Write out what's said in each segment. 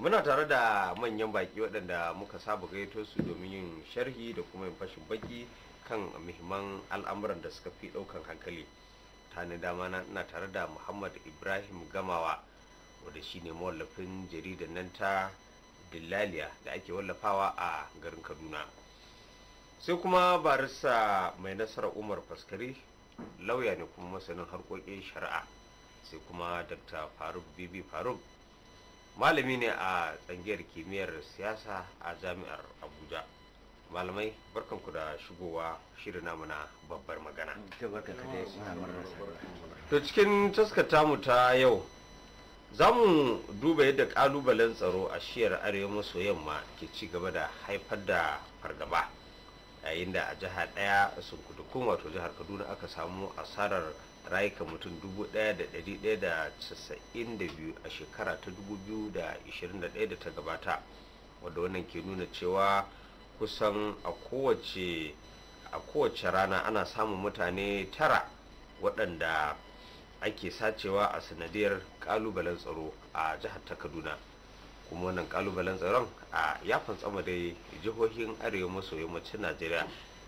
muna tare da manyan baki waɗanda muka saba gaito su domin yin sharhi da kuma yin fashin baki kan muhimman al'amuran da suka fi ɗaukan hankali ta ni dama na tare da muhammad ibrahim gamawa wanda ne mawallafin jaridar nan ta dillaliya da ake wallafawa a garin kaduna sai kuma barista mai nasarar umar faskari lauya ne kuma masanin harkokin shari'a sai kuma dr faruk bibi faruk malami ne a tsangiyar kimiyyar siyasa a jami'ar abuja malamai barkanku da shigowa shirin namu na babbar magana to cikin taskata mu ta yau za mu duba yadda kalubalen tsaro a shiyar arewa maso yamma ke ci gaba da haifar da fargaba yayin da a jiha daya sun kudu wato jihar kaduna aka samu asarar rayuka mutum 1,192 a shekara ta 2021 da ta gabata wadda wannan ke nuna cewa kusan a kowace a rana ana samun mutane tara waɗanda ake sacewa a sanadiyar kalubalen tsaro a jihar ta kaduna kuma wannan kalubalen tsaron a yafan tsama dai jihohin arewa maso yammacin najeriya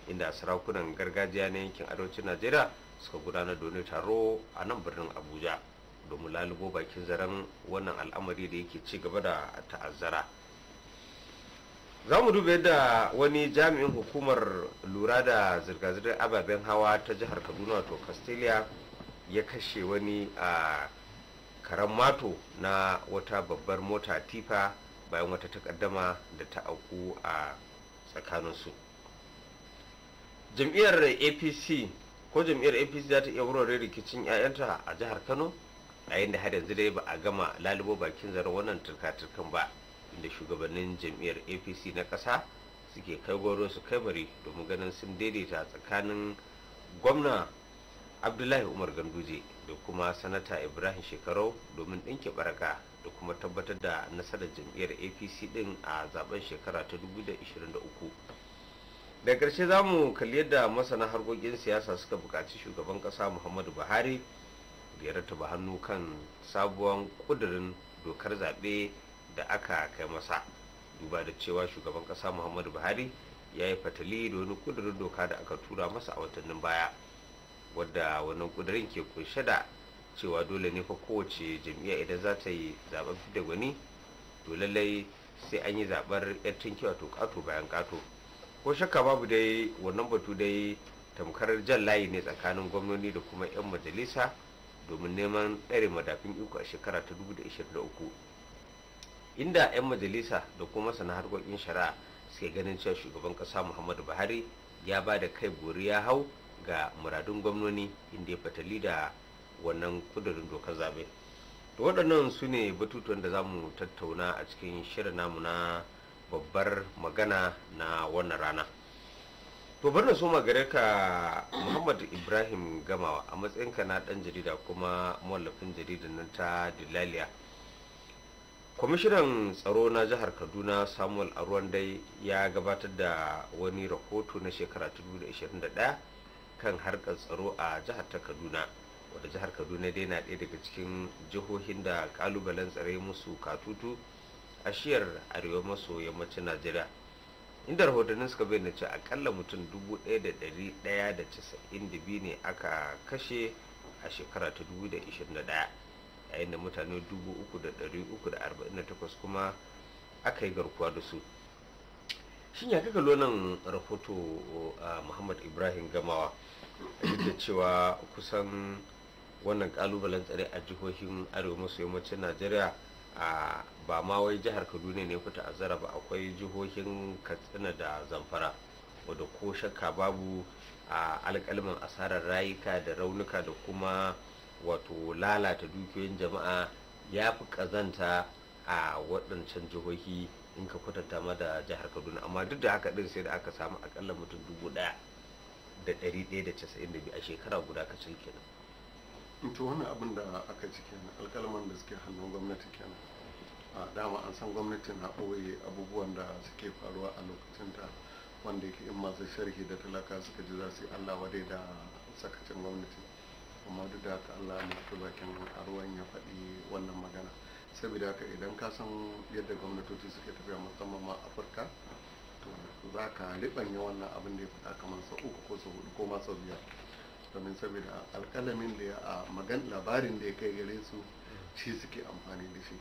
inda sarakunan gargajiya na yankin arewacin najeriya suka gudanar da wani taro a nan birnin abuja domin lalubo bakin zaren wannan al'amari da yake ci gaba da ta'azzara za mu duba yadda wani jami'in hukumar lura da zirga-zirgar ababen hawa ta jihar kaduna wato castilia ya kashe wani a karan mato na wata babbar mota tifa bayan wata takaddama da ta auku a tsakaninsu jam'iyyar apc ko jam'iyyar apc za ta iya wurare rikicin 'ya'yanta a jihar kano yayin da har yanzu dai ba a gama lalubo bakin zara wannan turka-turkan ba inda shugabannin jam'iyyar apc na ƙasa suke kai goro su kai bari domin ganin sun daidaita tsakanin gwamna abdullahi umar ganduje da kuma sanata ibrahim shekarau domin ɗinke baraka da kuma tabbatar da nasarar jam'iyyar apc ɗin a zaben shekara ta 2023 da karshe za mu kalli yadda masana harkokin siyasa suka bukaci shugaban ƙasa muhammadu buhari da ya rataba hannu kan sabuwan ƙudurin dokar zaɓe da aka kai masa duba da cewa shugaban ƙasa muhammadu buhari ya yi fatali da wani ƙudurin doka da aka tura masa a watannin baya wadda wannan ƙudurin ke kunshe da cewa dole ne fa kowace jam'iyya idan za ta yi zaɓen fidda gwani to lallai sai an yi zaɓar 'yan tunki wato ƙato bayan ƙato ko shakka babu dai wannan batu dai tamkar jan layi ne tsakanin gwamnoni da kuma 'yan majalisa domin neman tsare madafin iko a shekara ta 2023 inda 'yan majalisa da kuma sana harkokin shari'a suke ganin cewa shugaban ƙasa muhammadu buhari ya ba da kai gori ya hau ga muradun gwamnoni inda ya fatali da wannan kudurin dokar zaɓe to waɗannan su ne batutuwan da za mu tattauna a cikin shirin namu na babbar magana na wannan rana to bar na so gare ka muhammad ibrahim gamawa a matsayinka na dan jarida kuma mallafin jaridar nan ta dilaliya kwamishinan tsaro na jihar kaduna samuel dai ya gabatar da wani rahoto na shekara 2021 kan harkar tsaro a jihar ta kaduna wadda jihar kaduna dai na ɗaya daga cikin jihohin da kalubalen tsare musu katutu a shiyar arewa maso yammacin najeriya inda rahotannin suka bayyana cewa akalla mutum 1,192 ne aka kashe a shekara ta 2021 yayin da mutane 3,348 kuma aka yi garkuwa da su shin ya kaga lonan rahoto a muhammad ibrahim gamawa duk da cewa kusan wannan kalubalen tsare a jihohin arewa maso yammacin najeriya a ba ma wai jihar kaduna ne fita ta'azzara ba akwai jihohin katsina da zamfara wadda ko shakka babu a alƙalmin asarar rayuka da raunuka da kuma wato lalata dukiyoyin jama'a ya fi kazanta a waɗancan jihohi in ka kwatanta ma da jihar kaduna amma duk da haka ɗin sai da aka samu akalla mutum dubu ɗaya da ɗari ɗaya da casa'in da biyu a shekara guda kacal kenan to wani abin da aka ci kenan alkalman da suke hannun gwamnati kenan a dama an san gwamnati na ɓoye abubuwan da suke faruwa a lokacin ta wanda yake in masu sharhi da talaka suka ji za su yi allah wadai da sakacin gwamnati amma duk da haka allah ne su bakin ruwan ya faɗi wannan magana saboda haka idan ka san yadda gwamnatoci suke tafiya musamman ma afirka to za ka riɓanya wannan abin da ya faɗa kamar sau uku ko sau hudu ko ma sau biyar domin saboda alkalamin da a magan labarin da ya kai gare su shi suke amfani da shi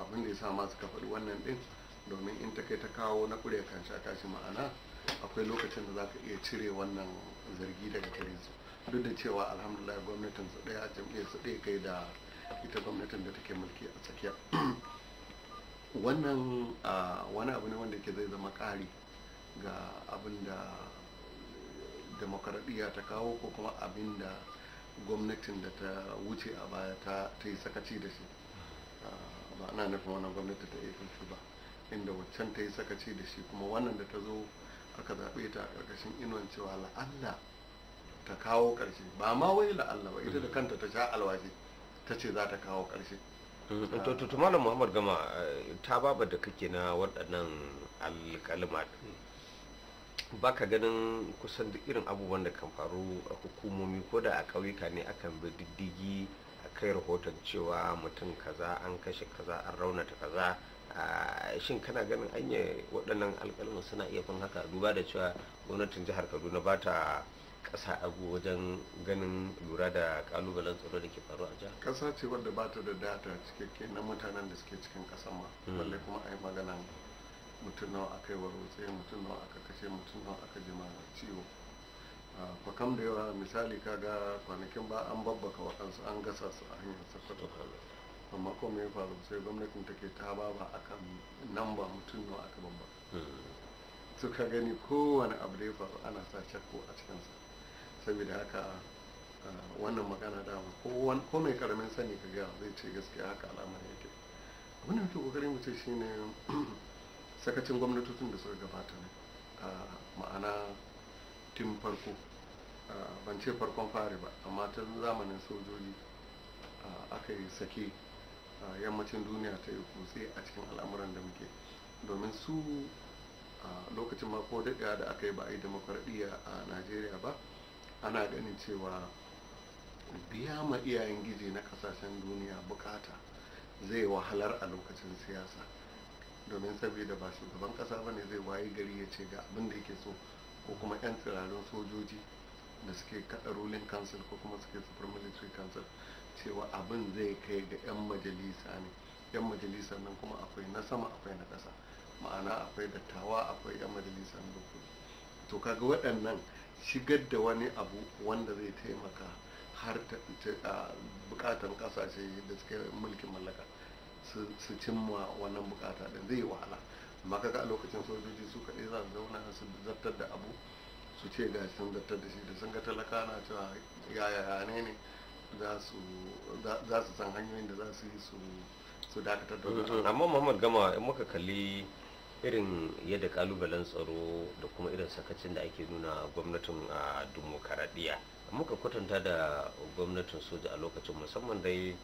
abin da ya sa masu faɗi wannan ɗin domin in ta kai ta kawo na ƙure kan shaka shi ma'ana akwai lokacin da za ka iya cire wannan zargi daga gare su duk da cewa alhamdulillah gwamnatin su ɗaya a jam'iyyar su ɗaya kai da ita gwamnatin da take mulki a tsakiya wannan wani abu ne wanda ke zai zama ƙari ga abin da demokaradiyya ta kawo ko kuma abin da gwamnatin da ta wuce a baya ta yi sakaci da shi ah, ba ana nufin wannan gwamnati ta APC ba inda waccan ta yi sakaci da shi kuma wannan da ta zo aka zaɓe ta a ƙarƙashin inuwan cewa la'alla ta kawo ƙarshe ba ma wai la'alla ba ita da kanta ta sha alwaji, ta ce za ta kawo ƙarshe mm-hmm. Tutu ah. malam muhammad gama eh, ta baba da kake na waɗannan alƙalma Ba ka ganin kusan duk irin abubuwan da kan faru a hukumomi ko da a ƙauyuka ne akan bi diddigi a kai rahoton cewa mutum kaza an kashe kaza an raunata kaza shin kana ganin anya waɗannan alƙalmin suna iya fin haka duba da cewa gwamnatin jihar kaduna ba ta ƙasa a wajen ganin lura da ƙalubalen tsaro da ke faru a jihar ƙasa ce wadda ba ta da data cikakke na mutanen da suke cikin ƙasa ma hmm. balle kuma a yi magana mutum nawa aka yi warwatse mutum nawa aka kashe mutum nawa aka jima ciwo kam da yawa misali kaga kwanakin ba an babbaka waɗansu an gasa su a hanyar sakwato amma kuma mai faru sai gwamnatin take ta ba ba akan nan ba mutum nawa aka babbaka hmm. ka gani kowane abu da ya faru ana sa shakku a cikinsa saboda haka wannan magana dama ko mai karamin sani ka gaya zai ce gaskiya haka al'amari yake abin da muke kokarin mutum shi shine sakacin gwamnatocin da suka gabata ne, ma'ana tun farko ban ce farkon fari ba amma ta zamanin sojoji aka yi sake yammacin duniya ta yi kutse a cikin al'amuran da muke domin su lokacin mako daɗewa da aka yi ba a yi demokaradiyya a najeriya ba ana ganin cewa biya ma iyayen giji na ƙasashen duniya bukata zai wahalar a lokacin siyasa domin saboda ba shugaban kasa ba ne zai waye gari ya ce ga abin da yake so ko kuma 'yan tsirarin sojoji da suke kada ruling council ko kuma suke super military council cewa abin zai kai ga 'yan majalisa ne 'yan majalisa nan kuma akwai na sama akwai na kasa ma'ana akwai dattawa akwai 'yan majalisa na to kaga waɗannan shigar da wani abu wanda zai taimaka har ta bukatan kasashe da suke mulkin mallaka su cimma wannan bukata da zai wahala amma kaga a lokacin sojoji su kaɗai za su zauna su zartar da abu su ce ga sun zartar da shi da sun ga talaka na cewa yaya ne ne za su san hanyoyin da za su yi su dakatar da wani amma muhammad gama in muka kalli irin yadda kalubalen tsaro da kuma irin sakacin da ake nuna gwamnatin a dimokuraɗiyya muka kwatanta da gwamnatin soja a lokacin musamman dai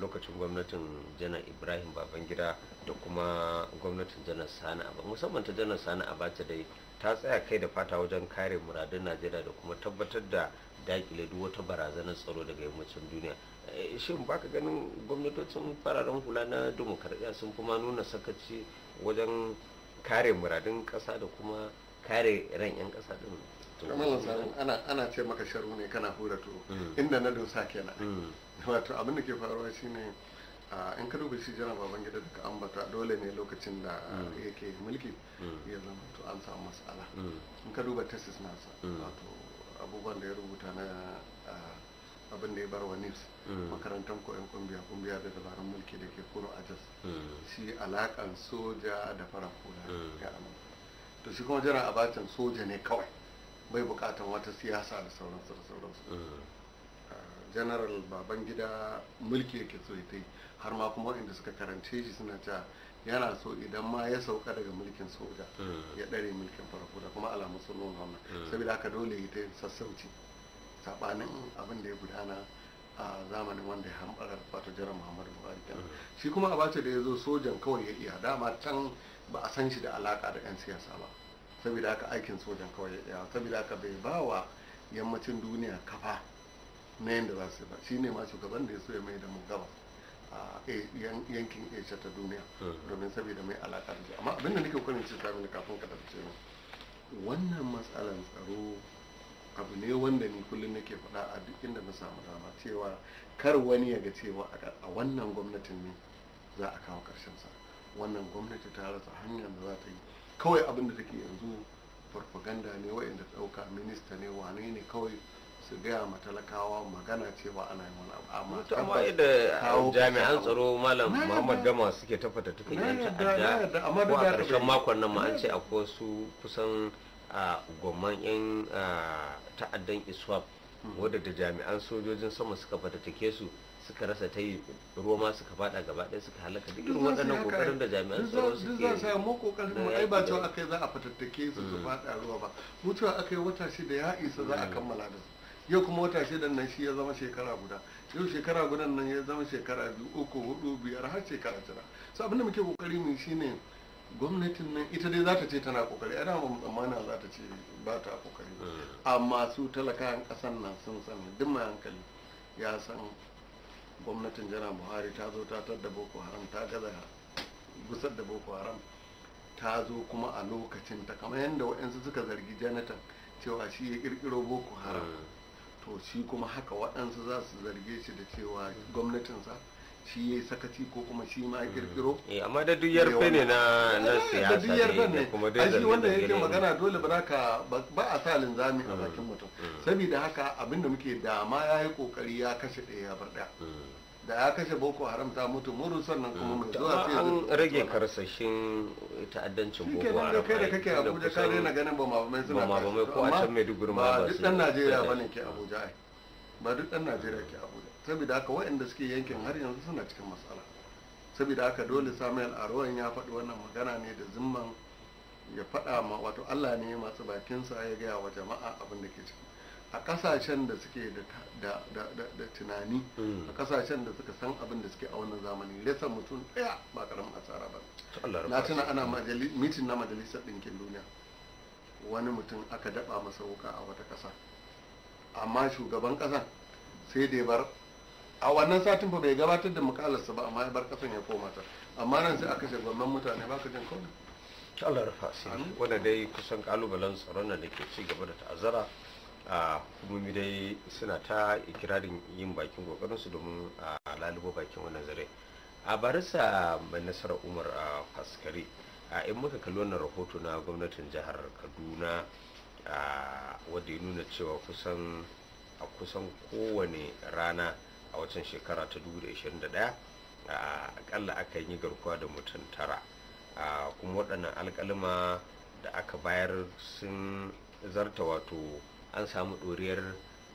lokacin gwamnatin janar ibrahim babangida da kuma gwamnatin janar sani abacha musamman ta janar sani abacha dai ta tsaya kai da fata wajen kare muradun najeriya da kuma tabbatar da dakile duk wata barazanar tsaro daga yammacin duniya eh, shin baka ganin gwamnatocin fararen hula na dimokuraɗiyya sun kuma nuna sakaci wajen kare muradun ƙasa da kuma kare ran 'yan ƙasa din ana ce maka sharu ne kana hura to hmm. inda na dosa kenan hmm. wato abin da ke faruwa shine in ka duba shi jiran baban gida da ambata dole ne lokacin da mm. yake mulki mm. ya zama to an samu matsala mm. in ka duba tesis nasa wato abubuwan da ya rubuta na abin da ya bar wa makarantar koyon kumbiya kumbiya da dabarun mulki da ke kuno a jas shi alakan soja da fara kula ya to shi kuma jiran abacin soja ne kawai bai bukatan wata siyasa da sauransu da sauransu general babangida mulki yake so ya yi har ma kuma inda suka karance shi suna ta yana so idan ma ya sauka daga mulkin soja hmm. ya dare mulkin farko da kuma alamun sun nuna wannan hmm. saboda haka dole ya yi sassauci sabanin abin da ya gudana a zamanin wanda ya hambarar wato jiran muhammadu buhari hmm. shi kuma a abace da ya zo sojan kawai ya iya dama can ba a san shi da alaka da yan siyasa ba saboda haka aikin sojan kawai ya iya saboda haka bai ba wa yammacin duniya kafa na yadda za su ba shi ne ma shugaban da ya so mai da mu gaba a eh, yankin asia ta duniya mm-hmm. domin saboda mai alaƙa da amma abinda nake kwanin sami da kafin ka tafi cewa wannan matsalan tsaro abu ne wanda ni kullum nake faɗa a duk inda na samu dama cewa kar wani ya ga cewa a wannan gwamnatin ne za a kawo ƙarshen sa wannan gwamnati ta rasa hanyar da za ta yi kawai abin da take yanzu farfaganda ne wa'inda ɗauka minista ne wane ne kawai su gaya ma talakawa magana ba ana yi wani abu amma yadda jami'an tsaro malam muhammad gama suke tafata tukun yan ta'adda ko a ƙarshen makon nan ma an ce akwai su kusan gwamman yan ta'addan iswap hmm. wadda da jami'an sojojin sama suka fatattake su suka rasa ta yi roma suka fada gaba ɗaya suka halaka duk irin waɗannan kokarin da jami'an tsaro suke yi sai mu kokarin mu ai ba cewa akai za a fatattake su su hmm. fada ruwa ba mutuwa akai wata shida ya isa za a hmm. kammala da su yau kuma wata shida nan shi ya zama shekara guda yau shekara guda nan ya zama shekara biyu uku hudu biyar har shekara tara so abinda muke kokari mu shine gwamnatin nan ita dai za ta ce tana kokari a dama tsammana za ta ce ba ta kokari hmm. amma su talakayan kasan nan sun sani duk mai hankali ya san gwamnatin jana buhari ta zo ta tadda boko haram ta gaza gusar da boko haram ta zo kuma a lokacin ta kamar yadda waɗansu suka zargi janatan cewa shi ya kirkiro boko haram hmm. to shi kuma haka waɗansu za su zarge shi da cewa gwamnatinsa shi ya sakaci ko kuma shi ma kirkiro mm. eh, amma da duk yarfe ne na eh, siyasa ne kuma dai shi wanda yake magana dole ba ka ba a sa linzami a mm. bakin mutum mm. saboda haka abinda muke dama ya yi kokari ya kashe ɗaya ya bar ɗaya da ya kashe boko haram ta mutu muru sannan kuma mai zuwa sai an rage karsashin ta'addancin boko haram kai da kake abuja ka rena ganin ba mai suna ba mabamai ko a can maiduguri ma ba duk dan najeriya bane ke abuja ai ba duk dan najeriya ke abuja saboda haka waɗanda suke yankin har yanzu suna cikin matsala saboda haka dole samuel arwan ya faɗi wannan magana ne da zimman ya faɗa ma wato allah ne masu bakinsa ya gaya wa jama'a abin da ke cikin a kasashen da suke da tunani mm. a kasashen da suka san abin da suke a wannan zamani resa mutum ɗaya ba karamin asara ba na tuna ana mitin na majalisar ɗinkin duniya wani mutum aka daba masa wuka a wata ƙasa amma shugaban ƙasa sai da bar a wannan satin fa bai gabatar da mukalarsa ba amma ya bar ƙasan ya koma ta amma nan sai aka shagwamman mutane ba ka jin kawai Allah rufa wanda dai kusan kalubalen tsaron da ke ci gaba da ta'azzara a hukumomi dai suna ta ikirarin yin bakin kokarinsu domin a lalubo bakin wannan zare a barisa mai nasarar umar a faskari a in muka kalli wannan rahoto na gwamnatin jihar kaduna wadda ya nuna cewa kusan a kusan kowane rana a watan shekara ta 2021 akalla aka yi garkuwa da mutum tara a kuma waɗannan alƙalima da aka bayar sun zarta wato an samu ɗoriyar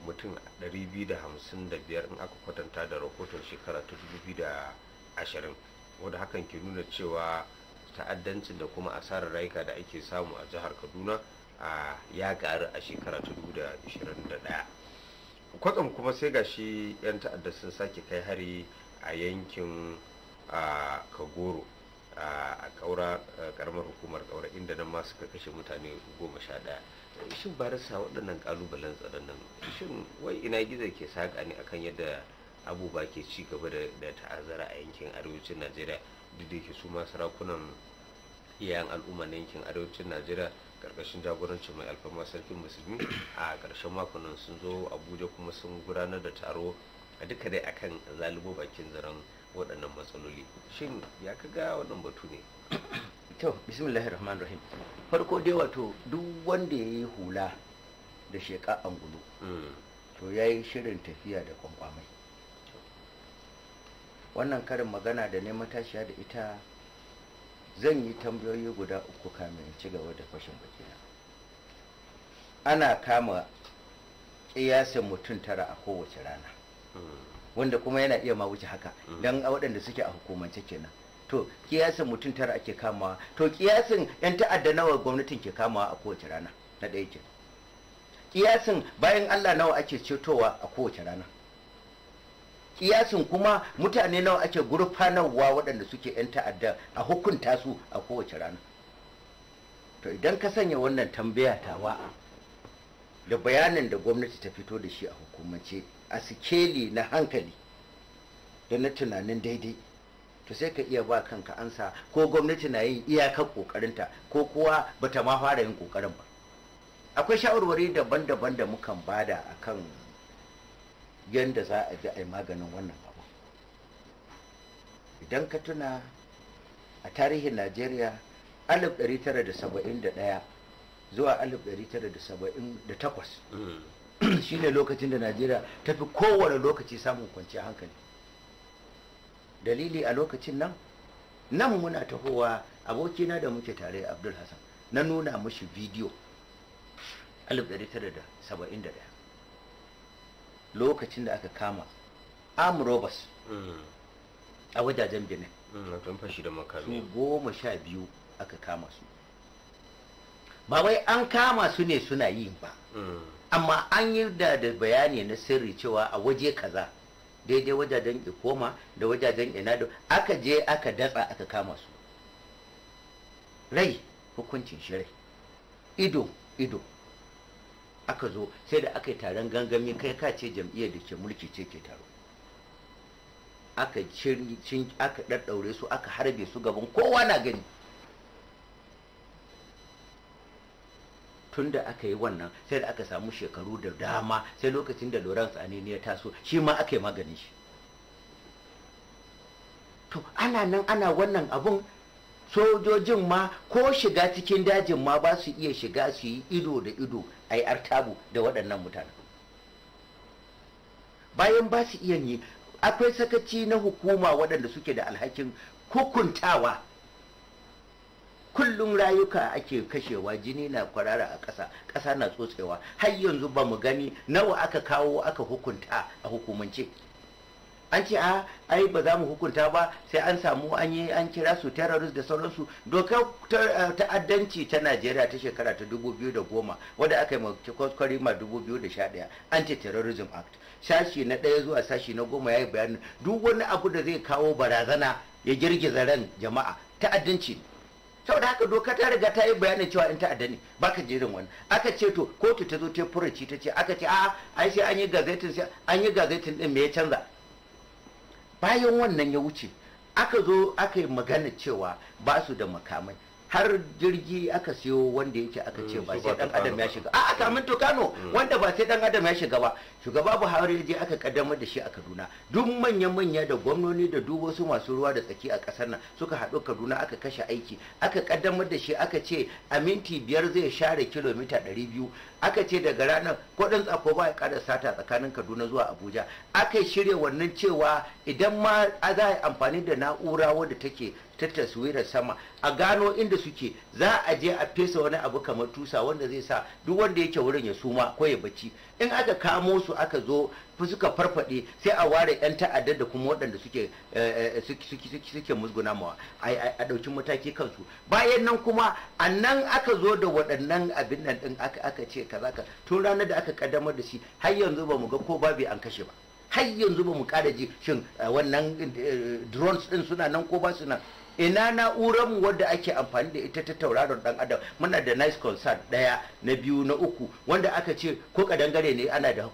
mutum 255 in aka kwatanta da rahoton shekara ta 2020 wadda hakan ke nuna cewa ta'addancin da kuma asarar rayuka da ake samu a jihar kaduna ya ƙaru a shekara ta 2021 kwatsam kuma sai ga shi 'yan ta'adda sun sake kai hari a yankin kagoro a ƙaura karamar hukumar ƙaura inda nan ma suka kashe mutane goma sha ɗaya. shin barasa waɗannan ƙalubalen tsaron nan shin wai ina gizo ke saƙa ne akan yadda abubuwa ke ci gaba da ta'azara a yankin arewacin najeriya duk da ke su ma sarakunan iyayen al'umma na yankin arewacin najeriya ƙarƙashin jagorancin mai alfama sarkin musulmi a ƙarshen makon nan sun zo abuja kuma sun gudanar da taro a duka dai akan zalubo bakin zaren waɗannan matsaloli shin ya ka ga wannan batu ne to bismillahir rahmanir rahim farko dai wato duk wanda yayi hula da sheka angulu mm. to ya shirin tafiya da kwankwamai wannan karin magana da ne matashiya da ita zan yi tambayoyi guda uku kamin ci gaba da fashin bakina ana kama kiyasin mutum tara a kowace rana mm. wanda kuma yana iya ma wuce haka mm. don waɗanda suke a hukumance kenan to kiyasin mutum tara ake kamawa to kiyasin yan ta'adda nawa gwamnatin ke kamawa a kowace rana na ɗaya ke kiyasin bayan allah nawa ake cetowa a kowace rana kiyasin kuma mutane nawa ake gurfanarwa waɗanda suke yan ta'adda a hukunta su a kowace rana to idan ka sanya wannan tambaya tawa da bayanin da gwamnati ta fito da shi a hukumance a sikeli na hankali da na tunanin daidai to sai ka iya ba kanka ansa ko gwamnati na yin iyakar kokarinta ko kuwa bata ma fara yin kokarin ba akwai shawarwari daban-daban da mukan bada kan yadda za a bi a maganin wannan abu idan ka tuna a tarihin najeriya 1971 zuwa 1978 mm. shine lokacin da najeriya ta fi kowane lokaci samun kwanciyar hankali dalili a lokacin nan nan muna tahowa abokina da muke tare abdul hassan na nuna mashi bidiyo 1971 lokacin da aka kama am robbers mm. a wajajen benin mm, su goma sha biyu aka kama su ba wai an kama su ne suna yi ba mm. amma an yi da bayani na sirri cewa a waje kaza daidai wajajen ikoma da wajajen inado aka je aka datsa aka kama su rai hukuncin shi rai ido ido aka zo sai da aka yi taron gangami kai ka ce jam'iyyar da ke mulki ce ke taro aka ɗaɗɗaure su aka harbe su gaban kowa na gani tun da aka yi wannan sai da aka samu shekaru da dama sai lokacin da lawrence anini ya taso shi ma aka yi maganin shi to ana nan ana wannan abun sojojin ma ko shiga cikin dajin ma ba su iya shiga su yi ido da ido a yi artabu da waɗannan mutane. bayan ba su iya yi akwai sakaci na hukuma waɗanda suke da alhakin hukuntawa kullum rayuka ake kashewa jini na kwarara a ƙasa ƙasa na tsotsewa har yanzu ba mu gani nawa aka kawo aka hukunta a hukumance an ce a ah, ai ba za mu hukunta ba sai an samu an yi an kira su terrorist da sauransu dokar eh, ta'addanci ta najeriya ta shekara ta 2010 wadda aka yi kwaskwari ma 2011 anti-terrorism act sashi na ɗaya zuwa sashi na goma ya yi bayanin duk wani abu da zai kawo barazana ya girgiza ran jama'a ta'addanci ne saboda haka doka ta riga ta yi bayanin cewa in ta'adda ne baka jerin wani aka ce to kotu ta zo ta furaci ta ce aka ce a ai sai an yi gazetin sai an yi gazetin din me ya canza bayan wannan ya wuce aka zo aka yi magana cewa ba su da makamai har jirgi aka siyo wanda yake aka ce mm, ba sai dan adam ya shiga a kamin to kano mm. wanda ba sai dan adam ya shiga ba shugaba buhari ya je aka kaddamar da shi a kaduna duk manyan manya da gwamnoni da duk wasu masu ruwa da tsaki a kasar nan suka haɗu kaduna aka kashe aiki aka kaddamar da shi aka ce a minti biyar zai share kilomita ɗari biyu aka ce daga ranar kudin tsako ba ya ƙara sata tsakanin kaduna zuwa abuja aka shirya wannan cewa idan ma za a yi amfani da na'ura wadda take ta taswirar sama a gano inda suke za a je a fesa wani abu kamar tusa wanda zai sa duk wanda yake wurin ya suma ko ya bacci in aka kamo su aka zo suka farfade sai a ware yan ta'addar da kuma waɗanda suke eh, eh, suke musguna mawa a ɗauki mataki kansu bayan nan kuma a nan aka zo da waɗannan abin nan ɗin aka ce kaza ka tun ranar da aka kaddamar da shi har yanzu ba mu ga ko babu an kashe ba har yanzu ba mu kada ji shin eh, wannan drones din suna nan ko ba su nan ina na'urar mu wadda ake amfani da ita ta tauraron dan adam muna da nice concert daya na biyu na uku wanda aka ce ko kadangare ne ana da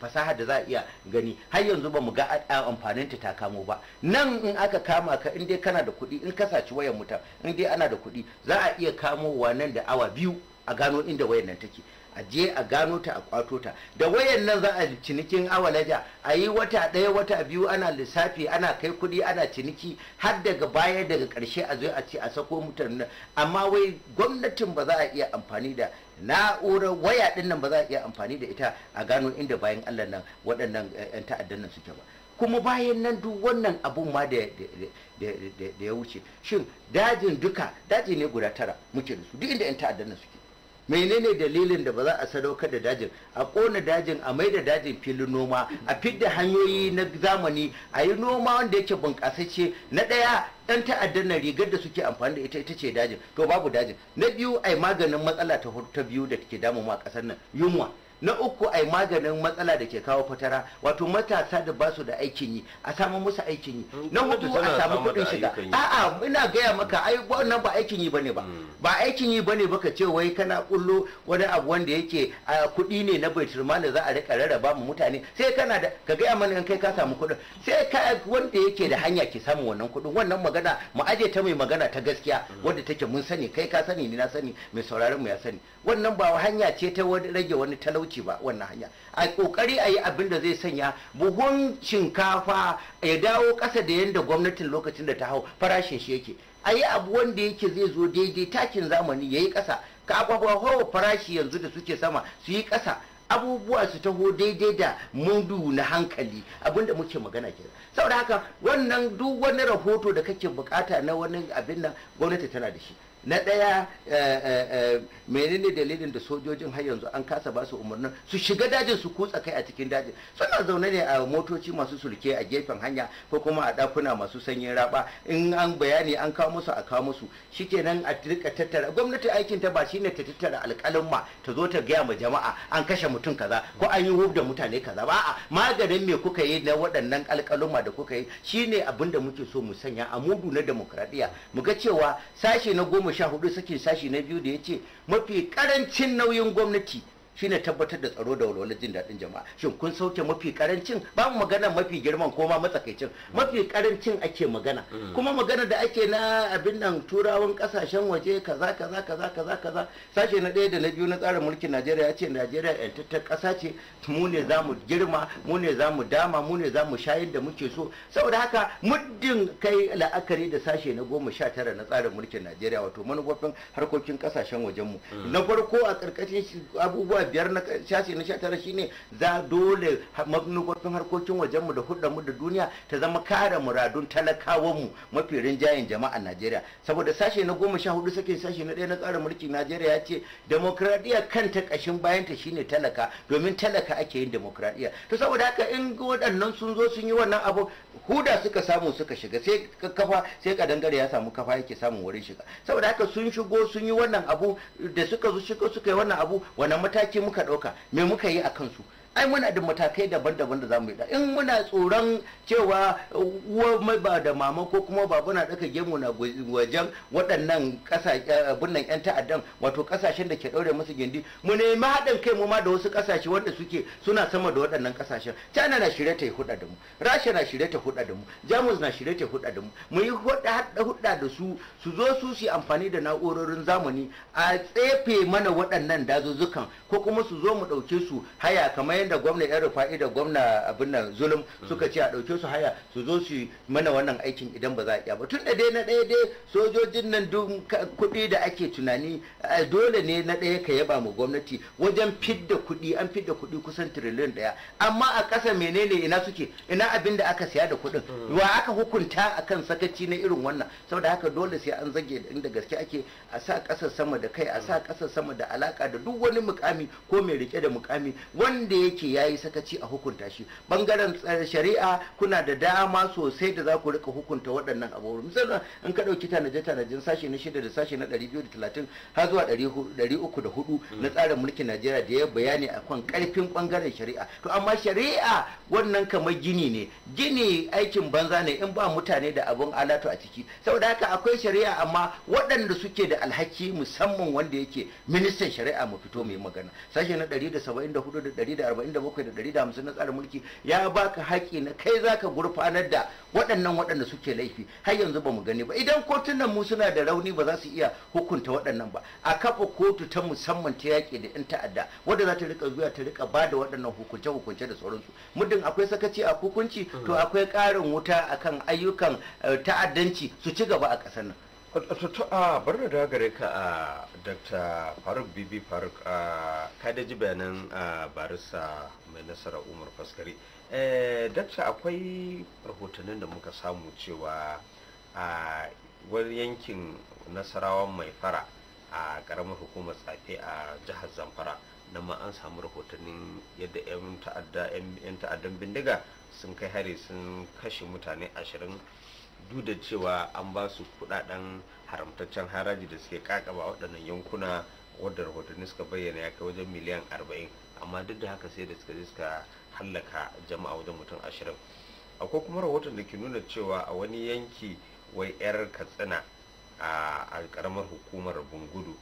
fasaha da za a iya gani har yanzu ba mu ga amfanin ta ta kamo ba nan in aka kama ka in dai kana da kuɗi in ka saci wayar mutum in dai ana da kuɗi za a iya kamowa nan da awa biyu a gano inda wayar nan take a je a gano ta a kwato ta da wayan nan za a cinikin awalaja a yi wata ɗaya wata biyu ana lissafi ana kai kuɗi ana ciniki har daga baya daga ƙarshe a zo a ce a sako mutane amma wai gwamnatin ba za a iya amfani da na'urar waya ɗin nan ba za a iya amfani da ita a gano inda bayan allah nan waɗannan 'yan eh, ta'addan nan suke ba kuma bayan nan duk wannan abun ma da ya wuce shin dajin duka daji ne guda tara muke da su duk inda 'yan ta'addan nan suke menene dalilin da ba za a sadaukar da dajin a kona dajin a mai da dajin filin noma a fidda hanyoyi na zamani a yi noma wanda yake bunƙasashe na ɗaya ɗan ta'addar na rigar da suke amfani da ita ita ce dajin to babu dajin na biyu a yi maganin matsala ta ta biyu da take damu ma ƙasar nan yunwa na uku ai maganin matsala da ke kawo fatara wato matasa da ba su da aikin yi a samu musu aikin yi na hudu a samu kuɗin shiga a'a ina gaya maka ai wannan ba aikin yi bane ba hmm. ba aikin yi bane baka ce wai kana kullo wani abu wanda yake a kudi ne na baitul da za a rika rarraba mu mutane sai kana da ka gaya mana in kai ka samu kuɗin sai ka wanda yake da hanya ki samu wannan kuɗin wannan magana mu aje ta mai magana ta gaskiya hmm. wanda take mun sani kai ka sani ni na sani mai sauraron mu ya sani wannan ba hanya ce ta rage wani talauci wuce ba wannan hanya a kokari a yi abin da zai sanya buhun shinkafa ya dawo ƙasa da yadda gwamnatin lokacin da ta hau farashin shi yake a yi abu wanda yake zai zo daidai takin zamani ya yi ƙasa ka hawa farashi yanzu da suke sama su yi ƙasa abubuwa su taho daidai da mundu na hankali abinda muke magana ke saboda haka wannan duk wani rahoto da kake bukata na wani abin nan gwamnati tana da shi na ɗaya eh, eh, eh, menene dalilin da sojojin har yanzu an kasa ba su umarnin su shiga dajin su kutsa kai a cikin dajin suna zaune ne a motoci masu sulke a gefen hanya ko kuma a ɗakuna masu sanyin raba in an bayani an kawo musu a kawo musu shikenan a rika tattara gwamnati aikin ta ba shine ta tattara alƙalin ta zo ta gaya ma jama'a an kashe mutum kaza ko an yi hub da mutane kaza ba a maganin me kuka yi na waɗannan alƙaluma da kuka yi shine abin da muke so mu sanya a mudu na demokradiyya mu ga cewa sashe na goma goma sha hudu sakin sashi na biyu da ya ce mafi karancin nauyin gwamnati shine tabbatar da tsaro da walwalar jin daɗin jama'a shin kun sauke mafi karancin ba mu magana mafi girman ko ma matsakaicin mafi karancin ake magana mm. kuma magana da ake na abin nan turawan kasashen waje kaza kaza kaza kaza kaza sashe na ɗaya da na biyu na tsarin mulkin Najeriya ya ce Najeriya yantattar ƙasa ce mu ne za mu girma mu ne za mu dama mu ne za mu shayar da muke so saboda haka muddin kai la'akari da sashe na goma sha tara na tsarin mulkin Najeriya wato manufofin harkokin kasashen wajenmu mm. na farko a ƙarƙashin abubuwa biyar na shashi na sha tara shine za dole manufofin harkokin wajenmu da hudanmu da duniya ta zama kare muradun mu mafi rinjayen jama'a Najeriya saboda sashe na goma sha hudu sakin sashe na ɗaya na tsarin mulki Najeriya ya ce demokradiyya kanta ƙashin bayanta shine talaka domin talaka ake yin demokradiyya to saboda haka in waɗannan sun zo sun yi wannan abu huda suka samu suka shiga sai kafa sai kadangare ya samu kafa yake samun wurin shiga saboda haka sun shigo sun yi wannan abu da suka zo shigo suka yi wannan abu wannan mataki mataki muka ɗauka me muka yi a kansu ai muna da matakai daban-daban da zamu yi da in muna tsoron cewa uwa mai ba da mama ko kuma baba na daka gemu na wajen waɗannan binnan yan ta'addan wato kasashen da ke ɗaure musu gindi mu nemi haɗin kai mu ma da wasu ƙasashe wanda suke suna sama da waɗannan kasashen china na shirye ta huɗa da mu rasha na shirye ta huɗa da mu jamus na shirye ta huɗa da mu mu yi huɗa da su su zo su su amfani da na'urorin zamani a tsefe mana waɗannan dazuzzukan ko kuma su zo mu ɗauke su haya kamar da gwamna ya rufa'i da gwamna abin nan zulum suka ce a ɗauke su haya su zo su mana wannan aikin idan ba za a iya ba tun da dai na ɗaya dai sojojin nan duk kuɗi da ake tunani dole ne na ɗaya ka yaba mu gwamnati wajen fidda kuɗi an fidda kuɗi kusan tiriliyan ɗaya amma a ƙasa menene ina suke ina abin da aka siya da kuɗin mm. wa aka hukunta akan sakaci na irin wannan saboda haka dole sai an zage inda gaske ake a sa ƙasar sama da kai a sa ƙasar sama da alaka da duk wani mukami ko mai rike da mukami wanda ya yake yi sakaci a hukunta shi bangaren shari'a kuna da dama sosai da za ku rika hukunta waɗannan abubuwa misali in ka ɗauki tanaje tanajen sashe na shida da sashe na ɗari biyu da talatin har zuwa ɗari uku da hudu na mm. tsarin mulkin najeriya da ya bayani a kan ƙarfin bangaren shari'a to amma shari'a wannan kamar gini ne gini aikin banza ne in ba mutane da abin alatu a ciki saboda haka akwai shari'a amma waɗanda suke da alhaki musamman wanda yake ministan shari'a mu fito mai magana sashe na ɗari da saba'in da hudu da ɗari da saba'in da bakwai da ɗari da hamsin na tsarin mulki ya baka haƙƙi na kai zaka gurfanar da waɗannan waɗanda suke laifi har yanzu ba mu gani ba idan kotunan mu suna da rauni ba za su iya hukunta waɗannan ba a kafa kotu ta musamman ta yaƙi da 'yan ta'adda wadda za ta rika zuwa ta rika ba da waɗannan hukunce-hukunce da sauransu muddin akwai sakaci a hukunci to mm. akwai ƙarin wuta akan ayyukan eh, ta'addanci su ci gaba a ƙasar nan a bari da daga gare ka a dr faruk bibi faruk a da ji bayanan barisa mai nasara umar faskari eh, dakta akwai rahotannin da muka samu cewa a wani yankin nasarawa mai fara a karamar hukumar tsafe a jihar zamfara na ma an samu rahotannin yadda 'yan ta'addan bindiga sun kai hari sun kashe mutane ashirin duk da cewa an ba su kudaden haramtaccen haraji da suke kakaba waɗannan yankuna wadda rahotanni suka bayyana ya kai wajen miliyan 40 amma duk da haka sai da suka je suka hallaka jama'a wajen mutum 20 akwai kuma rahoton da ke nuna cewa a wani yanki wai 'yar katsina a karamar hukumar bungudu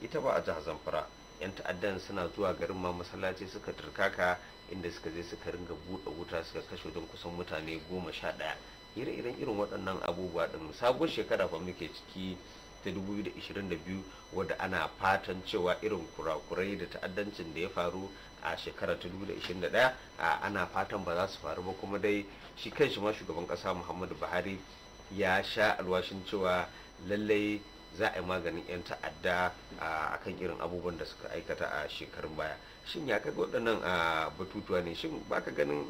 ita ba a jihar zamfara 'yan ta'addan suna zuwa garin ma masallaci suka turkaka inda suka je suka ringa buɗe wuta suka kashe don kusan mutane goma sha ɗaya ire irin waɗannan abubuwa ɗin sabon shekara fa muke ciki ta 2022 wadda ana fatan cewa irin kurakurai da ta'addancin da ya faru a shekara ta 2021 ana fatan ba za su faru ba kuma dai shi kanshi ma shugaban ƙasa muhammadu buhari ya sha alwashin cewa lallai za a yi maganin 'yan ta'adda a kan irin abubuwan da suka aikata a shekarun baya shin ya kaga waɗannan a batutuwa ne shin baka ganin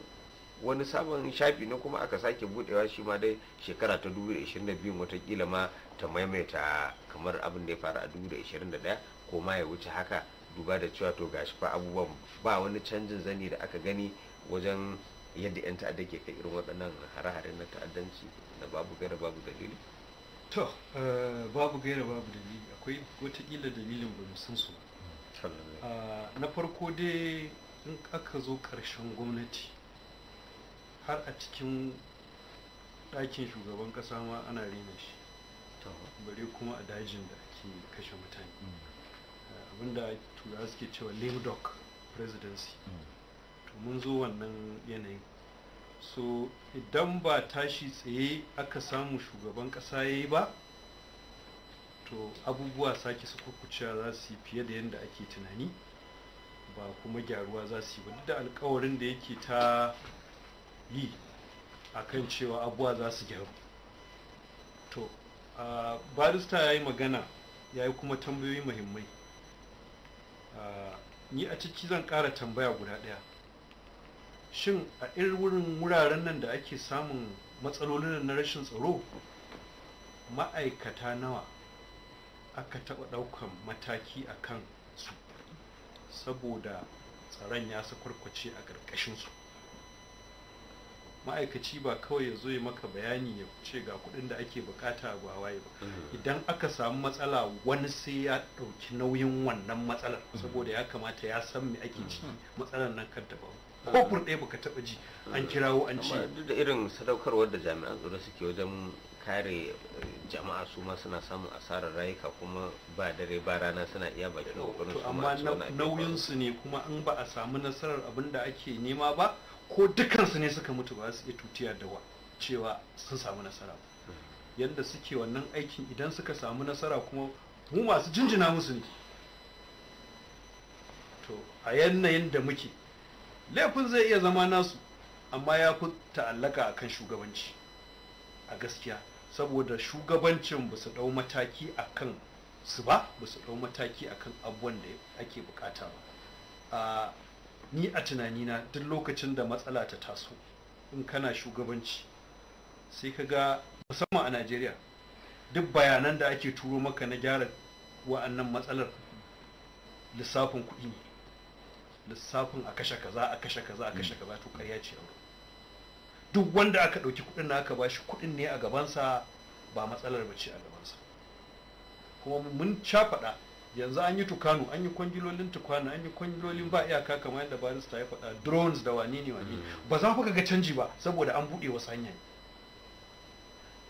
wani sabon shafi ne kuma aka sake budewa shi ma dai shekara ta 2022 watakila ma ta maimaita kamar abin da ya faru a 2021 ko ma ya wuce haka duba da cewa to gashi fa abubuwan ba wani canjin zani da aka gani wajen yadda 'yan ta'adda ke kai irin waɗannan hare-hare na ta'addanci da babu gaira babu dalili to eh, babu gaira babu dalili akwai watakila dalilin ba mu san su ah, na farko dai in aka zo ƙarshen gwamnati har a cikin ɗakin shugaban ƙasa ma ana rena shi bare kuma a dajin da ake kashe mutane mm. abinda tura suke cewa lame dog presidency mm. to mun zo wannan yanayi. so idan ba tashi tsaye aka samu shugaban ƙasa ya yi ba to abubuwa sake su kukuciya za su yi fiye da yadda ake tunani ba kuma gyaruwa za su yi ba duk da alkawarin da yake ta yi akan cewa abuwa za su gyaru to barista ya yi magana ya yi kuma tambayoyi muhimmai ni a ciki zan ƙara tambaya guda ɗaya shin a irin wurin wuraren nan da ake samun matsalolin na rashin tsaro ma'aikata nawa aka taɓa ɗaukan mataki a kan su saboda tsaron ya sa kwarkwace a ƙarƙashinsu ma'aikaci ba kawai ya zo ya maka bayani ya ce ga kuɗin da ake bukata ba waye ba mm. idan aka samu matsala wani sai ya ɗauki nauyin wannan matsalar mm. saboda ya kamata ya san me ake ciki mm. matsalar nan kanta ba ko kun ɗaya baka taɓa ji an kirawo an ce duk da irin sadaukarwar da jami'an tsaro suke wajen kare eh, jama'a su ma suna samun asarar rayuka kuma ba dare ba rana suna iya bakin kokarin su amma nauyin su ne kuma an ba a samu nasarar abin ake nema ba ko dukansu ne suka mutu ba su iya tutiya da cewa sun samu nasara yadda suke wannan aikin idan suka samu nasara kuma mu masu jinjina musu ne to a yanayin da muke laifin zai iya zama nasu amma ya fi ta'allaka akan shugabanci a gaskiya saboda shugabancin ba su ɗau mataki akan su ba ba su ɗau mataki akan abuwan da ake bukata ba ah, ni a tunanina duk lokacin da matsala ta taso in kana shugabanci sai ka ga musamman a najeriya duk bayanan da ake turo maka na gyara wa'annan matsalar lissafin kuɗi ne lissafin a kashe kaza a kashe kaza a kashe kaza to ƙarya ce a duk wanda aka ɗauki kuɗin na aka bashi kuɗin ne a gabansa ba matsalar bace a gabansa kuma mun shafaɗa yanzu an yi tukano an yi kwangilolin tukanu an yi kwangilolin ba iyaka kamar yadda barista ya faɗa drones da wani ne wani hmm. ba za ku ga canji ba saboda an buɗe wasu hanya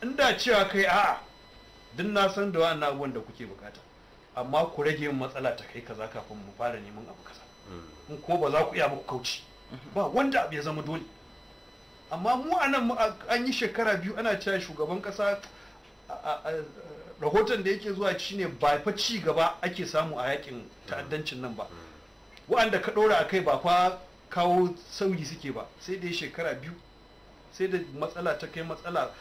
in da cewa kai a duk na san da wa'annan abubuwan da kuke bukata amma ku rage yin matsala ta kai kaza kafin mu fara neman abu kaza hmm. in ko ba za ku iya muku kauci hmm. ba wanda abu ya zama dole amma mu anan an yi shekara biyu ana cewa shugaban kasa rahoton da yake zuwa ne ba fa ci gaba ake samu a yakin ta'addancin nan ba wa'anda ka ɗora a kai ba fa kawo sauyi suke ba sai dai shekara biyu sai da matsala ta kai matsala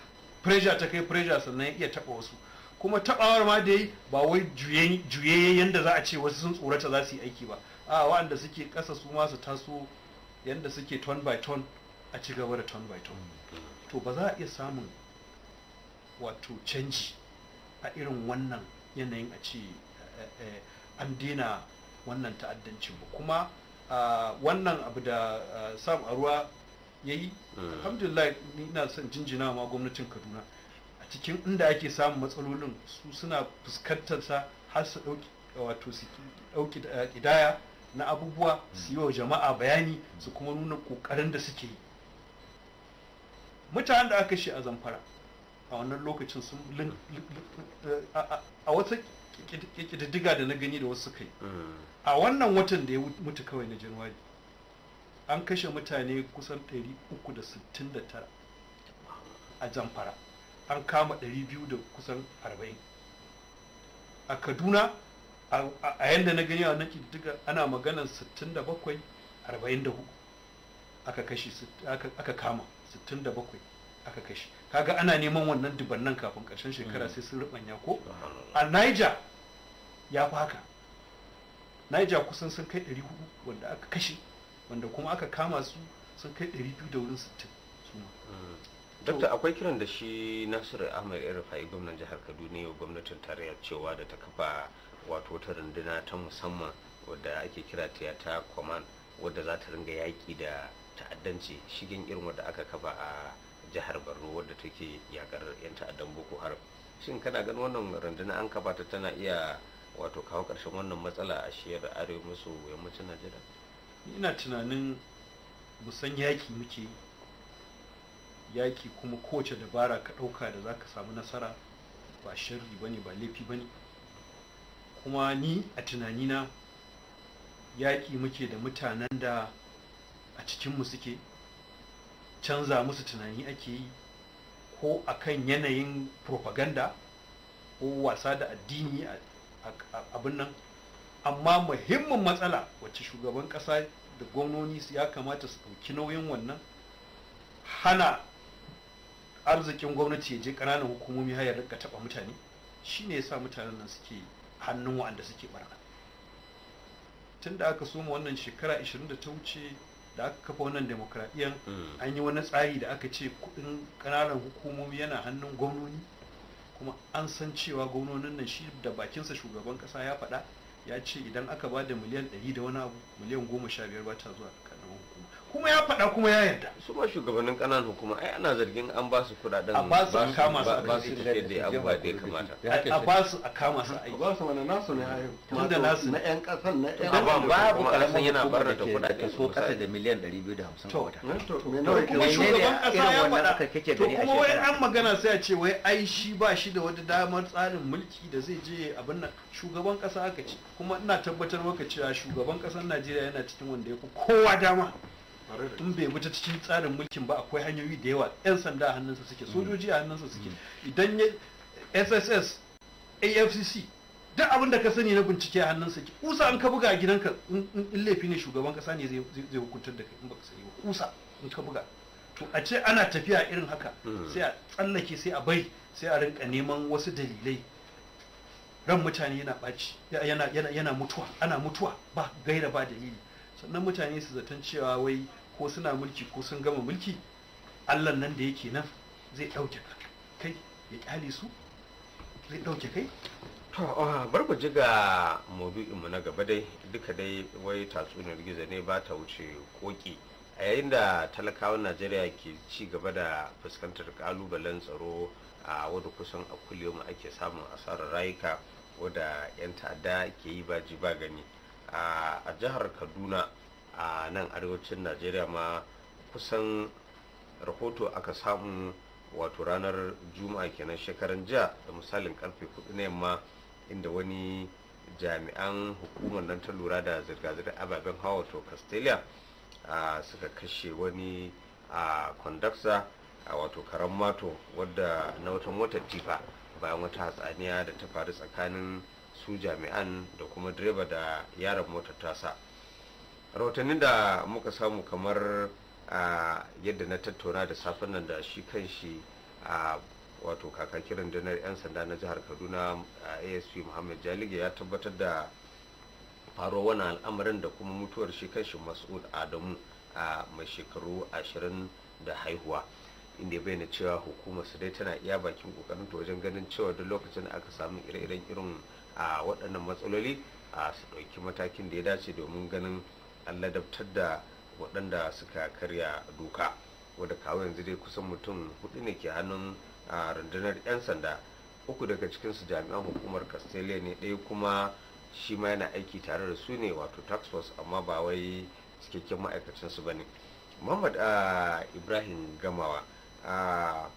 pressure ta kai pressure sannan ya iya taɓa wasu kuma taɓawar ma dai ba wai juye yadda za a ce wasu sun tsorata za su yi aiki ba a wa'anda suke ƙasa su ma su taso yadda suke ton by ton a ci da ton by ton to ba za a iya samun wato canji a irin wannan yanayin a ce eh, eh, eh, an dina wannan ta'addancin ba kuma ah, wannan abu da ah, sam a ruwa ya yi hmm. alhamdulillah ina son jinjina ma gwamnatin kaduna a cikin inda ake samun matsalolin su suna fuskantar sa har su ɗauki wato su ɗauki ƙidaya na abubuwa su yi wa jama'a bayani su kuma nuna ƙoƙarin da suke yi mutanen da aka shi a zamfara a wannan lokacin sun a wata kididdiga da na gani da wasu kai mm. a wannan watan da ya mutu kawai na januwari an kashe mutane kusan 369 a zamfara an kama 200 da kusan 40 a kaduna a yadda na gani a wannan kididdiga ana maganan 67 44 aka kashe aka kama 67 aka kashe kaga ana neman wannan dubannan kafin ƙarshen shekara mm. sai sun rubanya ko ah. a niger ya fi haka niger kusan sun kai 400 wanda aka kashe wanda kuma aka kama su sun kai 200 da wurin 60 mm. dokta akwai kiran da shi nasiru ahmed irfai gwamnan jihar kaduna yau gwamnatin tarayyar cewa da ta kafa wato ta runduna ta musamman wadda ake kira ta command wadda za ta ringa yaƙi da ta'addanci shigen irin wadda aka kafa a jihar borno wadda take yakar 'yan ta'addan boko haram shin kana ganin wannan rundunar an kabata tana iya wato kawo ƙarshen wannan matsala a shiyar arewa maso yammacin najeriya ina tunanin musan yaki muke yaki kuma kowace dabara ka ɗauka da za ka samu nasara ba shirri ba ne ba laifi ba ne kuma ni a tunanina yaƙi muke da mutanen da a cikinmu suke canza musu tunani ake yi ko a kan yanayin propaganda ko wasa da addini abin nan amma muhimmin matsala wacce shugaban kasa da gwamnoni ya kamata su ɗauki nauyin wannan hana arzikin gwamnati ya je ƙananan hukumomi har ga taɓa mutane ya sa mutanen nan suke hannun waɗanda suke barna tun da aka soma wannan shekara 20 da ta wuce da aka kafa wannan demokradiyyar mm. an yi wani tsari da aka ce kudin kananan hukumomi yana hannun gwamnoni kuma an san cewa gwamnonin nan shi da bakinsa shugaban kasa ya faɗa ya ce idan aka ba da miliyan 100 da wani abu miliyan 15 ba ta zuwa kuma ya faɗa kuma ya yarda su ma shugabannin ƙananan hukuma ai ana zargin an ba su kuɗaɗen a ba su a kama su a ba su da yadda abubuwa da ya kamata a ba su a kama su aiki ba su mana nasu ne ayo tunda nasu na yan ƙasar na ƴan ƙasar ba ƙaramin yana barna da kuɗaɗe so kasa da miliyan 250 a wata to kuma shugaban ƙasa ya faɗa to kuma wai an magana sai a ce wai ai shi ba shi da wata damar tsarin mulki da zai je abin nan shugaban ƙasa aka ce kuma ina tabbatar maka cewa shugaban ƙasar Najeriya yana cikin wanda ya fi kowa dama in bai wuce cikin tsarin mulkin ba akwai hanyoyi da yawa yan sanda a hannunsa suke mm. sojoji a hannunsa suke mm. idan ya sss afcc duk abin da ka sani na bincike a hannunsa ke kusa an ka buga a gidanka in laifi ne shugaban kasa ne zai hukuntar da kai in baka sani ba kusa in ka buga to a ce ana tafiya irin haka mm. sai a tsallake sai a bai sai a rinka neman wasu dalilai ran mutane yana ɓaci yana mutuwa ana mutuwa ba gaira ba dalili sannan mutane su zaton cewa wai ko suna mulki ko sun gama mulki allah nan da yake nan zai ɗauke kai ya ƙyale su zai ɗauke kai to bar mu ji ga mu na gaba dai duka dai wai tatsuniyar gizo ne ba ta wuce koki a yayin da talakawan najeriya ke ci gaba da fuskantar kalubalen tsaro a wadda kusan a kullum ake samun asarar rayuka wadda 'yan ta'adda ke yi ba ji ba gani a jihar kaduna a nan arewacin najeriya ma kusan rahoto aka samu wato ranar juma'a kenan shekaran jiya da misalin karfe kudu na yamma inda wani jami'an hukumar nan ta lura da zirga-zirgar ababen hawa to castelia suka kashe wani a kondaksa a wato karan mato wadda na wata mota tifa bayan wata hatsaniya da ta faru tsakanin su jami'an da kuma direba da yaron motar tasa. rahotannin da muka samu kamar yadda na tattauna da safen nan da shi kan shi a wato kakakin rundunar 'yan sanda na jihar kaduna a asp muhammad jalige ya tabbatar da faro wani al'amarin da kuma mutuwar shi kan shi mas'ud adamu a mai shekaru ashirin da haihuwa inda ya bayyana cewa hukumar su dai tana iya bakin kokarin ta wajen ganin cewa duk lokacin da aka samu ire-iren irin a waɗannan matsaloli a su ɗauki matakin da ya dace domin ganin an ladabtar da waɗanda suka karya doka wadda kawo yanzu dai kusan mutum hudu ne ke hannun a rundunar 'yan sanda uku daga cikinsu jami'an hukumar castelia ne ɗaya kuma shi ma yana aiki tare da su ne wato tax force amma ba wai cikakken ma'aikacinsu ba ne muhammad ibrahim gamawa a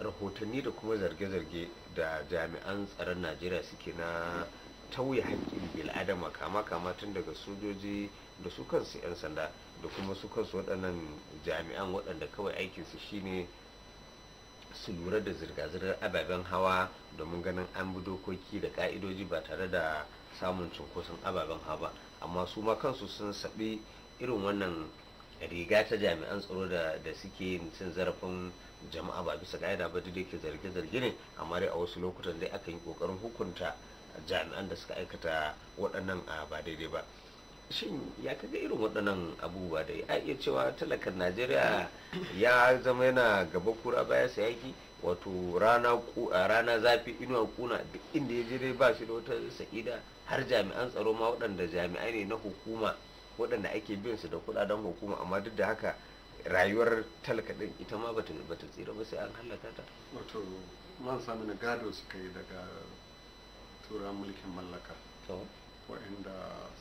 rahotanni da kuma zarge-zarge da jami'an tsaron najeriya suke na tauye haƙƙin bil'adama kama kama tun daga sojoji da su kansu 'yan sanda da kuma su kansu waɗannan jami'an waɗanda kawai aikinsu shine su lura da zirga-zirgar ababen hawa domin ganin an bi dokoki da ka'idoji ba tare da samun cunkoson ababen hawa ba amma su ma kansu sun saɓi irin wannan riga ta jami'an tsaro da suke cin zarafin jama'a ba bisa ka'ida ba duk ke zarge-zarge ne amma dai a wasu lokutan dai akan yi kokarin hukunta jami'an da suka aikata waɗannan ah, ba daidai ba shin ya kaga irin waɗannan abubuwa da ya iya cewa talakan najeriya ya zama yana gaba kura baya sa yaki wato rana zafi inuwa kuna duk inda ya je dai ba shi da wata sa'ida har jami'an tsaro ma waɗanda jami'ai ne na hukuma waɗanda ake bin su da kuɗaɗen hukuma amma duk da haka rayuwar talaka ɗin ita ma bata bata tsira ba sai an halaka ta wato man sami na gado suka yi daga turan mulkin mallaka waɗanda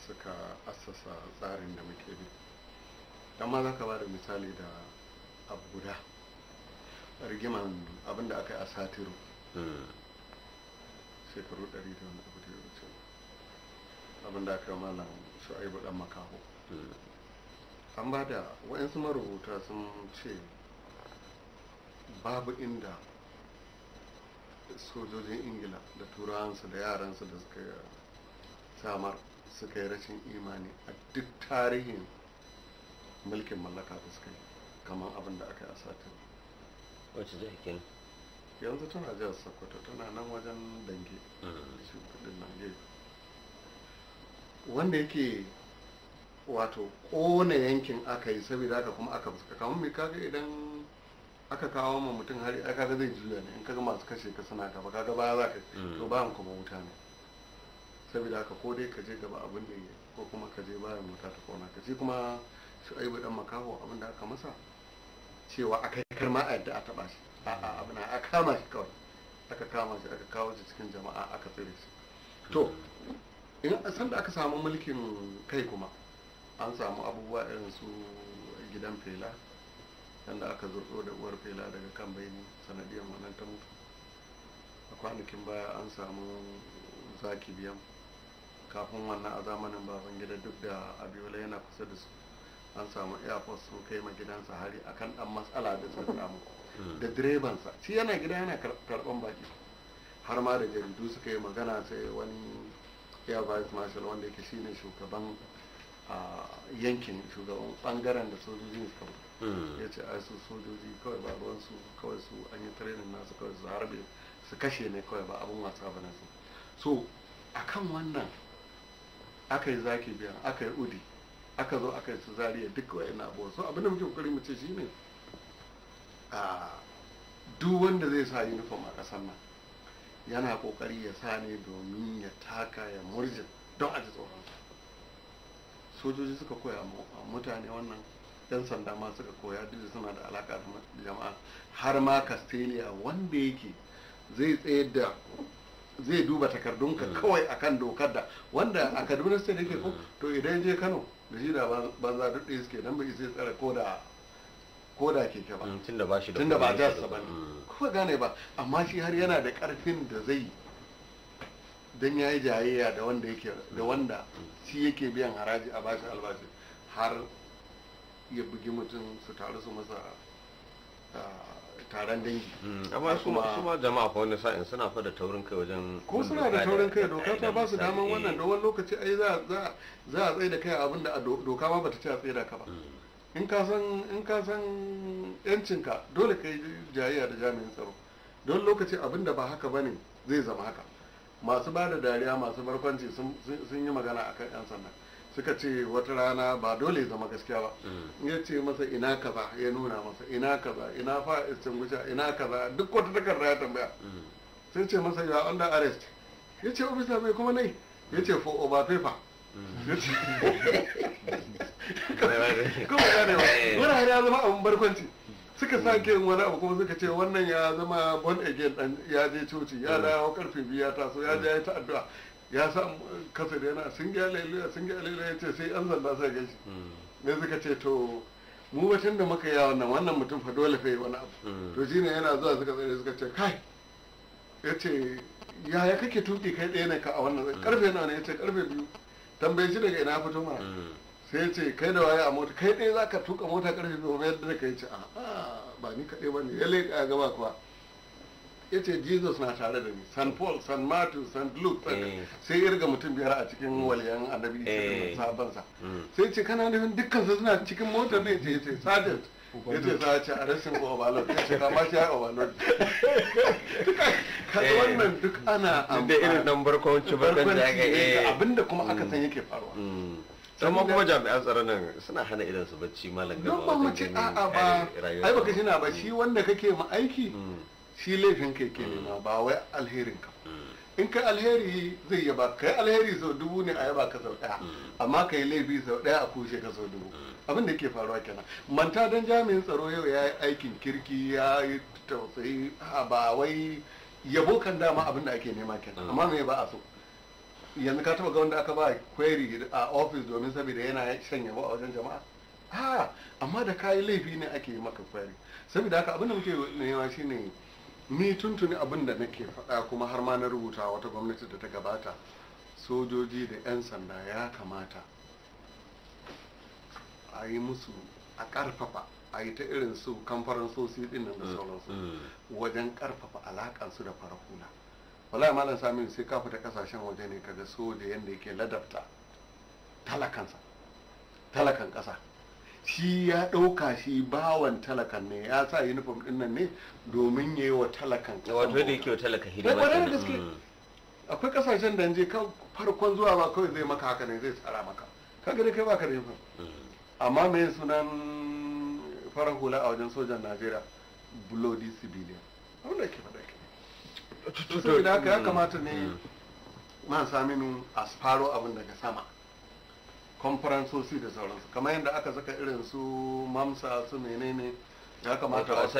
suka assasa tsarin da muke bi don ma za ka ba da misali da abu guda rigiman abinda aka yi a satiro hmm. shekaru 100 da wani abu da ya wuce abinda aka yi malam shu'aibu dan makaho hmm. an ba da waɗansu marubuta sun ce babu inda sojojin ingila da turawansu da yaransu da suka samar suka yi rashin imani a duk tarihin mulkin mallaka da suka yi kamar abin da aka yi a satin wacce zai kenan yanzu tana jihar sokoto tana nan wajen dange mm. shimfiɗin nan wanda yake wato kone yankin aka yi saboda haka kuma aka fuska kamar mai kaga idan aka kawo ma mutum hari aka ga zai juya ne in kaga masu kashe ka suna kafa kaga baya za ka mm. to mu kuma wuta ne saboda haka ko dai ka je gaba abin da yi ko kuma ka je bayan mota ta kona ka ce kuma shu'aibu dan makaho abin da aka masa cewa aka kar karma a yadda a taba shi a'a abin a kama shi kawai aka kama shi aka kawo shi cikin jama'a aka tsere shi to in san da aka samu mulkin kai kuma an samu abubuwa irin su gidan fela yadda aka zurdo da uwar fela daga kan bayani sanadiyar wannan ta mutu a kwanakin baya an samu zaki biyan kafin wannan a zamanin baban gida duk da abiola yana kusa da su an samu airport sun kai ma gidansa hari akan dan matsala da suka samu hmm. da direbansa shi yana gida yana karban baki har ma da jaridu suka yi magana sai wani air vice marshal wanda yake shine shugaban yankin shugaban bangaren da sojojin suka hmm. ya ce ai su sojoji kawai ba su kawai su an yi training nasu kawai su harbe su kashe ne kawai ba abin wasa ba na su so kan wannan aka yi zaki biya aka yi udi aka zo aka yi su zariya duk wa'in abuwa so abin da muke kokari mu ce shine a duk wanda zai sa uniform a ƙasar nan yana kokari ya sa ne domin ya taka ya murje don a ji tsoron sojoji suka koya mutane wannan yan sanda ma suka koya duk da suna da alaka da jama'a har ma castelia wanda yake zai tsayar da zai duba takardun ka hmm. kawai akan dokar da wanda a kaduna state yake ko to idan je kano da shi da banza duk ɗaya suke nan bai sai tsara ko da ko da keke ba hmm, tunda ba shi da sa ba jasa hmm. ba gane ba amma shi har yana da karfin da zai dan yayi jayayya da wanda yake da wanda shi yake biyan haraji a bashi albashi har ya bugi mutum su taru su masa ah, taron dangi hmm, amma su ma jama'a fa wani sa'in suna fa da taurin kai wajen ko suna da taurin kai doka ta ba su daman wannan eh. da wani lokaci ai za a tsaye da kai abin da doka ba bata ce a tsaye da ka ba hmm. in ka san in ka san yancinka dole kai jayayya da jami'in tsaro don lokaci abin da ba haka bane zai zama haka masu ba da dariya masu barkwanci sun yi magana akan yan sanda suka ce wata rana ba dole zama gaskiya ba mm. ya ce masa ina kaza ya nuna masa ina kaza ina fa gusha ina kaza duk wata takarda ya tambaya mm. sai ce masa ya under arrest ya ce officer mai kuma nai ya ce for over paper mm. kuma ya ne eh. wani ya zama abin barkwanci suka sake yin wani abu kuma suka ce wannan ya zama born again ya je coci ya dawo karfe biyu ya taso ya je ya ta addu'a ya sa kasar yana sun ga lailuya sun ga lailuya ya ce sai an sanda sai ga shi ne hmm. suka ce to mu batun da muka yi wannan wannan mutum fa dole fa yi wani abu hmm. to shi ne yana zuwa suka tsere suka ce kai ya ce yaya kake tuki kai ɗaya ne ka a wannan hmm. karfe nawa ne ya ce karfe biyu tambaye shi daga ina ya fito mana sai ya ce kai da waye a mota kai ɗaya za ka tuka mota karfe biyu ba yadda da yi ce a ba ni kaɗai ba ne ya leƙa gaba kuwa ya ce jesus na tare da ni san eh. paul san matthew san luke eh. sai ya riga mutum biyar a cikin hmm. waliyan annabi isa eh. sabansa hmm. sai ce kana nufin dukkan su suna cikin motar ne ce ya ce sergeant ya ce za a ce a rashin overload ya ce kama shi ya overload kaga wannan duk ana amfani da irin dan barkwanci barkwanci abinda kuma aka hmm. san yake faruwa sama kuma jami'an tsaron nan suna hana idan su bacci malam gaba wajen A'a rayuwa ai baka shi na ba shi wanda kake ma aiki shi laifin kai ke nema ba wai alherin ka mm. in kai alheri zai yi ba kai alheri sau dubu ne a yaba ka sau daya mm. amma kai laifi sau daya a kushe ka sau dubu mm. abin da ke faruwa kenan manta don jami'in tsaro yau ya yi aikin kirki ya yi tausayi ba wai yabo kan dama abin da ake nema kenan amma me ba a so yanzu ka taba ga wanda aka ba query a ofis domin saboda yana shan yabo a wajen jama'a A, amma da kayi laifi ne ake yi maka kwari. saboda haka abin da muke nema shine ni tuntuni abin da nake faɗa kuma har ma na rubuta wata gwamnati da ta gabata sojoji da 'yan sanda ya kamata a yi musu a ƙarfafa a yi ta irin su kamfaransosi din nan da mm, sauransu mm. wajen ƙarfafa alaƙansu da farahula wala malam sami sai ka fita kasashen waje ne kaga soja yadda yake ladabta talakansa talakan ƙasa shi ya ɗauka shi bawan talakan ne ya sa uniform ɗin nan ne domin ya yi wa talakan wato da yake wa talaka hidima eh, mm. akwai kasashen da je kan farkon zuwa ba kawai zai maka haka ne zai tsara maka ka gani kai baka da uniform mm. amma me sunan farar hula a wajen sojan najeriya bloody civilian abin da ke faɗa ke da haka ya mm. kamata ne man saminu a asfaro abin daga sama konfaransoshi da sauransu kamar yadda aka saka irin su mamsa su menene ya kamata a kafa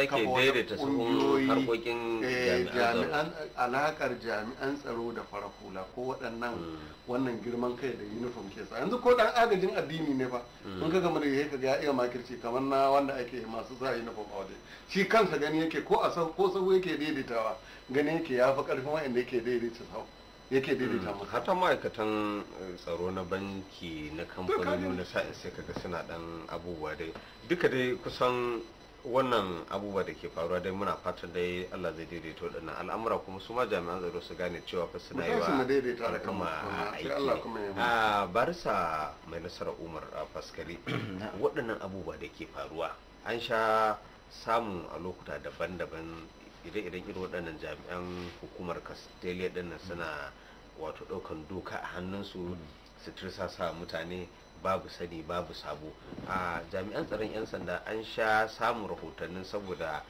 su ƙungiyoyi eh, jami'an alaƙar jami'an tsaro da farakula ko waɗannan hmm. wannan girman kai da uniform ke sa yanzu ko dan agajin addini ne ba hmm. in ka gama da ya kaga ya iya makirci kamar na wanda ake masu sa uniform a waje shi kansa gani yake ko a sau ko sau yake daidaitawa gani yake ya fi ƙarfin wa'anda yake daidaita sau yake hmm. daidaita musu hata ma'aikatan eh, tsaro na banki na kamfanin na sa'in sai kaga suna dan abubuwa dai duka dai kusan wannan abubuwa da ke faruwa dai muna fatan dai Allah zai daidaita waɗannan al'amura kuma su ma jami'an tsaro su gane cewa fa suna yi wa aiki a ah, barisa mai nasarar umar faskari waɗannan abubuwa da ke faruwa an sha samu a lokuta daban-daban ire-iren irin waɗannan jami'an hukumar castelia ɗinnan suna wato ɗaukan doka a hannunsu mm. su sa mutane babu sani babu sabo a jami'an tsaron 'yan sanda an sha samun rahotannin saboda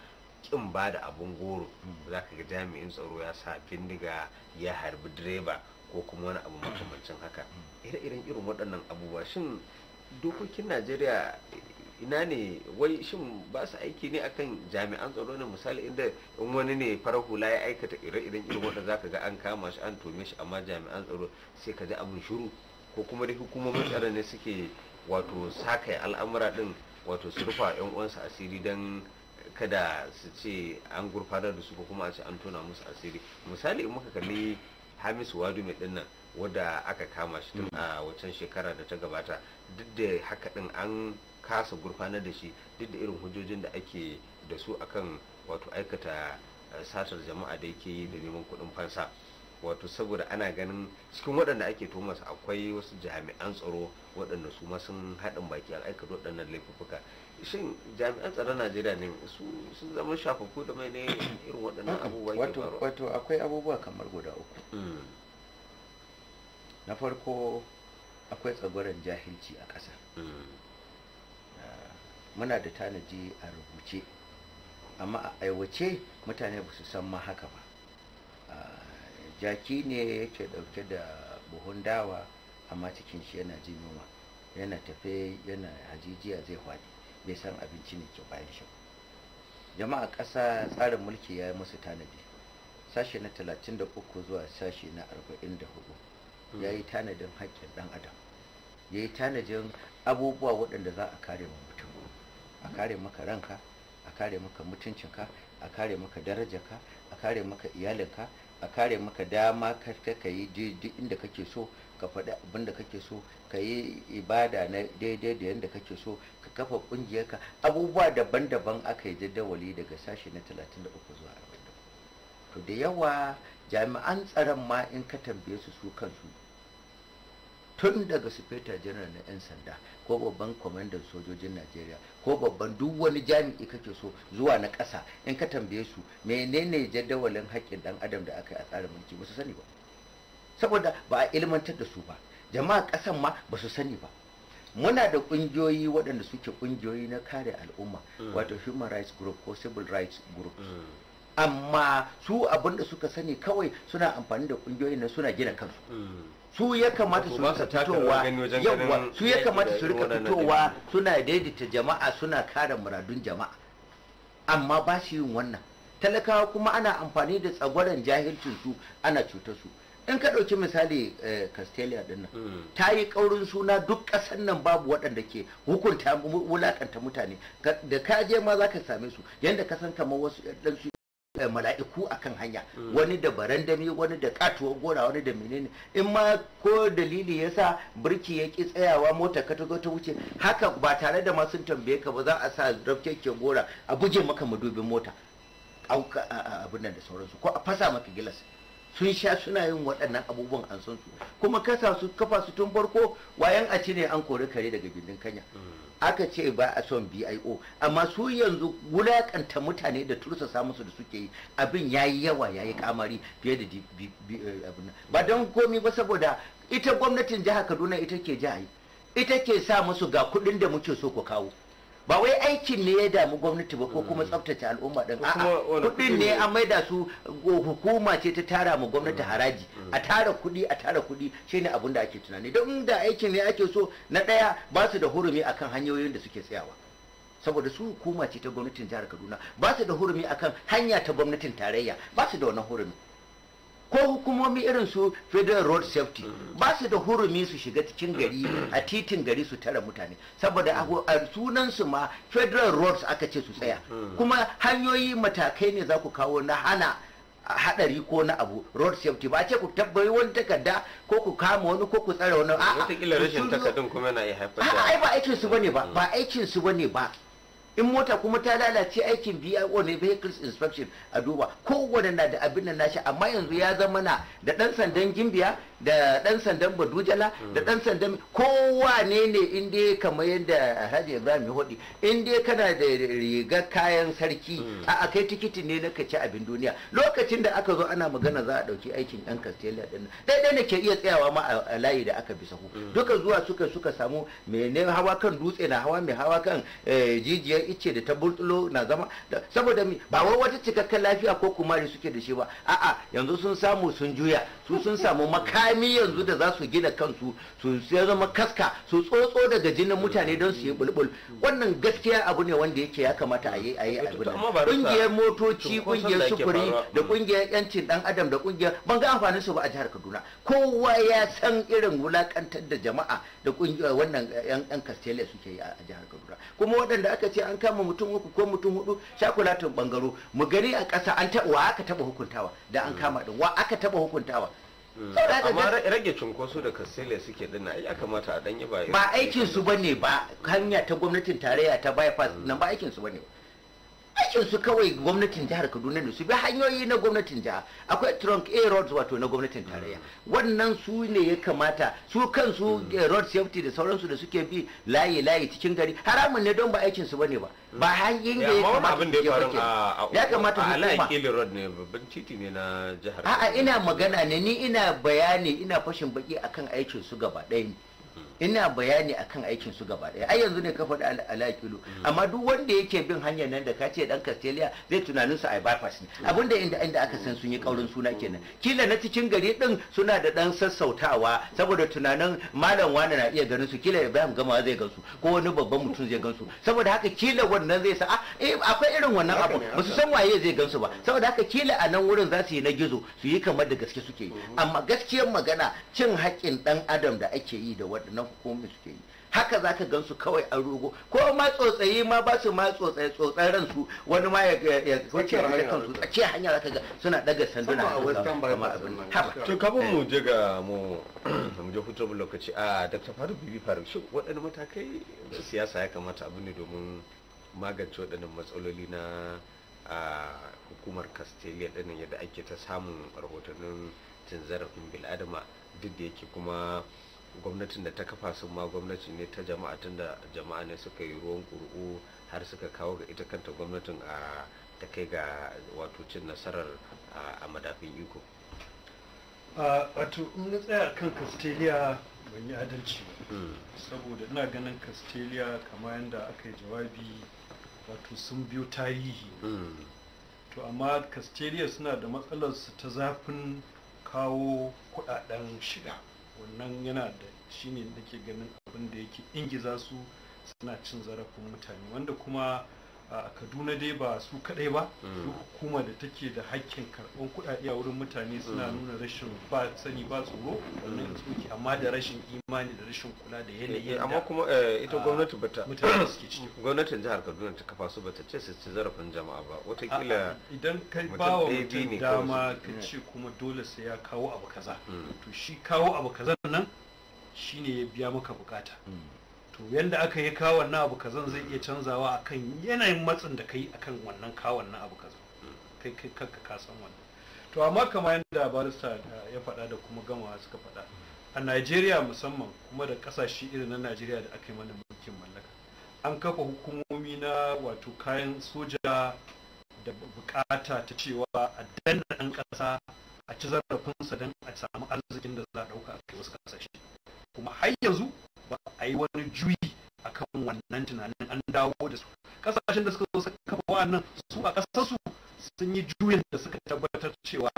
kin ba da abun goro mm. za ka ga jami'in tsaro ya sa bindiga ya harbi direba ko kuma wani abu makamancin haka mm. ire-iren irin waɗannan abubuwa shin dokokin najeriya ina ne wai shin ba su aiki ne akan jami'an tsaro ne misali inda in wani ne farar hula ya aikata ire-iren irin wanda ka ga an kama shi an tome shi amma jami'an tsaro sai ka ji abin shiru ko kuma dai hukumomin tsaro ne suke wato saka al'amura din wato su rufa yan uwansu asiri dan kada su ce an gurfanar da su ko kuma a ce an tona musu asiri misali in muka kalli hamisu wadu mai nan wadda aka kama shi tun a waccan shekara da ta gabata duk da haka din an kasa gurfanar da shi duk da irin hujjojin da ake da su akan wato aikata eh, satar jama'a da yake yi da neman kuɗin fansa wato saboda ana ganin cikin waɗanda ake Tomas akwai wasu jami'an tsaro waɗanda su ma sun haɗin baki a aikata waɗannan laifuka shin jami'an tsaron najeriya ne su sun zama shafafu da mai ne irin waɗannan abubuwa wato wato akwai abubuwa kamar guda uku mm. na farko akwai tsagwaron jahilci a ƙasa mm. muna da tanaji a rubuce amma a aiwace mutane ba su san ma haka ba jaki ne yake dauke da buhun dawa amma cikin shi yana jin yunwa yana tafe yana hajijiya zai hwani bai san abinci ne ke bayan shi jama'a ƙasa tsarin mulki ya yi musu tanadi sashe na 33 zuwa sashe na 44 hmm. ya yi tanadin haƙƙin ɗan adam ya yi tanadin abubuwa waɗanda za a kare mutum a kare maka ranka a kare maka mutuncinka a kare maka darajarka a kare maka iyalinka a kare maka dama ka yi daidai inda kake so ka faɗi abin da kake so ka yi ibada na daidai da yadda kake so ka kafa ƙungiyarka abubuwa daban-daban aka yi jadawali daga sashe na 33 zuwa 40 to da yawa jami'an tsaron ma in ka tambaye su su kansu tun daga sufeta janar na 'yan sanda ko babban kwamandan sojojin najeriya ko babban duk wani jami'i kake so zuwa na ƙasa in ka tambaye su menene jadawalin haƙƙin dan adam da aka yi a tsarin mulki ba su sani ba saboda ba a ilmantar da su ba jama'a ƙasan ma ba su sani ba muna da ƙungiyoyi waɗanda suke ƙungiyoyi na kare al'umma mm. wato human rights group ko civil rights group mm. amma su abinda suka sani kawai suna amfani da ƙungiyoyin na suna gina kansu mm. su ya kamata su rika fitowa yawwa su ya kamata su rika fitowa suna daidaita jama'a suna kare muradun jama'a amma ba su yin wannan talakawa kuma ana amfani da tsagwaron jahilcin su ana cuta su in ka ɗauki misali eh, castelia din nan hmm. ta yi ƙaurin suna duk ƙasar nan babu waɗanda ke hukunta wulaƙanta mutane da ka je ma za ka same su yadda ka san kamar wasu ɗan Eh, mala'iku a kan hanya hmm. wani da barandami wani da katuwar gora wani da menene in ma ko dalili ya sa birki ya ki tsayawa mota ka ta ta wuce haka ba tare da ma sun tambaye ka ba za a sa rafkekken gora a guje maka madubin mota abin nan da sauransu ko a fasa maka gilas sun sha suna yin waɗannan abubuwan an san su kuma kasa su kafa su tun farko wayan a ne an kori kare daga gindin kanya aka ce ba a son bio amma su yanzu wulakanta mutane da tursasa musu da suke yi abin ya yi yawa ya yi kamari fiye da eh, abin ba don komi ba saboda ita gwamnatin jihar kaduna ita ke jihar ita ke sa musu ga kuɗin da muke so ku kawo ba wai aikin ne ya damu gwamnati ba ko kuma mm. tsaftace al'umma din a'a kudin ne an maida su hukuma ce ta tara mu gwamnati mm. haraji mm. a tara kudi a tara kudi shine abin da ake tunani don da aikin ne ake so na daya ba su da hurumi akan hanyoyin da suke tsayawa saboda su hukuma ce ta gwamnatin jihar Kaduna ba su da hurumi akan hanya ta gwamnatin tarayya ba su da wani hurumi ko hukumomi irin su federal road safety ba su da hurumi su shiga cikin gari a titin gari su tara mutane saboda a sunan su ma federal roads aka ce su tsaya kuma hanyoyi matakai ne za ku kawo na hana hadari ko na abu road safety ba ce ku tabbai wani takarda ko ku kama wani ko ku tsare wani a'a wata rashin takardun kuma na iya haifar da ai ba aikin su bane ba ba aikin su bane ba in mota kuma ta lalace aikin BIO ne vehicles inspection a duba kowanne na da abin nan nashi amma yanzu ya zama na da dan sandan gimbiya da dan sandan badujala da dan sandan kowa ne ne in dai kamar yadda Alhaji Ibrahim ya hodi in dai kana da riga kayan sarki hmm. a akai tikiti ne na kaci abin duniya lokacin da aka zo ana magana za a dauki aikin yan Castella din dai ne ke iya tsayawa ma a layi da aka bi sahu hmm. duka zuwa suka suka samu mai hawa kan dutse na hawa mai hawa kan eh, jijiyar ice da ta burtulo na zama saboda ba wai wata cikakken lafiya ko kumari suke da shi ba a'a yanzu sun samu sun juya su sun samu makami yanzu da za su gina kansu su ya zama kaska su tsotso daga jinin mutane don su yi bulbul wannan gaskiya abu ne wanda yake ya kamata a yi a yi abu kungiyar motoci kungiyar sufuri da kungiyar yancin dan adam da kungiyar ban ga amfanin su ba a jihar Kaduna kowa ya san irin wulakantar da jama'a da kungiyar wannan yan yan suke yi a jihar Kaduna kuma waɗanda aka ce an kama mutum uku ko mutum hudu shakulatin bangaro mu gani a ƙasa an taɓa wa aka taɓa hukuntawa da an kama din wa aka taɓa hukuntawa amma rage cunkoso da kasile suke dina ya kamata a danyi ba ba aikin su bane ba hanya ta gwamnatin tarayya ta bypass nan ba aikin su bane ba aikin su kawai gwamnatin jihar kaduna ne su bi hanyoyi na gwamnatin jiha akwai trunk a roads wato na gwamnatin tarayya wannan su ne ya kamata su kansu hmm. eh, road safety da sauransu da suke bi layi layi cikin gari haramun ne don ba aikin hmm. su bane ba ba hanyoyin da ya kamata su ke ya kamata su kuma a'a ina magana ne ni ina bayani ina fashin baki akan aikin su gaba ɗaya ina bayani akan aikin su gaba ɗaya ai yanzu ne ka faɗi alaƙilu mm. amma duk wanda yake bin hanyar nan da ka ce dan Castelia zai tunanin su a bypass ne mm. abinda inda inda aka san sun yi kaurin suna kenan kila na cikin gari din suna da dan sassautawa saboda tunanin malam wani na iya ganin su kila Ibrahim Gama zai gansu ko wani babban mutum zai gansu saboda haka kila wannan zai sa ah, eh akwai irin wannan abu ba su san waye zai gansu ba saboda haka kila a nan wurin za su yi na gizo su yi kamar da gaske suke mm-hmm. amma gaskiyar magana cin haƙƙin dan adam da ake yi da ƙananan ko suke haka za ka gansu kawai an rugo ko ma tsotsayi ma ba su ma tsotsayi tsotsan ransu wani ma ya kwace da kansu tsakiyar hanya za ka ga suna daga sanduna a wajen kamar abin to kafin mu eh. je ga mu mu je hutar lokaci a dr faruk bibi faruk shi waɗanne matakai da siyasa ya kamata abu ne domin magance waɗannan matsaloli na hukumar castelia ɗin yadda ake ta samun rahotannin cin zarafin bil'adama duk da yake kuma gwamnatin da ta kafa sun ma gwamnati ne ta jama'a tun da jama'a ne suka yi ruwan ƙuri'u har suka kawo ga ita kanta gwamnatin a ta kai ga wato cin nasarar a madafin iko wato in na tsaya kan castelia ban yi adalci hmm. saboda ina ganin castelia kamar yadda aka yi jawabi wato sun biyo tarihi hmm. to amma castelia suna da matsalarsu ta zafin kawo kudaden shiga wannan yana da shi shine nake ganin abin da yake ingiza su suna cin zarafin mutane wanda kuma a kaduna dai ba su kadai ba su mm. hukuma da take da hakkin karɓar kuɗaɗe a wurin mutane suna mm. nuna rashin ba sani ba tsoro wannan tsoki mm. amma da rashin imani da rashin kula da eh, yanayi eh, amma kuma eh, ita gwamnati bata mutane suke ciki gwamnatin jihar kaduna ta kafa su bata ce su ci zarafin jama'a ba watakila idan ka ba wa mutum dama ka ce kuma dole sai ya kawo abu kaza to shi kawo abu kaza nan shine ya biya maka bukata to yanda aka yi kawon na abu kazan zai iya canzawa akan yanayin matsin da ka yi akan wannan kawon na abu kazan kai kai kanka ka san wannan to amma kamar yadda barista ya faɗa da kuma gamawa suka faɗa a najeriya musamman kuma da ƙasashe irin na najeriya da aka yi mana mulkin mallaka an kafa hukumomi na wato kayan soja da bukata ta cewa a danna ɗan ƙasa a ci zarafinsa don a samu arzikin da za a ɗauka a kai wasu ƙasashe kuma har yanzu ba a yi wani juyi a kan wannan tunanin an dawo da su kasashen da suka zo suka kafa wa'annan su a kasarsu sun yi juyin da suka tabbatar cewa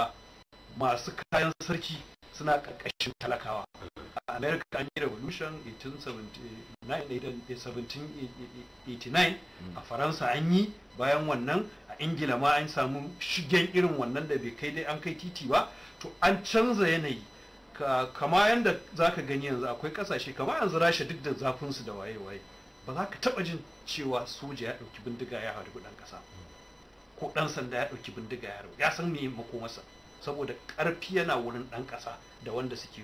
masu kayan sarki suna ƙarƙashin talakawa a america an yi revolution 1789 a faransa an yi bayan wannan a ingila ma an samu shigen irin wannan da bai kai dai an kai titi ba to an canza yanayi kama yadda za ka gani yanzu akwai kasashe kama yanzu rasha duk da zafin su da waye-waye ba za ka taba jin cewa soja ya ɗauki bindiga ya harbi ɗan ƙasa ko ɗan sanda ya ɗauki bindiga ya harbi ya san me makomarsa saboda ƙarfi yana wurin ɗan ƙasa da wanda suke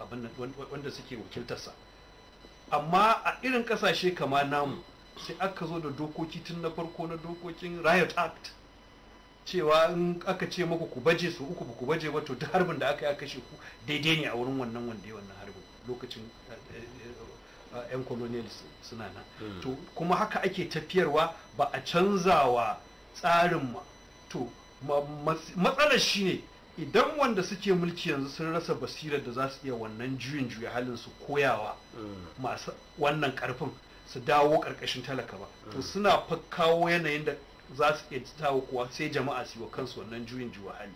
abin wakiltarsa amma a irin ƙasashe kama namu sai aka zo da dokoki tun na farko na dokokin riot act cewa in aka ce maku ku baje su uku ku baje ba to duk harbin da aka yi kashe ku daidai ne a wurin wannan wanda ya wannan harbin lokacin eh, eh, eh, yan colonialist suna nan hmm. to kuma haka ake tafiyarwa ba a canzawa tsarin ma to matsalar shine idan wanda suke mulki yanzu sun rasa basirar da za su iya wannan juyin juya halin su koyawa hmm. masu wannan karfin su dawo karkashin talaka ba to hmm. suna fa kawo yanayin da za su iya tawo kuwa sai jama'a su yi wa kansu wannan juyin juwa hali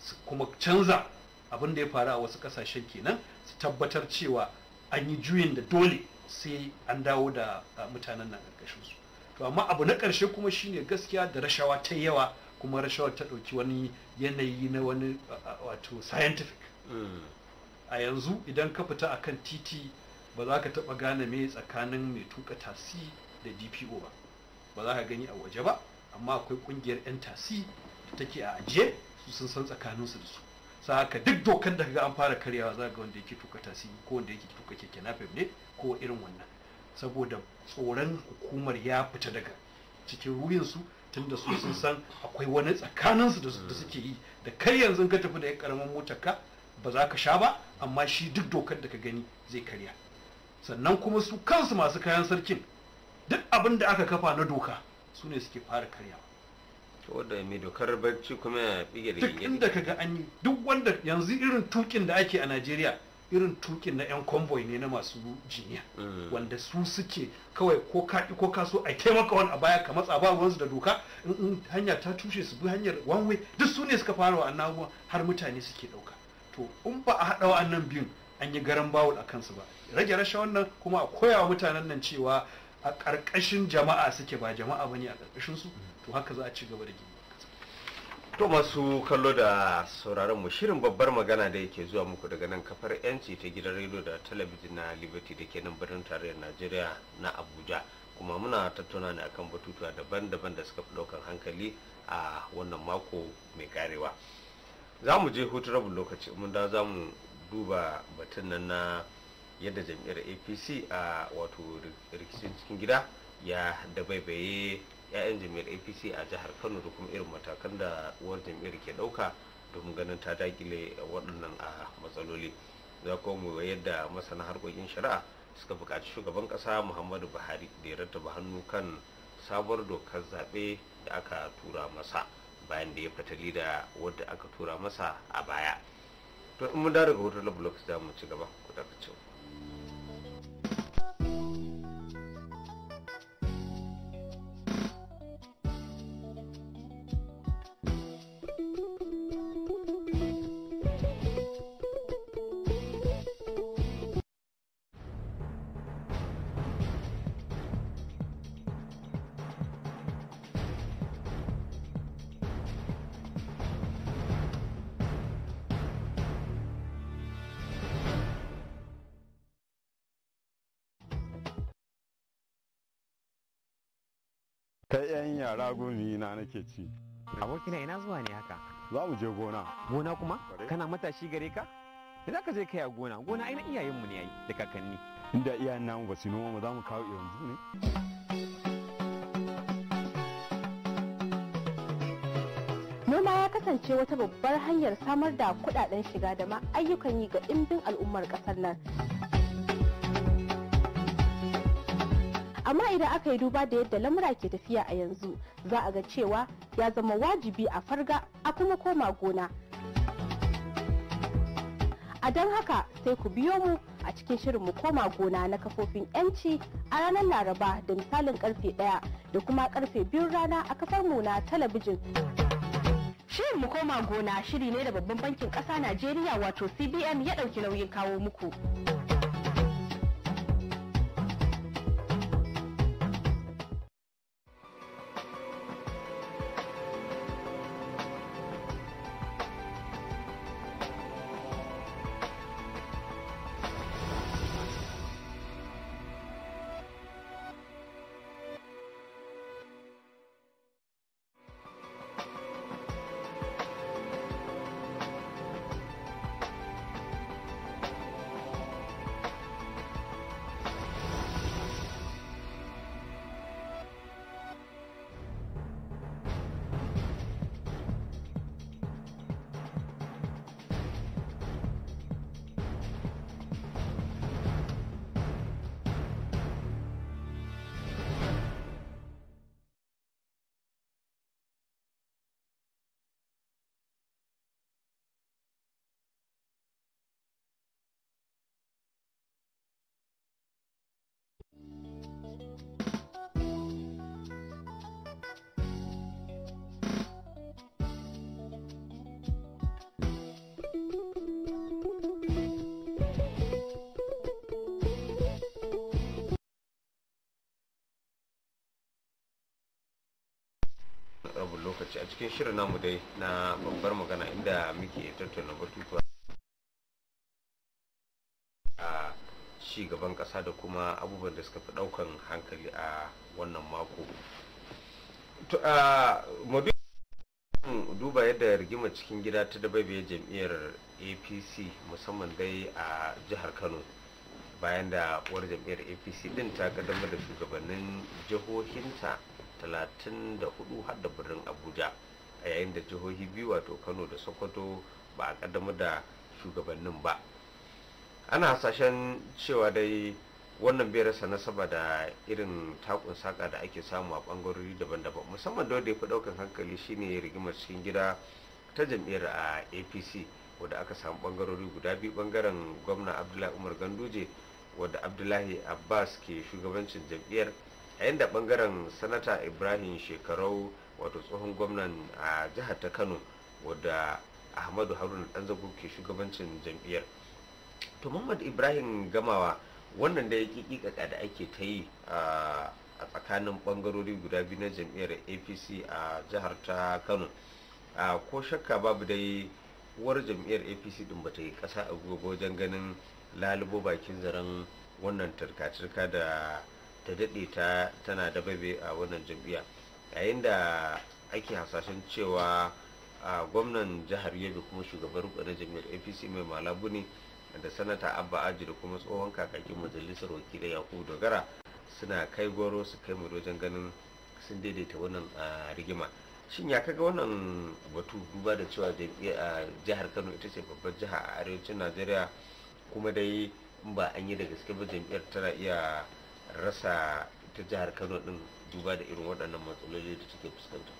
su kuma canza abin da ya faru a wasu kasashen kenan su tabbatar cewa an yi juyin da dole sai an dawo da mutanen nan ƙarƙashin su to amma abu na ƙarshe kuma shine gaskiya da rashawa ta yawa kuma rashawa ta ɗauki wani yanayi na wani wato scientific mm. a yanzu idan ka fita akan titi ba za ka taɓa gane me tsakanin mai tuka tasi da dpo ba ba za ka gani a waje ba amma akwai kungiyar 'yan tasi da take a ajiye su sun san tsakaninsu da su sa haka duk dokan da ga an fara karyawa za ga wanda yake tuka tasi ko wanda yake tuka keke napep ne ko irin wannan saboda tsoron hukumar ya fita daga cikin ruhinsu tunda su sun san akwai wani tsakaninsu da suke yi da kai yanzu ka tafi da yan karamin motar ka ba za ka sha ba amma shi duk dokar da ka gani zai karya sannan kuma su kansu masu kayan sarkin duk abin da aka kafa na doka su ne suke fara karya wadda mai dokar barci kuma ya bige da duk inda kaga an yi duk wanda yanzu irin tukin da ake a Najeriya irin tukin na 'yan convoy ne na masu jiniya mm. wanda su suke kawai ko kaɗi ko so a taimaka wani a baya ka matsa ba ruwansu da doka in hanya ta tushe su bi hanyar one duk su ne suka fara wa annabu har mutane suke ɗauka to in ba a haɗa wa'annan biyun an yi garan bawul a kansu ba rage rashin wannan kuma a koya wa mutanen nan cewa a ƙarƙashin jama'a suke ba jama'a bane a ƙarƙashin su to haka za a ci gaba da gini to masu kallo da sauraron mu shirin babbar magana da yake zuwa muku daga nan kafar yanci ta gidan rediyo da talabijin na liberty da ke nan birnin tarayyar najeriya na abuja kuma muna tattauna ne akan batutuwa daban-daban da suka fi ɗaukar hankali a wannan mako mai karewa za mu je hutu rabin lokaci mun da za mu duba batun nan na yadda jam'iyyar apc a wato rikicin cikin gida ya dabaibaye 'ya'yan jam'iyyar apc a jihar kano da kuma irin matakan da uwar jam'iyyar ke ɗauka domin ganin ta dakile waɗannan a matsaloli za kuma mu yadda masana harkokin shari'a suka buƙaci shugaban ƙasa muhammadu buhari da ya rattaba hannu kan sabuwar dokar zaɓe da aka tura masa bayan da ya fatali da wadda aka tura masa a baya to in mun da daga hotar blog za mu ci gaba ku daga cewa yara gumi na nake ci abokina ina zuwa ne haka za mu je gona gona kuma kana matashi gare ka Idan ka je kai a gona gona aina iyayenmu ne yayi da kakanni inda iyayen namu ba su noma mu za mu kawo yanzu ne noma ya kasance wata babbar hanyar samar da kudaden shiga da ma ayyukan yi ga dimbin al'ummar kasar nan amma idan aka yi duba da yadda lamura ke tafiya a yanzu za a ga cewa ya zama wajibi a farga a kuma koma gona a don haka sai ku biyo mu a cikin shirin mu koma gona na kafofin yanci a ranar laraba da misalin karfe ɗaya da kuma karfe biyun rana a kafar mu na talabijin shirin mu koma gona shiri ne da babban bankin kasa najeriya wato cbn ya dauki nauyin kawo muku lokaci a cikin shirin namu dai na babbar magana inda muke tattauna batutuwa a ci gaban kasa da kuma abubuwan da suka fi daukan hankali a wannan mako A duba yadda rigima cikin gida ta dababe jam'iyyar apc musamman dai a jihar kano bayan da uwar jam'iyyar apc din ta kaddamar da shugabannin jihohinta 34 har da birnin abuja a yayin da jihohi biyu wato kano da sokoto ba a kaddamar da shugabannin ba ana hasashen cewa dai wannan bai rasa nasaba da irin takun saka da ake samu a bangarori daban-daban musamman da ya fi daukan hankali shine rigimar cikin gida ta jam'iyyar a apc wadda aka samu bangarori guda biyu bangaren gwamna abdullahi umar ganduje wadda abdullahi abbas ke shugabancin jam'iyyar a da bangaren sanata ibrahim shekarau wato tsohon gwamnan a jihar ta kano wadda ahmadu haruna zago ke shugabancin jam'iyyar to muhammad ibrahim gamawa wannan da ya kika da ake ta yi a tsakanin bangarori guda biyu na jam'iyyar apc a jihar ta kano ko shakka babu dai uwar jam'iyyar apc din ta yi kasa a gobe wajen ganin lalubo bakin zaren wannan tarka-tarka da ta daɗe ta tana da babe a wannan jam'iyya yayin da ake hasashen cewa a gwamnan jihar yobe kuma shugaban rukunin jam'iyyar apc mai malabu ne da sanata abba aji da kuma tsohon kakakin majalisar wakilai yakubu dogara suna kai goro su kai mu wajen ganin sun daidaita wannan rigima shin ya kaga wannan batu duba da cewa jihar kano ita ce babbar jiha a arewacin najeriya kuma dai ba an yi da gaske ba jam'iyyar tana iya rasa ta jihar kano din duba da irin waɗannan matsaloli da take fuskanta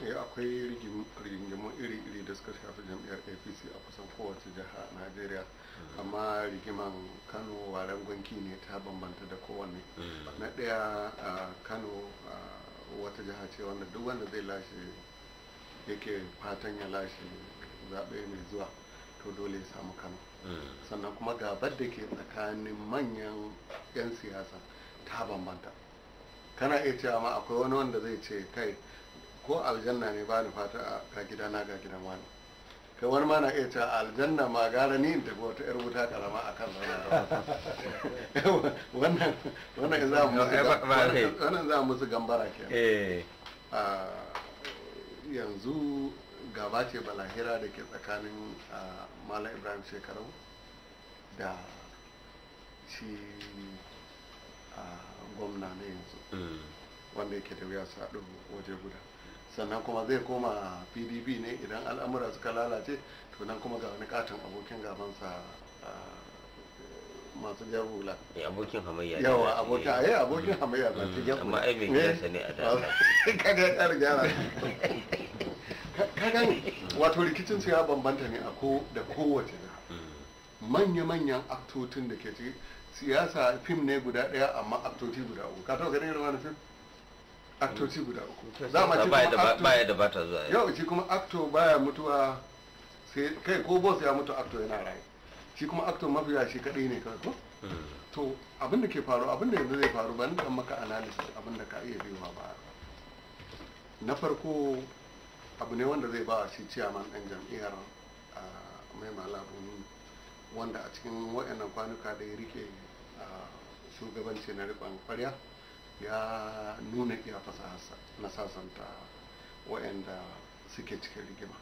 ya eh, akwai rigingimu iri-iri da suka shafi jam'iyyar apc a kusan kowace jiha a najeriya hmm. amma rigiman kano waren gwanki ne ta bambanta da kowanne hmm. na ɗaya kano wata jiha ce wanda duk wanda zai lashe yake fatan ya lashe zaɓe mai zuwa to dole ya samu kano hmm. sannan kuma gabar da ke tsakanin manyan 'yan siyasa ta bambanta kana iya cewa ma akwai wani wanda zai ce kai ko aljanna ne ba ni fata ga na ga gidan wani kai wani ma na iya cewa aljanna ma gara ni da wata yar wuta karama a kan wannan wannan za mu wannan za mu su gambara ke eh. yanzu gaba ce balahira da ke tsakanin mala ibrahim shekarau da shi gwamna na yanzu mm. wanda yake da wuya su haɗu waje guda sannan kuma zai koma pdp ne idan al'amura suka lalace to nan kuma ga wani katon abokin gabansa masu jan hula eh, abokin hamayya yawa abokin ayi eh. eh, abokin hamayya ba su jan mm. amma ai mai ne a da kaga ya ƙara gyara ka ne mm. wato rikicin su ya bambanta ne a ko da kowace da manya-manyan aktotin da ke ciki siyasa fim ne guda daya amma aktoci guda uku ka taba ganin irin wani fim aktoci guda uku za mu ci kuma baya da bata zuwa yau shi kuma akto baya mutuwa sai kai ko boss ya mutu akto yana rai shi kuma akto mafiya shi kadai ne kawai hmm. to abin da ke faru abin da yanzu zai faru ban dan maka analysis abin da ka iya biyowa ba na farko abu ne wanda zai ba shi ciyaman ɗan jam'iyyar ah, mai malabu wanda a cikin wa'annan kwanuka da ya rike shugabanci na riƙon kwarya ya nuna iya fasa na sasanta waɗanda suke cikin rigima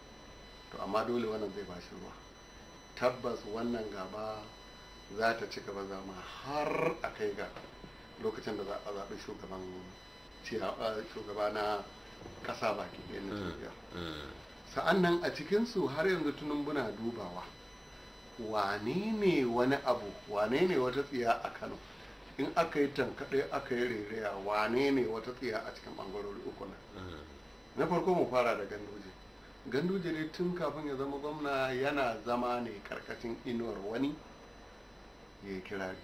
to amma dole wannan zai ba shi ruwa tabbas wannan gaba za ta ci gaba zama har a kai ga lokacin da za a zaɓi shugaban shugaba na ƙasa baki ɗaya na tafiyar mm, mm. sa'an nan a cikinsu har yanzu buna dubawa wane ne wani abu wane ne wata tsiya a kano in aka yi tankaɗe aka yi rairaya, wane ne wata tsiya a cikin ɓangarori uku nan mm. na farko mu fara da ganduje ganduje ne tun kafin ya zama gwamna yana zama ne karkashin inuwar wani ya yi kirari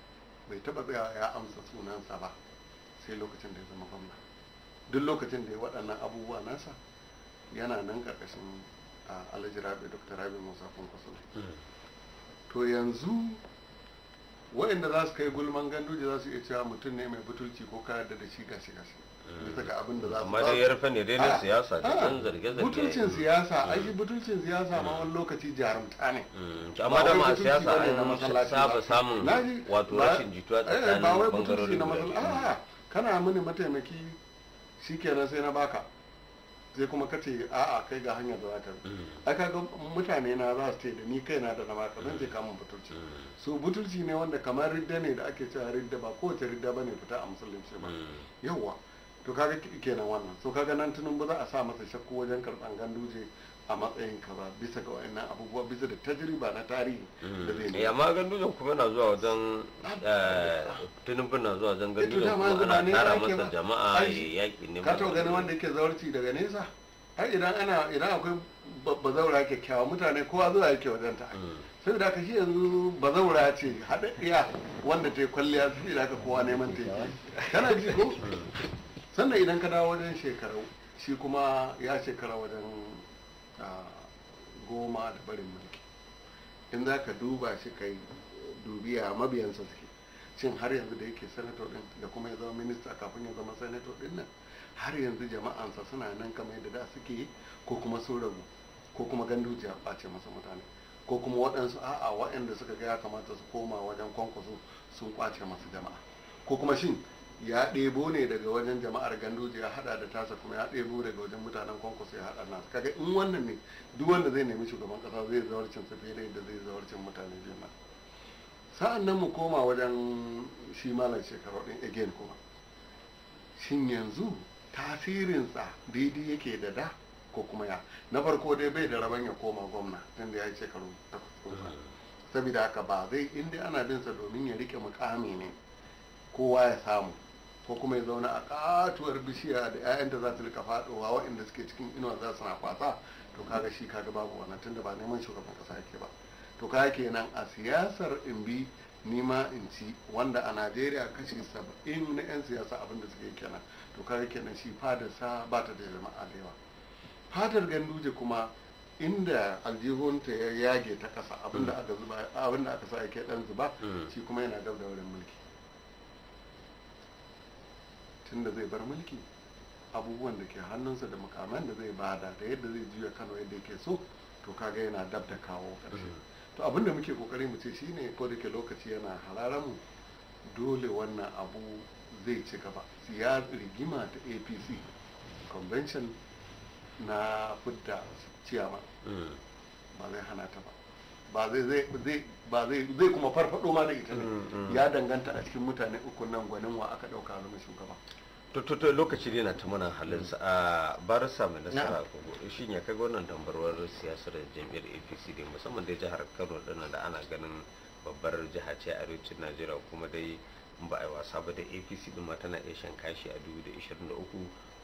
bai taɓa tsayawa ya amsa sunansa ba sai lokacin da ya zama gwamna duk lokacin da ya waɗannan abubuwa nasa yana nan karkashin ah, alhaji rabi dr rabi musa kwankwaso mm. to yanzu Wa'inda za su kai gulman ganduje za su iya cewa mutum ne mai butulci ko kayar yarda da shi gashi gashi bisa ga abin da za su amma dai yarfa ne dai na ah, siyasa ah, da kan zarge zarge butulcin siyasa hmm. a yi butulcin siyasa ma wani lokaci jarumta ne hmm, amma da ma siyasa an saba samun wato rashin jituwa eh, tsakanin bangarorin da ya kana mini mataimaki shikenan sai na baka sai kuma ka ce a'a kai ga hanyar da ta mm. ai kaga mutane na za su ce da ni kai na da nama kaman zai kamun butulci mm. so butulci ne wanda kamar ridda ne da ake cewa ridda ba kowace ridda ba ne fita a musulunci ba mm. yawwa to kaga kenan wannan so kaga nan tunan ba za a sa masa shakku wajen karɓan ganduje a matsayin ka ba bisa ga wayannan abubuwa bisa da tajriba na tarihi da zai ne mm. eh, amma gandujan kuma na zuwa wajen eh, bin na zuwa wajen eh, gandujan kuma ana tara masa jama'a yaƙi ne ka to gani wanda yake zaurci daga nesa har idan ana idan akwai bazaura kyakkyawa mutane kowa zuwa yake wajen ta mm. sai da ka shi yanzu bazaura ce haɗaɗɗiya wanda ta yi kwalliya su da ka kowa neman ta kana ji ko mm. sannan idan ka dawo wajen shekaru shi kuma ya shekara wajen goma da barin mulki in za ka duba shi ka dubiya a mabiyansa suke shin har yanzu da yake sanato din da kuma ya zama minista kafin ya zama sanato din nan har yanzu jama'ansa suna nan kamar yadda da suke yi ko kuma sun ragu ko kuma a ɓace masa mutane ko kuma waɗansu a'a waɗanda suka ga ya kamata su koma wajen kwankwaso sun kwace masu jama'a ko kuma shin ya ɗebo ne daga wajen jama'ar gandoji ya hada da tasa kuma ya ɗebo daga wajen mutanen kwankwaso ya hada nasu kaga in wannan ne duk wanda zai nemi shugaban kasa zai zawarcin su fiye da yadda zai zawarcin mutane biyun sa'an nan mu koma wajen shi malam shekaru ɗin again kuma shin yanzu tasirinsa daidai yake da da ko kuma ya na farko dai bai da rabon ya koma gwamna da ya yi shekaru saboda haka ba zai inda ana bin sa domin ya rike mukami ne kowa ya samu ko kuma ya zauna a katuwar bishiya da 'ya'yanta za su rika faɗowa waɗanda suke cikin inuwa za su na kwasa to kaga shi kaga babu wannan tunda ba neman shugaban kasa yake ba to kaga kenan a siyasar in bi nima in ci wanda a najeriya kashi saba'in na 'yan siyasa abinda suke kenan to kaga kenan shi sa ba ta da jama'a da yawa fatar ganduje kuma inda aljihunta ya yage ta kasa abinda aka sa yake dan zuba mm. shi kuma yana gab da wurin mulki da zai bar mulki abubuwan da ke hannunsa da mukaman da zai bada da yadda zai juya kano yadda yake so to kaga yana dab da kawo ƙarshe to abin da muke kokari mu ce shine ko da ke lokaci yana hararan mu dole wannan abu zai ci gaba ya rigima ta apc convention na fidda ciyama mm. ba zai hana ta ba ba zai zai zai zai ba kuma farfado ma da ita ne mm, mm. ya danganta a cikin mutane uku nan gwanin wa aka dauka zama shugaba to lokaci dai na ta halin sa mm. a barasa mai nasara kogo shi ne kai wannan tambarwar siyasar jami'ar apc da musamman da jihar kano dinnan da ana ganin babbar jiha ce a arewacin najeriya kuma dai ba a yi wasa ba da apc din ma tana iya shan kashi a 2023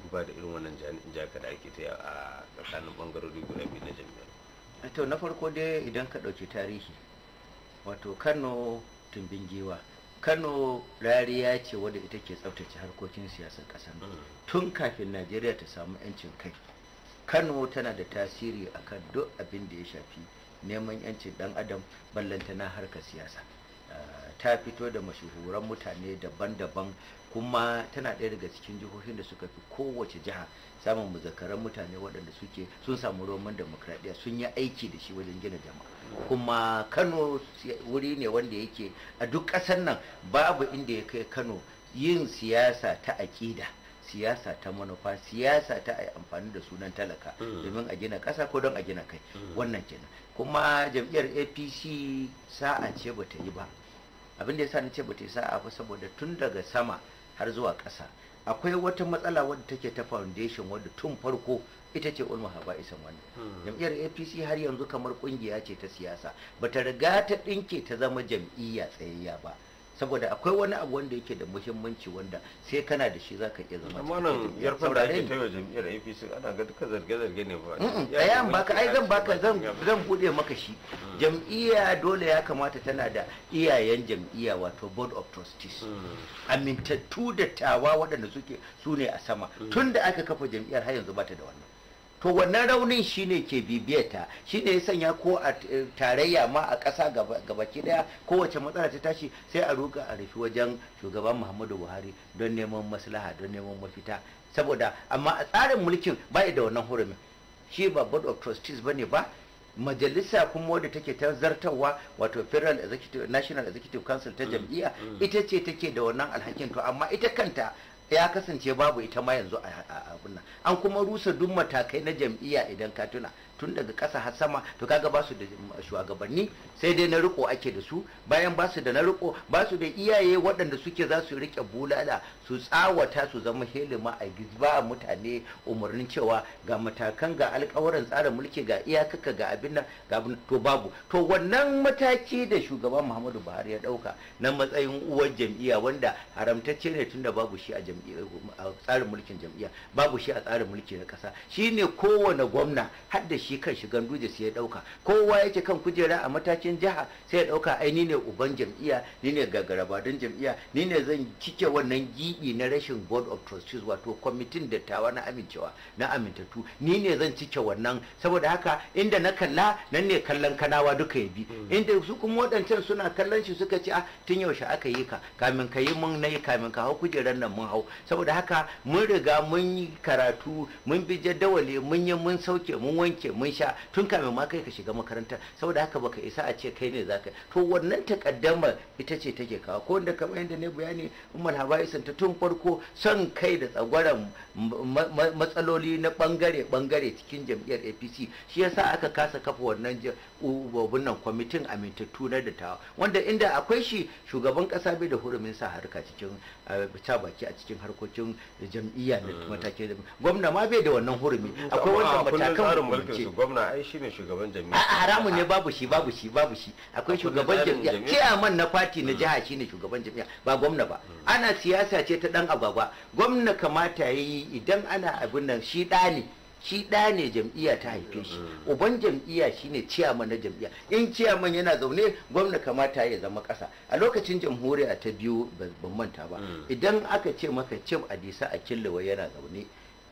duba da irin wannan jaka da ake ta a tsakanin bangarori guda biyu na jami'ar to na farko dai idan ka ɗauki tarihi wato kano tumbin giwa kano rariya ce wadda ita ke tsaftace harkokin siyasar ƙasar mm. tun kafin najeriya ta samu 'yancin kai kano tana da tasiri akan duk abin da ya shafi neman 'yancin ɗan adam na harkar siyasa ah, ta fito da mashahuran mutane daban-daban kuma tana ɗaya daga cikin jihohin da suka fi kowace jiha samun muzakaran mutane waɗanda suke sun samu roman demokradiyya sun yi aiki da shi wajen gina jama'a kuma kano wuri ne wanda yake a duk ƙasar nan babu inda ya kai kano yin siyasa ta aƙida siyasa ta manufa siyasa ta a amfani da sunan talaka hmm. domin a gina ƙasa ko don a gina kai hmm. wannan kenan kuma jam'iyyar apc sa'a ce bata yi ba abin da ya sa ni ce bata yi sa'a ba saboda tun daga sama har zuwa ƙasa akwai wata matsala wadda take ta foundation wadda tun farko ita ce ulma haba isan wannan hmm. jam'iyyar apc har yanzu kamar kungiya ce ta siyasa ba ta riga ta ɗinke ta zama jam'iyya tsayayya ba saboda akwai wani abu wanda yake da muhimmanci wanda sai kana da shi zaka iya zama amma nan yarfan da ake taiwa jami'ar APC ana ga duka zarge zarge ne ba ɗaya baka ai zan baka zan zan bude maka shi mm. jami'a dole ya kamata tana da iyayen jami'a wato board of trustees mm. amintattu da tawa waɗanda suke su ne a sama mm. tunda aka kafa jami'ar har yanzu bata da wannan to wannan raunin shi ne ke bibiyarta ne ya sanya ko a eh, tarayya ma a ƙasa gabaki daya kowace matsala ta tashi sai a ruga a rufi wajen shugaban muhammadu buhari don neman maslaha don neman mafita saboda amma a tsarin mulkin bai da wannan hurumin shi ba board of trustees ne ba majalisa kuma wadda take ta zartarwa wato federal executive national executive council ta mm, jam'iyya mm. ita ce take da wannan alhakin to amma ita kanta ya kasance babu ita ma yanzu a abin an kuma rusa duk matakai na jam'iyya idan ka tuna tun daga ƙasa har sama to kaga ba su da shugabanni sai dai na riko ake da su bayan ba su da na riko ba su da iyaye waɗanda suke za su rike bulala su tsawata su zama helima a gizba a mutane umarnin cewa ga matakan ga alkawarin tsarin mulki ga iyakaka ga abin nan ga to babu to wannan mataki da shugaban muhammadu buhari ya dauka na matsayin uwar jam'iyya wanda haramtacce ne tunda babu shi a tsarin mulkin jam'iyya babu shi a tsarin mulki na kasa shine kowane gwamna har da shi kan shigan duje sai ya dauka kowa yake kan kujera a matakin jiha sai ya dauka ai ni ne uban jam'iyya ni ne gagarabadin jam'iyya ni ne zan cike wannan gi haƙiƙi na rashin board of trustees wato kwamitin dattawa na amincewa na amintattu ni ne zan cike wannan saboda haka inda na kalla nan ne kallon kanawa duka ya bi hmm. inda su kuma waɗancan suna kallon shi suka ce a ah, tun yaushe aka yi ka kamin ka yi mun na yi kamin ka hau kujerar nan mun hau saboda haka mun riga mun yi karatu mun bi jadawali mun yi mun sauke mun wanke mun sha tun kamin ma kai ka shiga makarantar saboda haka baka isa a ce kai ne zaka to wannan takaddama ita ce take kawo ko wanda kamar yadda ne bayani Umar habaisan ta tun farko son kai da tsagwaron matsaloli na bangare-bangare cikin jam'iyyar apc shi yasa aka kasa kafa wannan nan kwamitin amintattu na dattawa wanda inda akwai shi shugaban kasa bai da hurumin sa harka cikin ta eh, baki a cikin harkokin jam'iyya na mm. matakin da gwamna ma bai da wannan hurumi akwai wannan matakan hukumce gwamna ai shine shugaban jam'iyya a haramun ne babu shi babu shi babu shi akwai shugaban jam'iyya chairman na party na mm. jiha shine shugaban jam'iyya ba gwamna ba mm. ana siyasa ce ta dan agwagwa gwamna kamata yayi idan ana abin nan shi ɗa ne shi ɗa ne jam'iyya ta haife shi mm. uban jam'iyya shine ciyaman na jam'iyya in ciyaman yana zaune gwamna kamata ya zama ƙasa a lokacin jamhuriya ta biyu ban manta ba mm. idan aka ce maka cim adisa a killewa yana zaune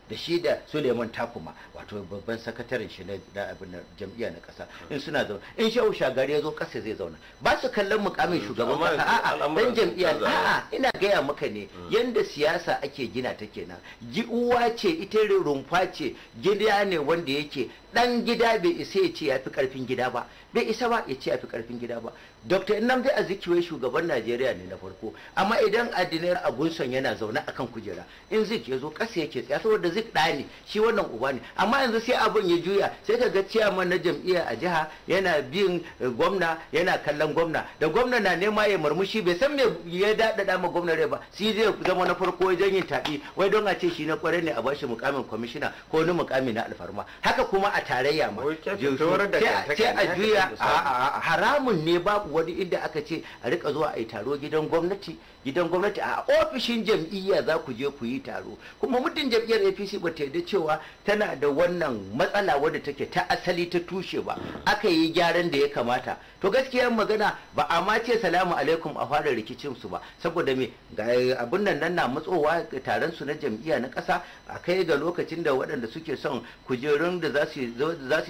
da shi da suleiman takuma wato babban sakataren shi na abin jam'iyya na kasa in suna zaune in shehu gari ya zo kasa zai zauna ba su kallon mukamin mm, shugaban kasa a'a dan jam'iyya a'a ina gaya maka ne mm. yadda siyasa ake gina ta kenan ji uwa ce ita rumfa ce gida ne wanda yake ɗan gida bai isa ya ce ya fi karfin gida ba bai isa ba ya ce ya fi karfin gida ba dr nnamdi azikiwe shugaban najeriya ne na farko amma idan adinar abunsan yana zaune a kan kujera in zik ya zo kasa yake tsaya saboda zik ɗa ne shi wannan uba ne amma yanzu sai abin ya juya sai ka ga ciyaman na jam'iyya a jiha yana bin eh, gwamna yana kallon gwamna da gwamna na nema ya murmushi bai san me ya daɗaɗa ma gwamna ba sai zai zama na farko wajen yin taɓi wai don a ce shi na kwarai ne a bashi mukamin kwamishina ko wani mukami na alfarma haka kuma a tarayya ma sai a juya haramun ne babu wani inda aka ce a rika zuwa a yi taro gidan gwamnati gidan gwamnati a ofishin jam'iyya za ku je ku yi taro kuma mutum jam'iyyar apc ba ta yarda cewa tana da wannan matsala wadda take ta asali ta tushe ba aka yi gyaran da ya kamata to gaskiya magana ba a ma ce salamu alaikum a fara rikicin su ba saboda me eh, abin nan nan na matsowa taron su na jam'iyya na kasa? a kai ga lokacin da waɗanda suke son kujerun da za su yi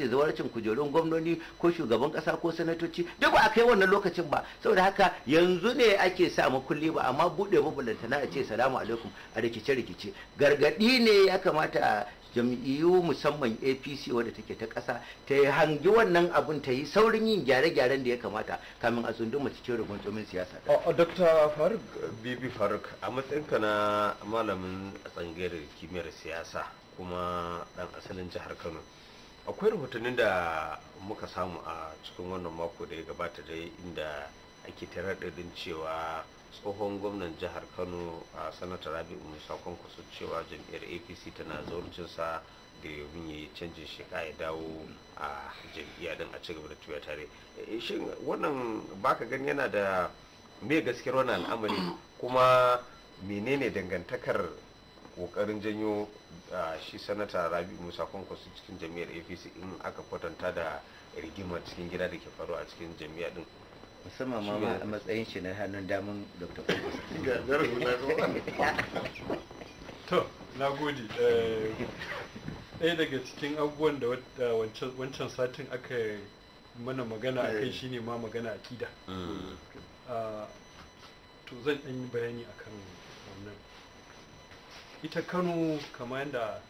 zawarcin kujerun gwamnoni ko shugaban kasa ko sanatoci duk ba a kai wannan lokacin ba saboda haka yanzu ne ake sa makulli ba amma buɗe na a ce salamu alaikum a rikice-rikice gargaɗi ne ya kamata a jam'iyyu musamman apc wadda take ta ƙasa ta yi hangi wannan abun ta yi saurin yin gyare-gyaren da ya kamata kamin a tsunduma cikin tsomin siyasa dr faruk bibi faruk a matsayinka na malamin tsangayar kimiyyar siyasa kuma dan asalin jihar kano akwai rahotannin da muka samu a cikin wannan mako da ya gabata dai inda ake ta ɗin cewa tsohon gwamnan jihar kano a sanatar rabi'u musa kusa cewa jam'iyyar apc tana zaurcinsa domin ya yi canjin shiga ya dawo a jam'iyyar din a ci gaba da tuya tare eh, shin wannan baka gani yana da me gaskiyar wannan al'amari kuma menene dangantakar kokarin janyo shi sanata rabi musa kwankwaso cikin jami'ar apc in aka kwatanta da rigima cikin gida da ke faru a cikin jami'a din musamman ma a matsayin shi na hannun damun dr to na gode eh, ɗaya daga cikin abubuwan da wancan satin aka mana magana a kai eh. shine ma magana akida mm. ah, to zan ɗan yi bayani akan ita kano kamar yadda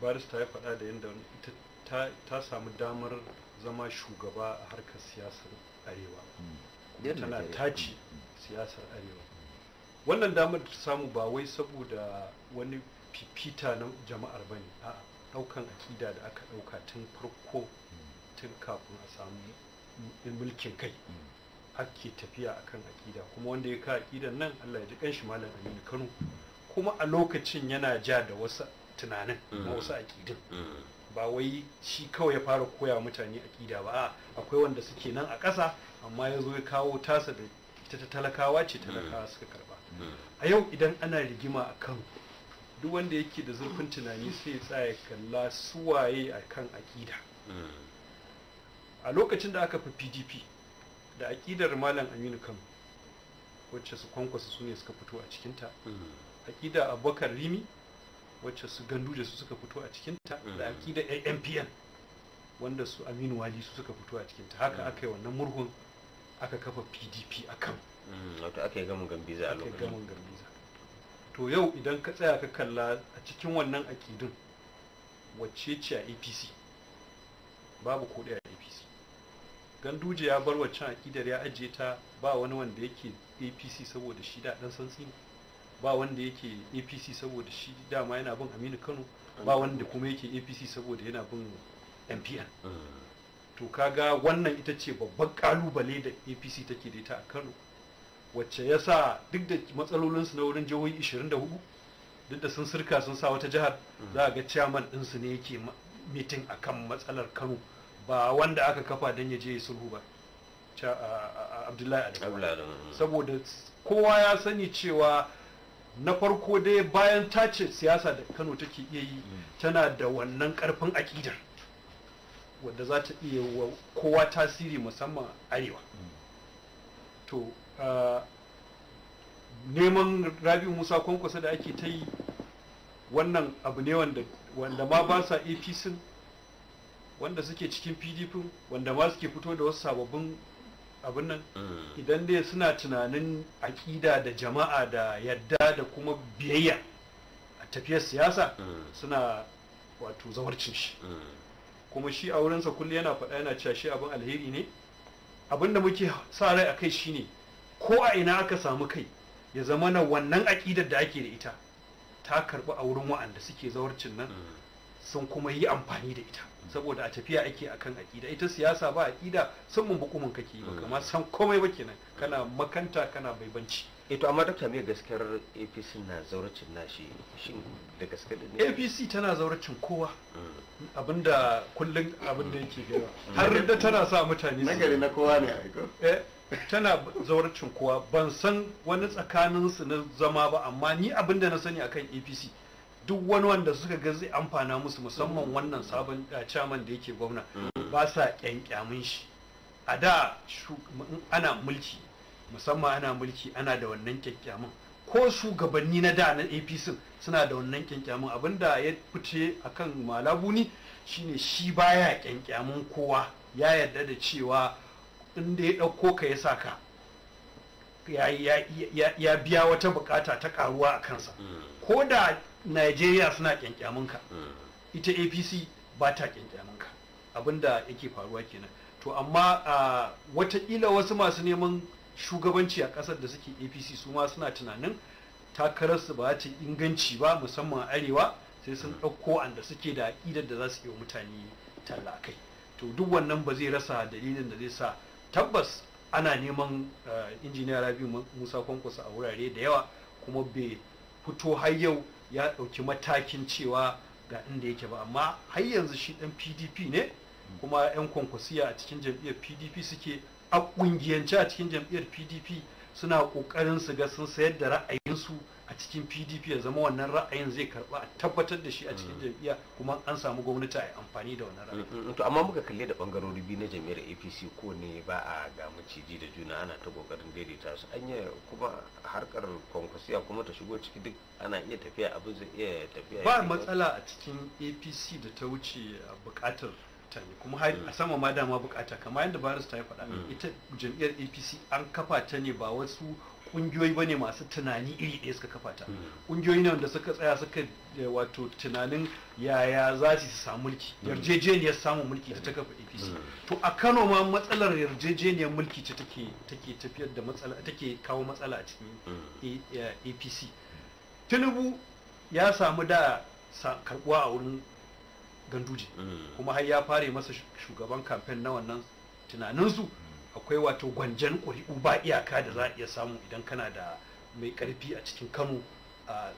barista ya faɗa da yadda ita ta samu damar zama shugaba a harkar siyasar arewa hmm. tana taci hmm, hmm. siyasar arewa wannan damar ta samu ba wai saboda wani fifita na jama'ar ba ne a ɗaukan akida da aka ɗauka tun farko tun kafin a samu mulkin kai ake tafiya akan akida kuma wanda ya ka akidan nan allah ya ji kanshi malam aminu kano kuma a lokacin yana ja da wasu tunanin mm. na wasu aƙidin mm. ba wai shi kawai ya fara koya mutane aƙida ba akwai wanda suke nan a ƙasa amma ya zo ya kawo tasa da ita ta talakawa ce talakawa mm. suka karba a yau idan ana rigima a kan duk wanda yake da zurfin tunani sai ya tsaya kalla suwaye a kan aƙida a lokacin da aka fi pdp da aƙidar malam aminu kan wacce su kwankwasa su ne suka fito a cikinta aƙida abokan rimi wacce su da su suka fito a cikinta da mm. aƙida mpn wanda su aminu wali su suka fito a cikinta haka mm. aka yi wannan murhun aka kafa pdp a kan mm, wato aka yi gamin gambiza a lokacin to yau idan ka tsaya ka kalla a cikin wannan aƙidun wacce ce a apc babu ko a apc ganduje ya bar waccan aƙidar ya ajiye ta ba wani wanda yake apc saboda shi da ɗan santsi ne ba wanda yake apc saboda shi dama yana bin aminu kano ba wanda kuma yake apc saboda yana bin mpn mm. to kaga wannan ita ce babban kalubale da apc take da ita a kano wacce ya sa duk da matsalolinsu na wurin jihohi 24 duk da sun sirka sun sa wata jihar mm. za a ga din ɗinsu ne yake mitin akan matsalar kano ba wanda aka kafa don ya je ya sulhu ba abdullahi adamu mm. saboda kowa ya sani cewa na farko dai bayan tace siyasa da kano take iya yi hmm. tana da wannan karfin aƙidar wadda za ta iya wa kowa tasiri musamman arewa hmm. to neman rabi musa kwankwasa da ake ta yi wannan abu ne wanda ma ba sa apc wanda suke cikin pdp wanda ma suke fito da wasu sababbin abin nan mm. idan dai suna tunanin aƙida da jama'a da yadda da kuma biyayya a tafiyar siyasa mm. suna wato zawarcin shi mm. kuma shi a wurinsa kulle yana faɗa yana cewa shi abin alheri ne abin da muke sa rai a kai shine ko a ina aka samu kai ya zama na wannan aƙidar da ake da ita ta karɓi a wurin wa'anda suke zawarcin nan sun kuma yi amfani da ita saboda a tafiya ake akan aƙida ita siyasa ba aƙida mun bukumin kake ba mm. kama san komai ba kenan kana makanta kana baibanci eh to amma dakta me gaskiyar APC na zauracin nashi shin da gaske ne APC tana zauracin kowa mm. abinda kullun abinda yake gaba mm. har da tana sa mutane nagari na kowa ne aiko eh tana zauracin kowa ban san wani tsakaninsu na zama ba amma ni abinda na sani akan APC duk wani wanda suka ga zai amfana musu musamman mm. wannan sabon uh, chairman da yake gwamna mm. ba sa kyankyamin shi a da ana mulki musamman ana mulki ana da wannan kyankyamin ko shugabanni na da na apc suna da wannan kyankyamin abinda ya fice akan malabuni shine shi baya kyankyamin kowa ya yarda da cewa inda ya ɗauko ka ya sa ka ya biya wata bukata ta karuwa a kansa mm. ko da najeriya suna kyankyaminka hmm. ita apc ba ta kyankyaminka abinda yake faruwa kenan to amma a watakila wasu masu neman shugabanci a kasar da suke apc su ma suna tunanin takararsu ba ta inganci ba musamman arewa sai sun hmm. ɗauko anda suke da aƙidar da za su yi mutane talla to duk wannan ba zai rasa dalilin da zai sa tabbas ana neman injiniya rabi musa kwankwaso a wurare da yawa kuma bai fito har yau ya ɗauki matakin cewa ga inda yake ba amma har yanzu shi ɗan pdp ne kuma 'yan kwankwasiya a cikin jam'iyyar pdp suke a ƙungiyance a cikin jam'iyyar pdp suna ƙoƙarin su ga sun sayar da ra'ayinsu a cikin pdp ya zama wannan ra'ayin zai karba a tabbatar da shi a cikin hmm. jam'iyya kuma an samu gwamnati a amfani da wannan ra'ayin hmm, hmm, to amma muka kalle da bangarori biyu na jam'iyyar apc ko ne ba a ga maciji da juna ana ta kokarin daidaita su anya kuma harkar kwankwasiya kuma ta shigo ciki duk ana iya tafiya abin zai iya tafiya ba matsala a cikin apc da ta wuce bukatar ta ne kuma har a sama ma dama bukata kamar yadda baris ta yi faɗa ita jam'iyyar apc an kafa ta ne ba wasu kungiyoyi bane masu tunani iri ɗaya suka kafa ta hmm. kungiyoyi ne wanda suka tsaya suka eh, wato tunanin yaya za su samu mulki hmm. yarjejeniyar samun mulki ta kafa APC hmm. to a Kano ma matsalar yarjejeniyar mulki ce take take tafiyar da matsala take kawo matsala a cikin APC eh, Tinubu ya samu da karbuwa a wurin ganduje kuma har ya fare masa shugaban kamfen na wannan tunaninsu su akwai wato gwanjan ƙuri'u ba iyaka da za a iya samu idan kana da mai ƙarfi a cikin kano a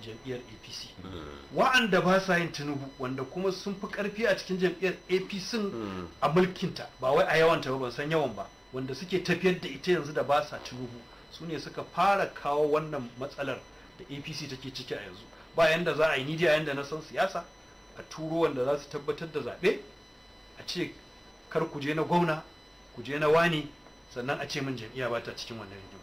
jam'iyyar apc hmm. wa'anda ba sa yin tinubu wanda kuma sun fi ƙarfi a cikin jam'iyyar apc hmm. a mulkinta ba wai a yawanta ba ban san yawan ba wanda suke tafiyar da ita yanzu da ba sa tinubu su ne suka fara kawo wannan matsalar da apc take ciki a yanzu ba yanda za a yi nidiya yanda na san siyasa a turo wanda za su tabbatar da zaɓe a ce kar ku je na gwamna ku je na wani sannan a ce min jam'iyya ba ta cikin wannan rigima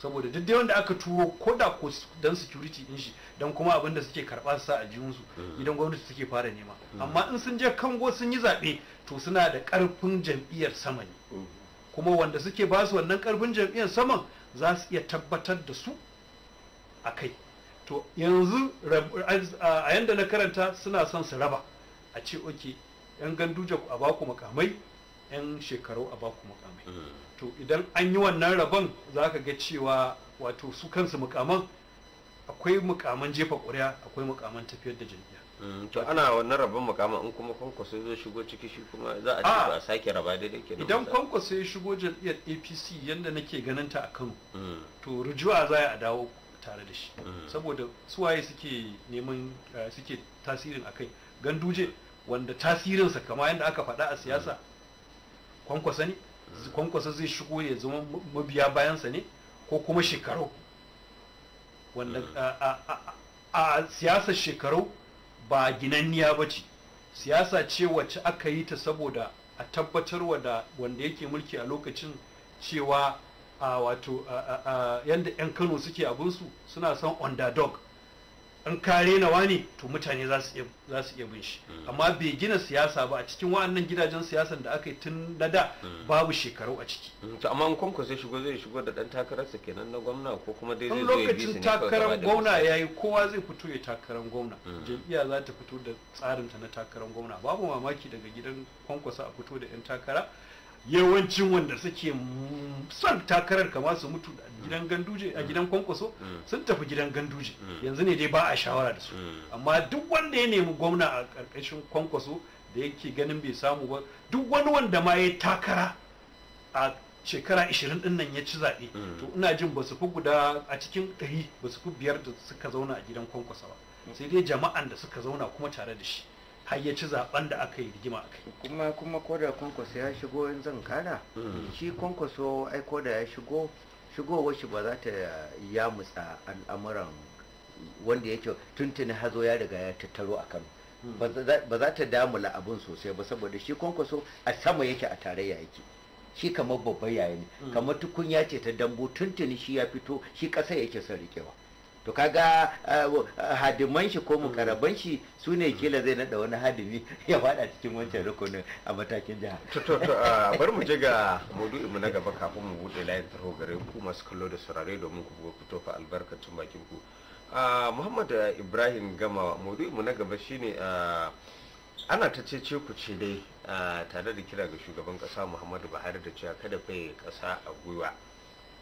saboda duk da wanda aka turo ko da ko dan security din shi dan kuma abin da suke karba su sa a su. Mm. idan gwamnati suke fara nema mm. amma in sun je kango sun yi zaɓe to suna da ƙarfin jam'iyyar sama ne mm. kuma wanda suke ba su wannan ƙarfin jam'iyyar saman za su iya tabbatar da su a kai to yanzu a yanda na karanta suna son su raba a ce oke yan ganduje a baku makamai 'yan shekaru a baku mukamai mm. to idan an yi wannan rabon za ka ga cewa wato su kansu mukaman akwai mukaman jefa ƙuri'a akwai mukaman tafiyar da jam'iyya mm, to ana wannan rabon mukaman in kuma kwankwaso zai shigo ciki shi kuma za a ce ah! a sake raba daidai kenan idan kwankwaso ya shigo jam'iyyar apc yadda nake ganin ta a kano mm. to rujuwa za a dawo tare da shi saboda suwaye suke neman eh, suke tasirin akai ganduje wanda tasirinsa kama yadda aka faɗa a siyasa kwankwasa ne kwankwasa zai shigo ya zama mabiya bayansa ne ko kuma shekaru wanda a siyasar shekaru ba ginanniya ba ce siyasa ce wacce aka yi ta saboda a tabbatarwa da wanda yake mulki a lokacin cewa a wato yadda 'yan kano suke abinsu suna son underdog An kare nawa wani to mutane za su iya bin shi mm. amma bai gina siyasa ba a cikin wa'annan gidajen siyasan da aka yi tun na da mm. babu shekaru a ciki mm, to amma in sai shigo zai shigo da dan takararsa kenan na gwamna ko kuma dai zai zo ya bi lokacin takarar gwamna yayi kowa zai fito ya takarar gwamna jam'iyya za ta fito da tsarinta na takarar gwamna babu mamaki daga gidan kwankwasa a fito da yan takara yawancin wanda suke son takarar kama su mutu a gidan ganduje a gidan kwankwaso mm. Mm. sun tafi gidan ganduje mm. yanzu ne dai ba a shawara da su amma duk wanda ya nemi gwamna a ƙarƙashin kwankwaso da yake ganin bai samu ba duk wani wanda ma ya takara a shekara 20 din nan ya ci zaɓe to ina jin ba su fi guda a cikin ɗari ba su fi biyar da suka zauna a gidan kwankwaso ba sai dai jama'an da suka zauna kuma tare da shi har ya ci zaben da aka yi rigima a kai kuma kuma ko da kwankwaso ya shigo in zan kara mm. shi kwankwaso ai ko da ya shigo shigowar shi ba za ta ya mutsa al'amuran wanda yake tuntuni hazo ya riga ya tattaro a kano mm. ba za ta damula abin sosai ba saboda shi kwankwaso a sama yake a tarayya yake shi kamar babban yaya ne mm. kamar tukunya ce ta dambu tuntuni shi ya fito shi ƙasa yake son riƙewa to kaga eh, hadiman shi ko mukaraban shi su ne kila zai nada wani hadimi ya fada cikin wancan rukunin a matakin jiha to to to eh, bari mu je ga maudu'in mu na gaba kafin mu bude layin tarho gare ku masu kallo da saurare domin ku buga ku tofa albarkacin bakin ku eh, Muhammad Ibrahim Gamawa maudu'in mu na gaba shine ana ta ce ku ce dai tare da kira ga shugaban kasa Muhammadu Buhari da cewa kada bai kasa a gwiwa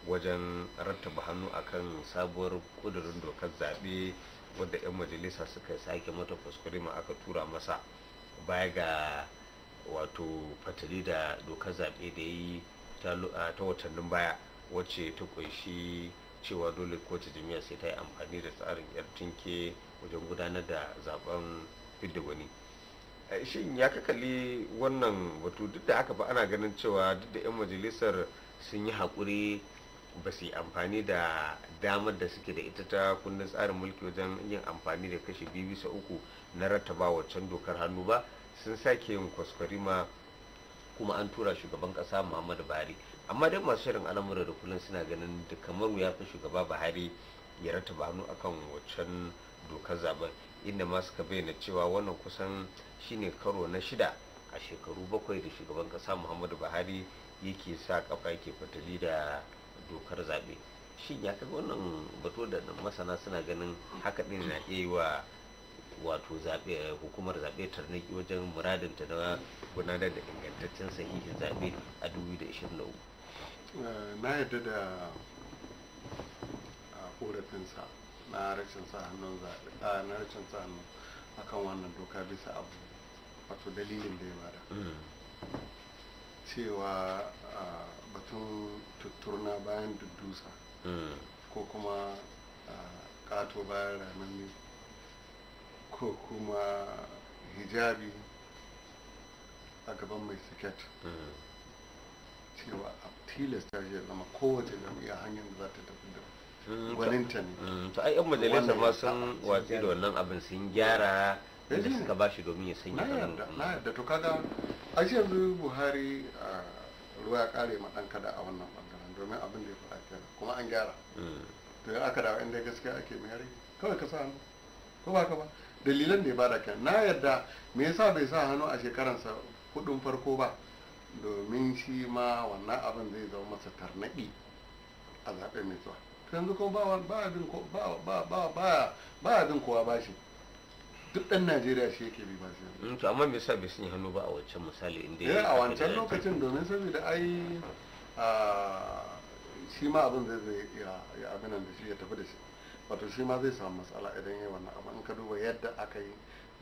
wajen rattaba hannu akan sabuwar kudurin dokar zaɓe wadda 'yan majalisa suka sake mata kuskure ma aka tura masa baya ga wato fatali da dokar zaɓe da yi ta watannin baya wacce ta kunshi cewa dole kowace jami'a sai ta yi amfani da tsarin yar wajen gudanar da zaben fidda wani eh, shin ya kakali wannan batu duk da aka ba ana ganin cewa duk da 'yan majalisar sun yi haƙuri ba su yi amfani da damar da suke da ita ta kundin tsarin mulki wajen yin amfani da kashe biyu bisa uku na rattaba waccan dokar hannu ba sun sake yin ma kuma an tura shugaban kasa muhammadu buhari amma dai masu shirin al'amura da kullum suna ganin da kamar ya fi shugaba buhari ya rattaba hannu akan waccan dokar zaben inda ma suka bayyana cewa wannan kusan shine karo na shida a shekaru bakwai da shugaban kasa muhammadu buhari yake sa kafa yake fatali da dokar zaɓe shi ya kaga wannan bato da masana suna ganin haka ɗin na iya wa wato zaɓe hukumar zaɓe tarniki wajen ta na gudanar da ingantaccen sahihin zaɓe a 2023 eh, na yadda da korafinsa na rashin sa hannun zaɓe na rashin sa hannun akan wannan doka bisa abu wato dalilin da ya bada mm. cewa batun tutturna bayan duddusa hmm. ko kuma kato bayan rananne ko kuma hijabi a gaban mai siket hmm. cewa a tilasta shi zama kowace jam'iyya hanyar da za ta tafi da hmm, gwaninta ne to ai yan majalisa ma sun watsi da wannan abin sun gyara da eh, eh. suka ba shi domin ya sanya na yadda to kaga a yanzu buhari a ruwa ya kare ma ɗan kada a wannan ɓangaren domin abin da ya faɗa kenan kuma an gyara to ya aka dawo inda gaskiya ake mayar kawai ka sa hannu ko ba ka ba dalilan da ya bada kenan na yarda me yasa bai sa hannu a shekaransa hudun farko ba domin shi ma wannan abin zai zama masa tarnaɗi a zaɓe mai zuwa yanzu kuma ba ba bin kowa ba duk ɗan najeriya shi yake bi bashi mm, to amma me yasa bai sanya hannu ba a wancan misali inda ya eh, a wancan lokacin domin saboda ai shi ma abin zai zai ya abin da shi ya tafi da shi wato shi ma zai samu matsala idan ya wannan amma in ka duba yadda aka yi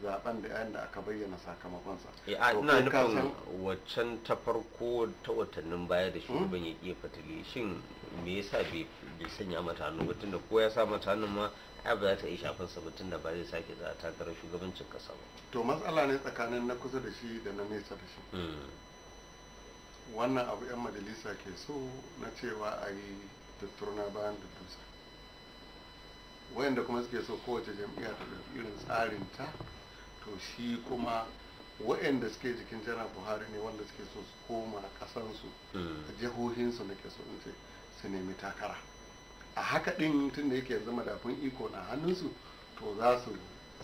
zaben da yayin da aka bayyana sakamakonsa eh, ina nufin waccan ta farko ta watannin baya da hmm? shugaban ya iya fatali shin me yasa bai sanya mata hannu ba tunda ko ya sa mata hannun ma Abu za ta yi shafin da ba zai sake za a takarar shugabancin kasa ba to matsala ne tsakanin na kusa da shi da na nesa da shi hmm. wannan abu yan majalisa ke so na cewa a yi tatturna bayan da dusa wayanda kuma suke so kowace jam'iyya ta da irin tsarin ta to shi kuma wayanda suke jikin jana buhari ne wanda suke so su koma kasansu hmm. a jihohinsu na ke so in ce su nemi takara a haka ɗin tun da yake zama dafin iko na hannunsu to za su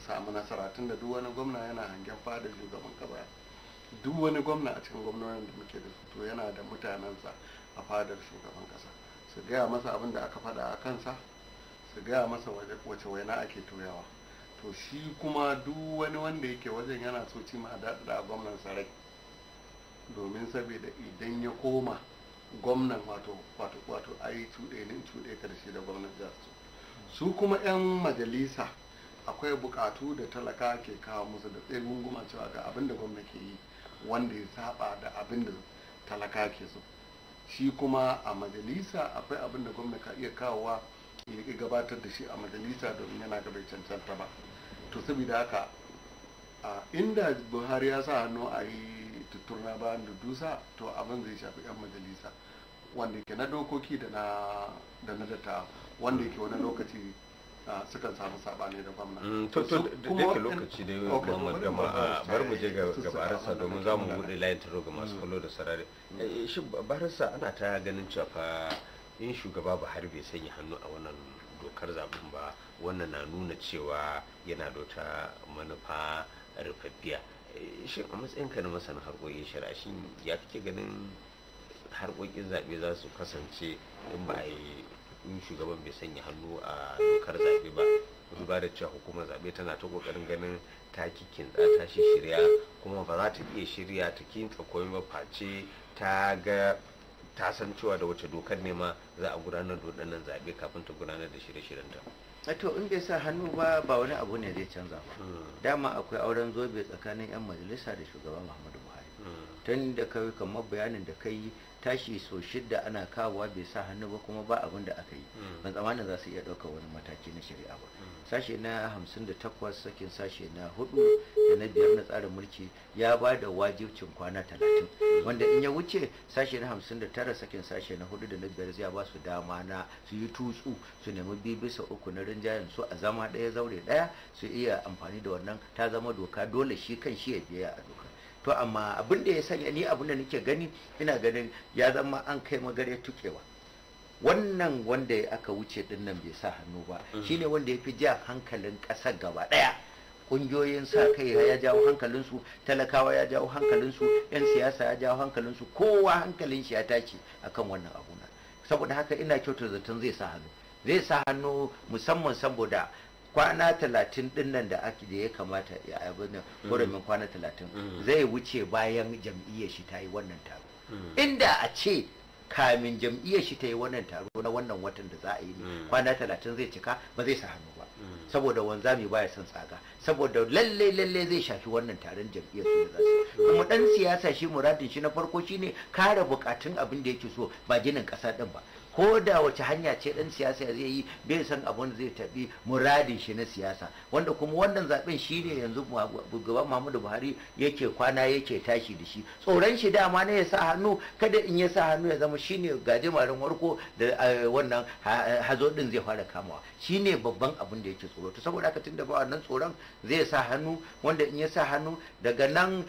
samu nasara tun da duk wani gwamna yana hangen fadar shugaban kaba duk wani gwamna a cikin gwamnonin da muke da to yana da mutanensa a fadar shugaban kasa su gaya masa abin da aka faɗa a kansa su gaya masa wace waina ake toyawa to shi kuma duk wani wanda yake wajen yana so ci a daɗaɗa gwamnan sarai domin saboda idan ya koma gwamnan wato wato wato ai cuɗe ne cuɗe karshe da gwamnan jihar su su kuma 'yan majalisa akwai bukatu da talaka ke kawo musu da tsaye gunguma cewa ga abin da gwamna ke yi wanda ya saba da abin da talaka ke so shi kuma a majalisa akwai abin da gwamna ka iya kawowa ya gabatar da shi a majalisa domin yana ga bai cancanta ba to saboda haka inda buhari ya sa hannu a yi tutturna bayan da dusa to abin zai shafi 'yan majalisa wanda yake na dokoki da na dattawa wanda yake wani lokaci sukan samu sabani da gwamna. Mm, to da lokaci da Muhammad Gama a bar mu je ga barasa domin za mu buɗe layin taro ga masu mm. kallo da sarari. Eh, Shi barasa ana ta ganin cewa fa in shugaba Buhari bai sanya hannu a wannan dokar zaben ba wannan na nuna cewa yana da wata manufa rufaffiya. shi a matsayinka na masana harkokin shari'a shi ya kake ganin harkokin zaɓe za su kasance in ba a yi shugaban bai sanya hannu a dokar zaɓe ba zuba da cewa hukumar zaɓe tana ta ƙoƙarin ganin ta kikin ta shi shirya kuma ba za ta iya shirya ta kin komai ba face ta ga ta san cewa da wace dokar ne ma za a gudanar da waɗannan zaɓe kafin ta gudanar da shirye shiryen ta. to in bai sa hannu ba ba wani abu ne zai canza ba hmm. dama akwai auren zobe tsakanin 'yan majalisa da shugaban muhammadu buhari hmm. tun da kawai kamar bayanin da kai tashi so shida ana kawowa bai sa hannu ba kuma ba abin da aka yi mm. ban tsammanin za su iya ɗaukar wani mataki na shari'a ba mm. sashe na hamsin da takwas sakin sashe na hudu da na biyar na tsarin mulki ya ba da wajibcin kwana talatin mm. wanda in ya wuce sashe na hamsin da tara sakin sashe na hudu da na biyar zai ba su dama na su yi tutsu su nemi bi bisa uku na rinjayen su a zama ɗaya zaure ɗaya su iya amfani da wannan ta zama doka dole shi kan shi ya biya a doka to amma abin da ya sanya ni abin da nake gani ina ganin ya zama an kai magare tukewa wannan wanda aka wuce din nan bai sa hannu ba mm. Shi ne wanda ya fi ja hankalin ƙasar gaba ɗaya kungiyoyin sa kai ya jawo hankalinsu talakawa ya jawo hankalinsu yan siyasa ya jawo hankalinsu kowa hankalin shi ya tashi akan wannan abu saboda haka ina kyautar zaton zai sa hannu zai sa hannu musamman saboda kwana talatin din nan da ake da ya kamata ya abin nan mm. kwana talatin mm. zai wuce bayan jam'iyyar shi ta yi wannan taro mm. inda a ce kamin jam'iyyar shi ta yi wannan taro na wannan watan da za a yi ne kwana talatin zai cika ba zai sa hannu ba saboda wanzami baya son tsaga saboda lalle lalle zai shafi wannan taron jam'iyyar su da zasu kuma dan siyasa shi muradin shi na farko shine kare bukatun abin da yake so ba ginin kasa din ba ko da wace hanya ce dan siyasa zai yi bai san abun zai tabi muradin shi na siyasa wanda kuma wannan zaben shi ne yanzu gaban Muhammadu Buhari yake kwana yake tashi da shi tsoron shi dama ne ya sa hannu kada in ya sa hannu ya zama shi shine gajimarin warko da wannan hazo din zai fara kamawa Shi ne babban abin da yake tsoro to saboda haka tunda ba wannan tsoron zai sa hannu wanda in ya sa hannu daga nan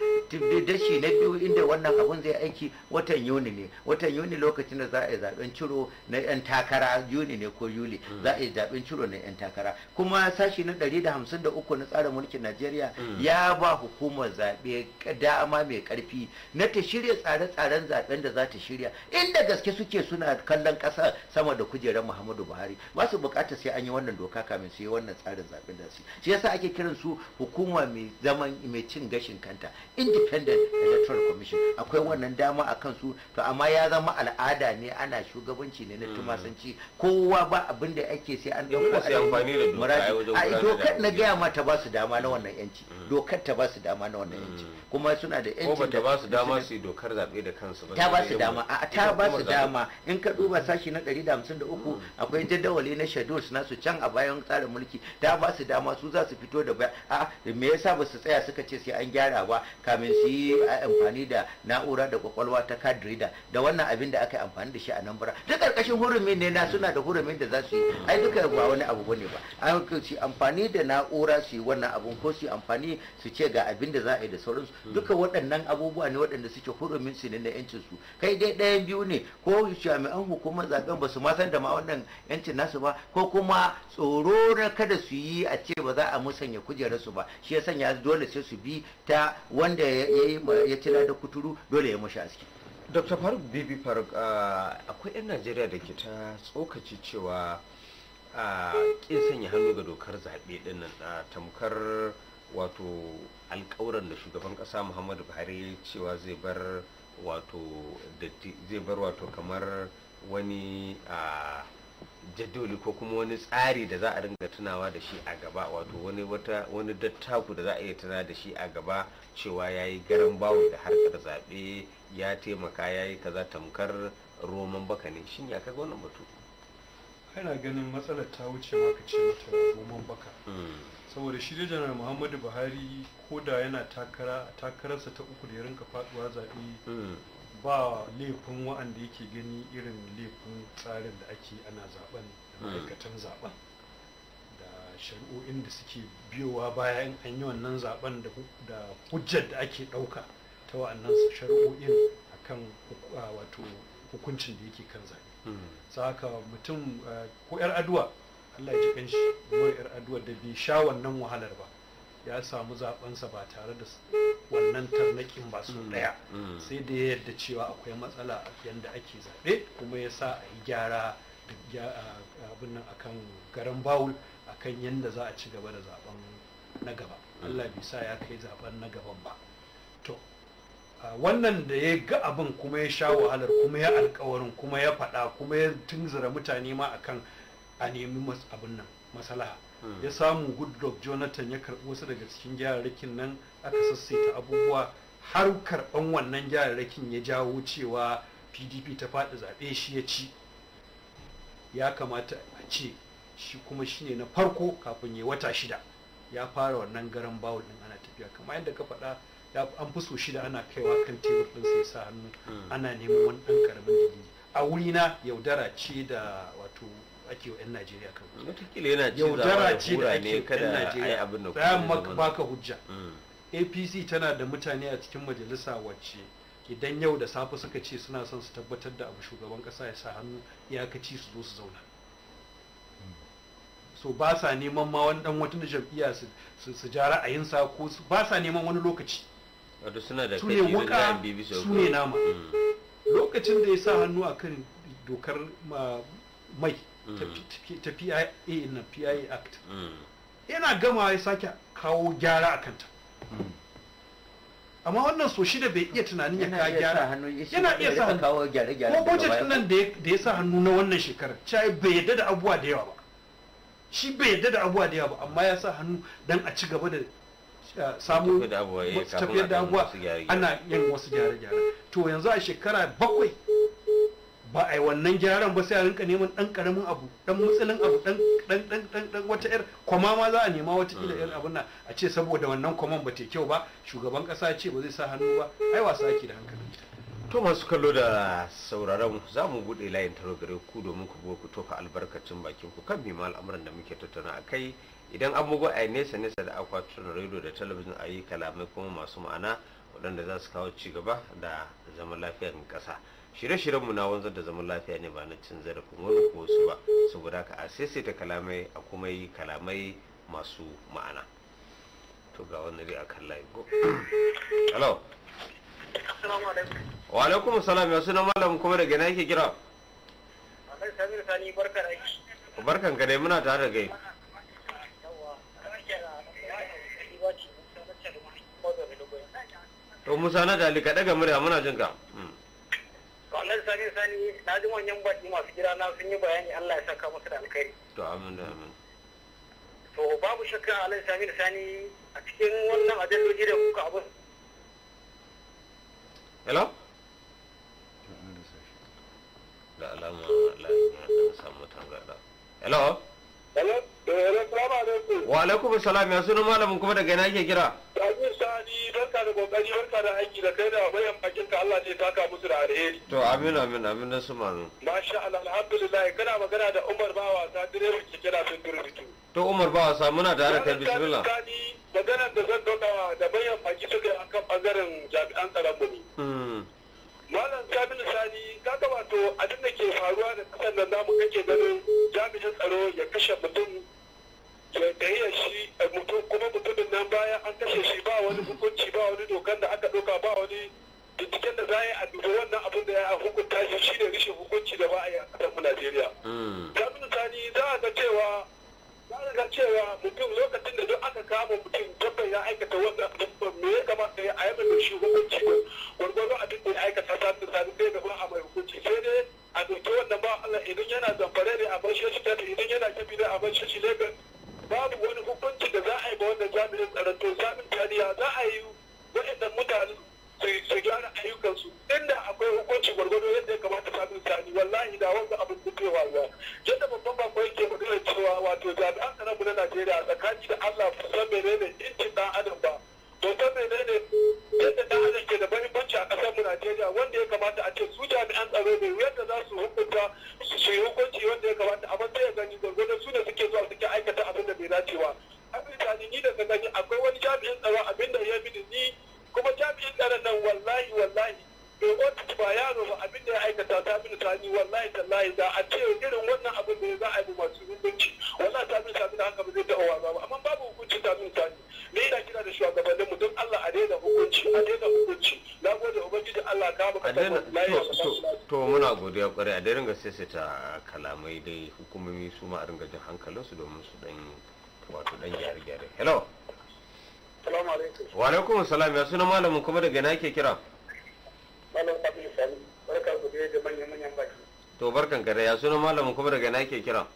dashi na biyu inda wannan abun zai aiki watan Yuni ne watan Yuni lokacin da za a yi zaben ciro na yan takara yuni ne ko yuli hmm. za a yi zaben ciro na yan takara kuma sashi na 153 na tsarin mulkin najeriya hmm. ya ba hukumar zaɓe dama mai karfi na ta shirya tsare-tsaren zaben da za ta shirya inda gaske suke suna kallon ƙasa sama da kujerar muhammadu buhari ba su buƙatar sai an yi wannan doka kamin su yi wannan tsarin zaben da su shi yasa ake kiran su hukuma mai zaman mai cin gashin kanta independent electoral commission akwai wannan dama a kansu to amma ya zama al'ada ne ana shugabanci ne na hmm. tumasanci kowa ba abin da ake sai an dauko a amfani a dokar na gaya ma ta ba su dama na wannan yanci hmm. dokar ta ba su dama na wannan yanci hmm. kuma suna da yanci da ta ba su dama su dokar zabe da kansu ta ba su dama a ta ba su dama in ka duba sashi na 153 akwai jadawali na schedules su can a bayan tsarin mulki ta ba su dama su za su fito da a me yasa ba su tsaya suka ce sai an gyara ba kamin su yi amfani da na'ura da kwakwalwa ta kadrida da wannan abin da aka yi amfani da shi a nan bara duka karkashin hurumin ne na suna da hurumin da za su yi ai duka ba wani abu bane ba an su amfani da na'ura su yi wannan abun ko su amfani su ce ga abin da za a yi da sauransu hmm. duka waɗannan abubuwa ne waɗanda suke hurumin su ne na yancin su kai dai ɗayan biyu ne ko jami'an hukumar zaben ba su ma san da ma wannan yancin nasu ba ko kuma tsoro na kada su yi a ce ba za a musanya kujerar su ba shi ya sanya dole sai su bi ta wanda ya ci da kuturu dole ya mashi aski dr faruk bibi faruk ah, akwai 'yan najeriya da ke ta tsokaci cewa a ah, kin sanya hannu ga dokar zaɓe ɗin nan ah, tamkar wato alkawuran da shugaban ƙasa muhammadu buhari cewa zai bar wato zai bar wato kamar wani a jadoli ko kuma wani tsari da za a ringa tunawa da shi a gaba wato wani wata wani dattaku da za a iya tuna da shi a gaba cewa ya yi garan bawo da harkar zaɓe ya taimaka ya yi kaza tamkar roman baka ne shin ya kaga wannan batu ana ganin matsalar ta wuce maka ce ta roman baka hmm. saboda shi da janar muhammadu buhari ko da yana takara takararsa ta uku da ya rinka faduwa zaɓe hmm. ba laifin wa'anda yake gani irin laifin tsarin da ake ana zaben da hmm. ma'aikatan zaben da shari'o'in da suke biyowa baya in an yi wannan zaben da hujjar da ake ɗauka ta wa'annan shari'o'in kan wato hukuncin da yake kan zaɓe hmm. haka mutum ko yar aduwa Allah ya ji shi kuma yar aduwa da bai sha wannan wahalar ba ya samu zaɓensa ba tare da wannan tarnakin ba su hmm. ɗaya hmm. sai da ya yadda cewa akwai matsala a yadda ake zaɓe kuma ya sa a yi gyara da abin nan akan garan bawul akan yadda za a ci gaba da zaɓen na gaba Allah bai sa ya kai zaɓen na gaban ba to Ah, wannan da ya ga abin kuma ya sha wahalar kuma ya alkawarin kuma ya faɗa kuma ya tunzura mutane ma akan a nemi abin nan masalaha hmm. ya samu goodluck jonathan ya karɓi wasu daga cikin jararrakin nan aka sassaita abubuwa har karɓan wannan rakin ya jawo cewa pdp ta faɗi zaɓe shi ya ci ya kamata a ce shi kuma shine na farko kafin ya wata shida ya fara wannan garan bawul din ana tafiya kamar yadda ka faɗa an fi so shida ana kaiwa kan tebur ɗin sai sa hannu ana neman wani ɗan ƙaramin dalili a wuri na yaudara ce da wato ake wa 'yan Najeriya kan wata yana yaudara ce da ake kada Najeriya ba baka hujja mm. APC tana da mutane a cikin majalisa wacce idan yau da safe suka ce suna son su tabbatar da abu shugaban kasa ya sa hannu iyakaci su zo su zauna so ba sa neman ma wani dan wata jam'iyya su ja ra'ayinsa ko ba sa neman wani lokaci su ne wuka su ne nama hmm. lokacin da ya sa hannu a kan dokar mai hmm. ta pia na pia act hmm. yana gama ya sake kawo gyara a kanta amma wannan so shida bai iya tunanin ya kawo gyara yana iya sa hannu ko budget nan da ya sa hannu na wannan shekarar cai bai yadda da abuwa da yawa ba shi bai yadda da abubuwa da yawa ba amma ya sa hannu don a ci gaba da samu eh, tafiyar da abuwa ana yin wasu gyare-gyare to yanzu a shekara bakwai ba a yi wannan gyaran ba sai a rinka neman dan karamin abu dan matsalin abu dan dan dan dan wata yar kwama ma za a nema wata kila yar abun nan a ce saboda wannan kwaman ba ta kyau ba shugaban kasa ce ba zai sa hannu ba ai wasa ake da hankali. to masu kallo da sauraron za mu bude layin taro gare ku domin ku ku tofa albarkacin bakin ku kan bi al'amuran da muke tattauna a kai idan an bugu a nesa nesa da akwatin rediyo da talabijin a yi kalamai kuma masu ma'ana waɗanda za su kawo ci gaba da zaman lafiyar ƙasa shirye-shiryenmu na wanzar da zaman lafiya ne ba na cin zarafin wani ko wasu ba saboda haka a saisaita kalamai a kuma yi kalamai masu ma'ana to ga wani a kan layi go hello wa alaikum salam ya suna malam kuma daga na yake kira barkan ka dai muna tare da gai to musa na dali ka daga murya muna jin ka hmm. wannan sani sani na ji wannan baki masu gida na sun yi bayani Allah ya saka musu da alkhairi to amin da amin to babu shakka alai sami sani a cikin wannan adalloji da kuka abin hello da alama lafiya da samu tangada hello hello Eh, wa alaikum salam ya sunan malamin kuma daga yana ake kira Amin sani barka da kokari barka da aiki da kai da bayan bakin ka Allah ne taka musu da alheri to amin amin amin na su malu masha Allah alhamdulillah kana magana da Umar ba wasa direban ki kira sun durbitu to Umar ba wasa muna da kai bismillah magana da zan dauka da bayan baki suka akan bangaren jami'an tsaron mu ne hmm. malam jami'in sani kaga wato abin da ke faruwa da kasan nan namu kake ganin jami'in tsaro ya kashe mutum ya tahiya shi eh, mutum kuma mutumin nan bayan an kashe shi ba wani hukunci ba wani dokan da aka doka ba wani binciken da za a yi a dubi wannan abin da ya hukunta shi shi ne rishin hukunci da ba a yi a kasar mu Najeriya. Hmm. Jami'in sani za a ga cewa ya riga cewa mutum lokacin da duk aka kama mutum dabban ya aikata wannan dabban me ya kamata ya ayyana da shi hukunci gwargwado abin da ya aikata ta da sani ɗaya da ba a mai hukunci sai dai a doki wannan ba Allah idan yana zamfare ne a bar shi shi idan yana kibi ne a bar shi shi Lagos babu wani hukunci da za a yi ba wannan jami'in tsaron to jami'in tariya za a yi waɗannan mutane su gyara ayyukansu inda akwai hukunci gwargwado yadda ya kamata samun sani wallahi da wanda abin da ke waruwa yadda babban bako yake magana cewa wato jami'an tsaron mu na Najeriya tsakani da Allah su san menene incin dan adam ba to san menene yadda dan adam ke da bambanci a kasar mu Najeriya wanda ya kamata a ce su jami'an tsaro ne yadda za su hukunta su yi hukunci wanda ya kamata amma sai ya gani gwargwado su ne suke zuwa suke aikata abin da bai dacewa ba. Abin da ni da ka gani akwai wani jami'in tsaro abin da ya bi ni kuma jami'in tsaron nan wallahi wallahi bai wata ba yaro ba abin da ya aikata ta bin sani wallahi tallahi da a ce irin wannan abin da za a yi masu hukunci wallahi ta bin sani haka ba zai taɓa wa ba amma babu hukunci ta bin sani me yana kira da shugabannin mu don Allah a daina hukunci a daina hukunci na gode ubangiji Allah ka maka tabbata to muna godiya kwarai a daina sai ta kalamai dai hukumomi su ma a ringa jin hankalinsu domin su dan wato dan gyare-gyare hello Salamu alaikum. Wa alaikum salam ya suna malamin kuma daga na ke kira. Malam Abdul Sani, barka ku da manyan manyan baki. To barkan ka ya suna malamin kuma daga na ke kira.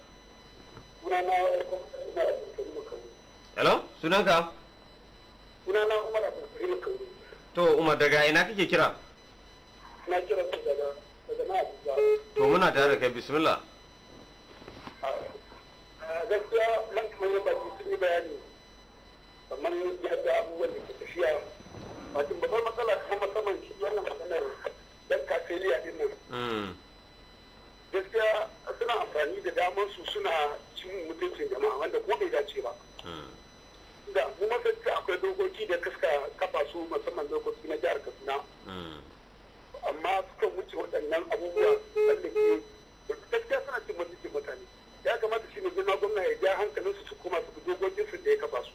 Umar Sunana Hello, sunanka? Sunana Umar Abdul Kauri. To Umar daga ina kake kira? Na kira ku daga daga na Abuja. To muna tare da kai bismillah. Gaskiya manyan manyan baki sun yi bayani kamar yadda abubuwan da ke tafiya wato babbar matsala kuma musamman shi wannan maganar dan kafeliya din nan hmm. gaskiya suna amfani da damar su suna cin mutuncin jama'a wanda ko bai dace ba hmm. da mu masarci akwai dokoki da kaska kafa su musamman dokoki na jihar katsina hmm. amma suka wuce waɗannan abubuwa wanda ke gaskiya suna cin mutuncin mutane ya kamata shi ne girma gwamna ya ja hankalinsu su kuma su dokokin su da ya kafa su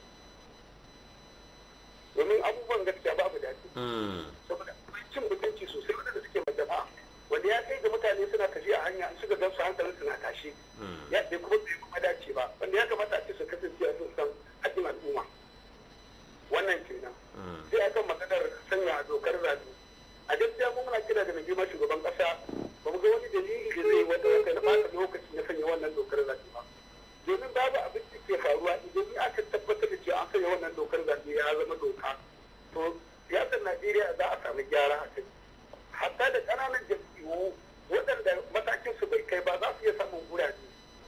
domin abubuwan gaskiya ba daɗi? dace hmm. saboda akwai cin mutunci sosai waɗanda suke majama wanda ya kai da mutane suna tafiya a hanya suka gan su hankalin suna tashi hmm. ya bai kuma bai kuma dace ba wanda ya kamata a ce su kasance a sun san haƙƙin al'umma wannan kenan hmm. sai a kan maganar sanya dokar zaɓe a gaskiya kuma muna kira da mai shugaban ƙasa ba mu ga wani dalili da zai wata na ɓata lokaci na sanya wannan dokar zaɓe ba domin babu abin ke faruwa idan aka tabbatar da cewa an yi wannan dokar zaɓe ya zama doka to siyasar najeriya za a sami gyara a kai hatta da kananan jam'iyyu waɗanda matakin su bai kai ba za su iya samun gurabe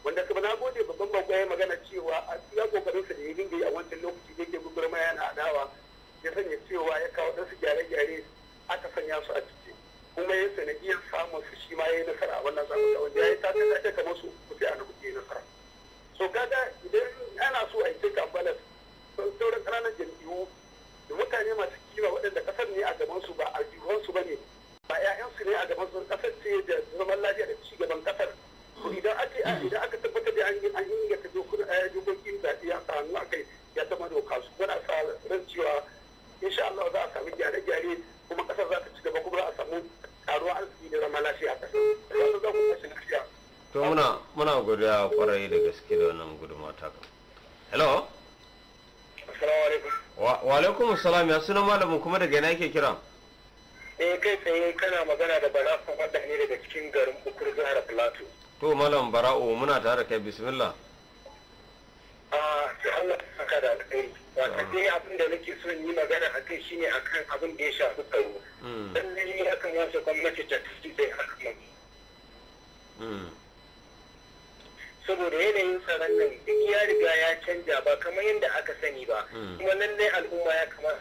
wanda kuma na gode babban bako ya magana cewa a iya kokarin sa da ya dinga yi a wancan lokaci da yake gugurma yana adawa ya sanya cewa ya kawo ɗansu gyare-gyare aka sanya su a ciki kuma ya sanadiyar samun su shi ma ya yi nasara a wannan zaɓen wanda ya yi tafiya kamar su kusa a na nasara. so kaga idan ana so a yi cikin balas sauran ƙananan jam'iyyu da mutane masu kima waɗanda ƙasar ne a gaban su ba a su ba ne ba 'ya'yansu ne a gaban su ƙasar ce da zaman lafiya da ci gaban ƙasar idan ake idan aka tabbata da an yi an inganta eh, dokokin zaɓe ya tsanu a kai ya zama doka su muna sa ran cewa insha Allah za a samu gyare-gyare kuma ƙasar za ta ci gaba kuma za a samu karuwa arziki da zaman lafiya a ƙasar. Allah za ku lafiya. to muna muna godiya kwarai da gaske da wannan gudunmawa ta hello assalamu alaikum wa alaikum assalam ya sunan malamin kuma daga ina yake kira eh kai tsaye kana magana da bala kan wanda ne daga cikin garin bukur jihar plateau to malam bara'u muna tare da kai bismillah a ah, sai Allah ya saka da alkhairi wata dai abin da nake son yi magana a kai shine akan abin da ya shafi tsaro dan hmm. ne ya kamata gwamnati ta tafi zai hakan saboda yanayin tsaron nan duk ya riga ya canja ba kamar yadda aka sani ba hmm. kuma lallai al'umma ya kama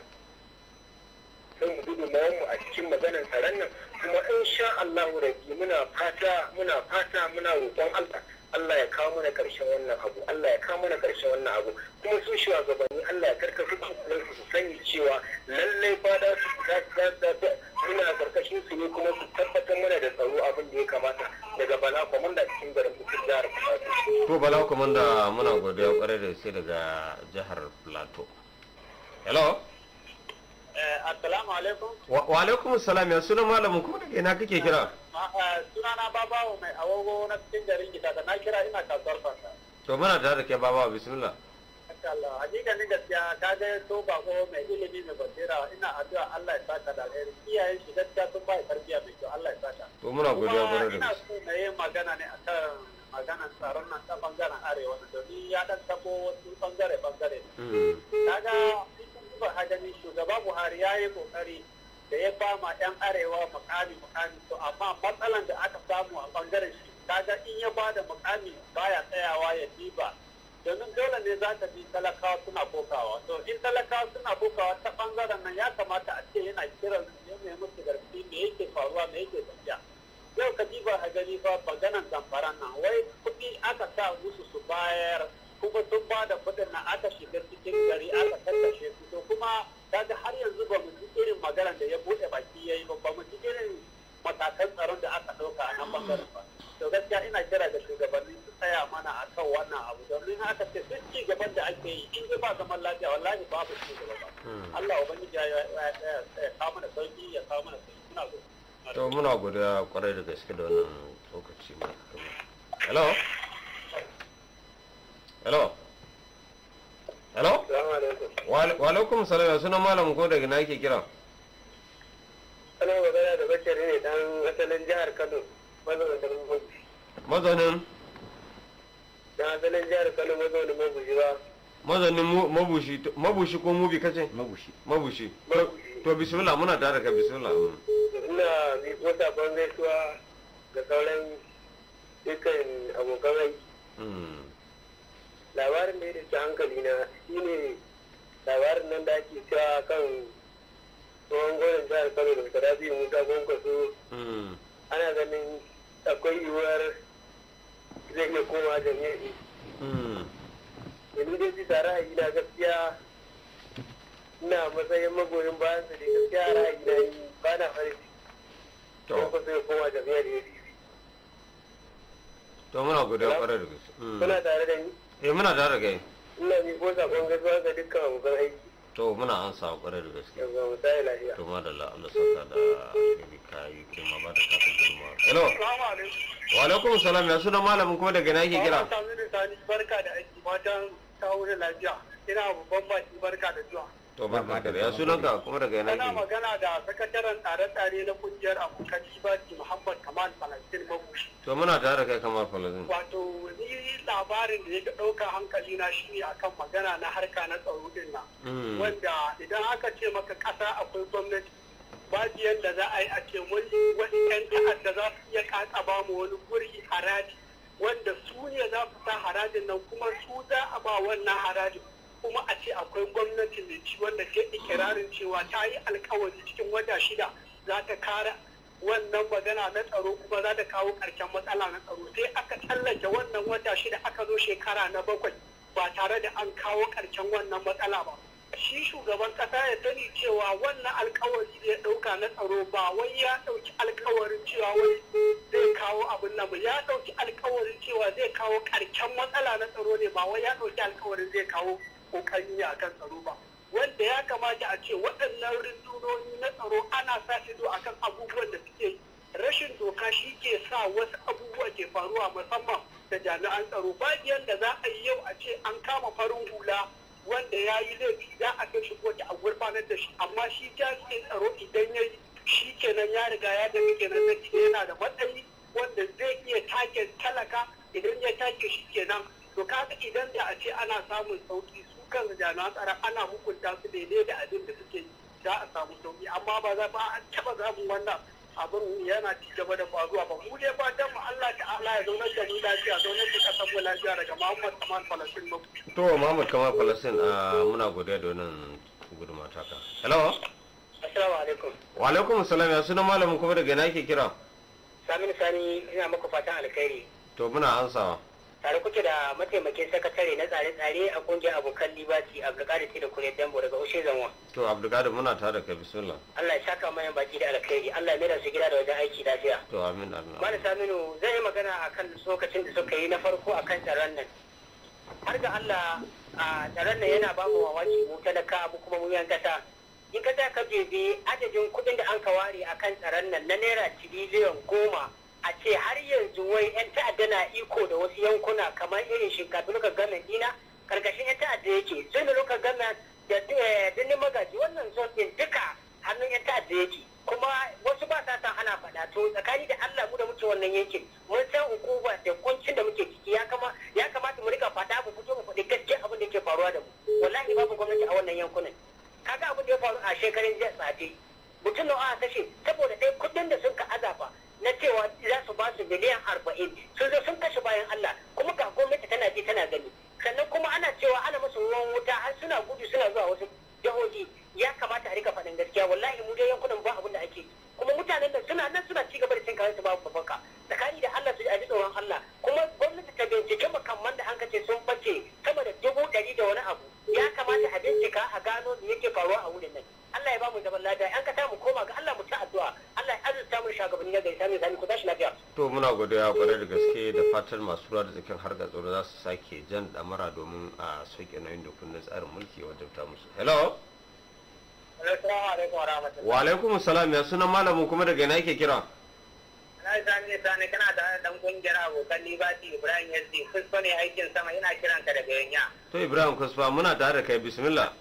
don mu gudu mu a cikin maganar tsaron nan kuma in sha Allahu rabi muna fata muna fata muna roƙon Allah Allah ya kawo mana karshen wannan abu Allah ya kawo mana karshen wannan abu kuma su shugabanni Allah ya karka su su sani cewa lallai fada su suna karkashin su ne kuma su tabbatar mana da tsaro abin da ya kamata daga bala a cikin garin cikin jihar plateau. to bala kwamanda muna godiya kwarai da sai daga jihar plateau hello Eh, assalamu alaikum. Wa alaikum salam ya sunan malamin kuma daga na kake kira? Ah, eh, na babawo mai awogo na cikin garin gida da na kira ina kasuwar fanta To muna tare da ke babawo bismillah. Allah hakikanin gaskiya ka ga to ko mai ilimi mai basira ina addu'a Allah ya saka da alheri iyayen shi gaskiya sun bai tarbiya mai kyau Allah ya saka. To muna godiya bare da. Ina so na yi magana ne akan magana tsaron nan ta bangaren arewa domin ya dan tabo wasu bangare bangare. Mm-hmm. Kaga ba hadari shugaba buhari ya yi kokari da ya ba ma yan arewa mukami mukami to amma matsalan da aka samu a bangaren shi kaga in ya ba da mukami baya tsayawa ya ba domin dole ne za ta bi talakawa suna bokawa to in talakawa suna kokawa ta bangaren nan ya kamata a ce yana kiran ya mai musu garfi me yake faruwa me yake tafiya yau ka ba a ba ba maganan zamfaran nan wai kuɗi aka sa musu su bayar kuma sun ba da kuɗin na aka shiga cikin gari aka tattashe su to kuma daga har yanzu ba mu ji irin magana da ya buɗe baki ya yi ba mu ji irin matakan tsaron da aka ɗauka a nan bangaren ba to gaskiya ina kira ga shugabanni su tsaya mana a kan wannan abu ni aka ce duk ci gaban da ake yi in ba zaman lafiya wallahi babu ci gaba ba hmm. Allah ubangiji ya ya kawo mana sauki ya kawo mana sauki muna godiya to muna godiya kwarai da gaske da wannan lokaci ma hello hello hello wa alaikum salam suna malam ko daga na ke kira ana magana da bashir ne dan asalin jihar kano mazaunin mabuji dan asalin jihar kano mazaunin mabushi ba mazanin mabushi mabushi ko mubi kace mabushi mabushi to bismillah muna tare ka bismillah ina ni ko sabon gaisuwa ga sauran dukkan abokan aiki hmm. labarin da ya dace hankali na shi ne labarin nan da ake cewa kan tsohon gwamnan jihar kano da kada biyu musa kaso hmm. ana ganin akwai yiwuwar zai iya koma ne. Hmm. yanzu dai bisa ra'ayi na gaskiya ina matsayin magoyin bayan su da gaskiya ra'ayi na yi ba na farin kwankwaso ya koma jami'ar to muna godiya da gaske hmm. tare da ni eh muna da rage ina mi ko sa sakon gaisuwa ga dukkan abokan aiki to muna an sa kwarai da gaske yawwa mu sai lafiya to madalla Allah saka da ni kai ke ma ba da ka ta girma hello assalamu alaikum wa alaikum assalam ya suna malamin kuma daga na yake kira barka da aiki matan ta wuce lafiya ina babban baki barka da zuwa to da ya sunan ka kuma daga yana magana da sakataren tsare-tsare na kungiyar abokan libati muhammad kamal falastin mabushi to muna tare da kai kamar falastin wato ni labarin da ya ga ɗauka hankali na shine akan magana na harka na tsaro din na hmm. wanda idan aka ce maka ƙasa akwai gwamnati babu yadda za a yi a ce wani yan ta'adda za su iya kaka ba mu wani guri haraji wanda su ne za su sa harajin nan kuma su za a ba wannan harajin kuma a ce akwai gwamnati mai ci wanda ke ikirarin cewa ta yi alkawari cikin wata shida za ta kare wannan magana na tsaro kuma za ta kawo karshen matsala na tsaro sai aka tsallake wannan wata shida aka zo shekara na bakwai ba tare da an kawo karshen wannan matsala ba shi shugaban kasa ya sani cewa wannan alkawari da ya dauka na tsaro ba wai ya dauki alkawarin cewa wai zai kawo abin nan ba ya dauki alkawarin cewa zai kawo karshen matsala na tsaro ne ba wai ya dauki alkawarin zai kawo kokari ne akan tsaro ba wanda ya kamata a ce waɗannan rundunoni na tsaro ana sa ido akan abubuwan da suke rashin doka shi ke sa wasu abubuwa ke faruwa musamman da jami'an tsaro ba da za a yi yau a ce an kama farin hula wanda ya yi laifi za a kai shi kotu a gurfanar da shi amma shi jami'in tsaro idan ya yi shi kenan ya riga ya dawo kenan na yana da matsayi wanda zai iya take talaka idan ya take shi kenan to kaga idan da a ce ana samun sauki kansu jami'an tsaron ana hukunta su daidai da abin da suke za a samu sauki amma ba za a taba samun wannan abin yana ci gaba da faruwa ba mu dai fatan mu Allah ta'ala ya zauna da mu lafiya zauna da kasar mu lafiya daga Muhammad Kamal Falasin mu to Muhammad Kamal Falasin ah, muna godiya da wannan gudunmawa taka hello assalamu alaikum wa alaikum assalam ya sunan malamin kuma daga ina ke kira Saminu Sani ina muku fatan alkhairi to muna ansawa tare kuke da mataimakin sakatare na tsare-tsare a kungiyar abokan libati abdulkadir tida kure dambo daga ushe zanwa to abdulkadir muna tare da kai bismillah allah ya saka mayan baki da alkhairi allah ya su gida da wajen aiki lafiya to amin allah mana saminu zai yi magana a kan lokacin da suka yi na farko a kan tsaron nan har ga allah a tsaron nan yana ba mu wawaci mu talaka mu kuma mu yan kasa in ka ka bibi adadin kuɗin da an ka ware a kan tsaron nan na naira tiriliyan goma a ce har yanzu wai 'yan ta'adda na iko da wasu yankuna kamar irin shinkafi luka gamen dina karkashin 'yan ta'adda yake zonu luka gamen da dinin eh, magaji wannan zon din duka hannun 'yan ta'adda yake kuma wasu ba sa san ana faɗa to tsakani da Allah mu da muke wannan yankin mun san hukuma da kuncin da muke ciki ya kama ya kamata mu rika fada mu fito mu faɗi gaskiya abin da yake faruwa da mu wallahi babu gwamnati a wannan yankunan kaga abin da ya faru a shekarun jiya tsade mutum na, a kashe saboda dai kuɗin da sun ka azafa na cewa za su ba su miliyan arba'in sun zo sun kashe bayan Allah kuma ga gwamnati tana ji tana gani sannan kuma ana cewa ana masu ruwan wuta har suna gudu suna zuwa wasu jihohi ya kamata a rika faɗin gaskiya wallahi mu dai yankunan ba abin da ake kuma mutanen nan suna nan suna cigaba da cin kayan su babu babbaka tsakani da Allah su ji tsoron Allah kuma gwamnati ta bincike makamman da an kace sun bace sama da dubu ɗari da wani abu ya kamata a bincika a gano me yake faruwa a wurin nan Allah ya ba mu zaman lafiya an ka ta mu koma ga Allah mu ta addu'a Allah ya shugabanni na gaisa mai sani ku tashi lafiya to muna godiya kwarai da gaske da fatan masu ruwa da tsakin harkar tsaro za su sake jan damara domin a sauke nauyin da kundin tsarin mulki wajen ta musu hello wa alaikum salam ya sunan malamin kuma daga ina yake kira na sani sani kana da dan kungiyar abokan libati ibrahim yasdi kusfa ne aikin sama ina kiran ka daga yanya to ibrahim kusfa muna tare da kai bismillah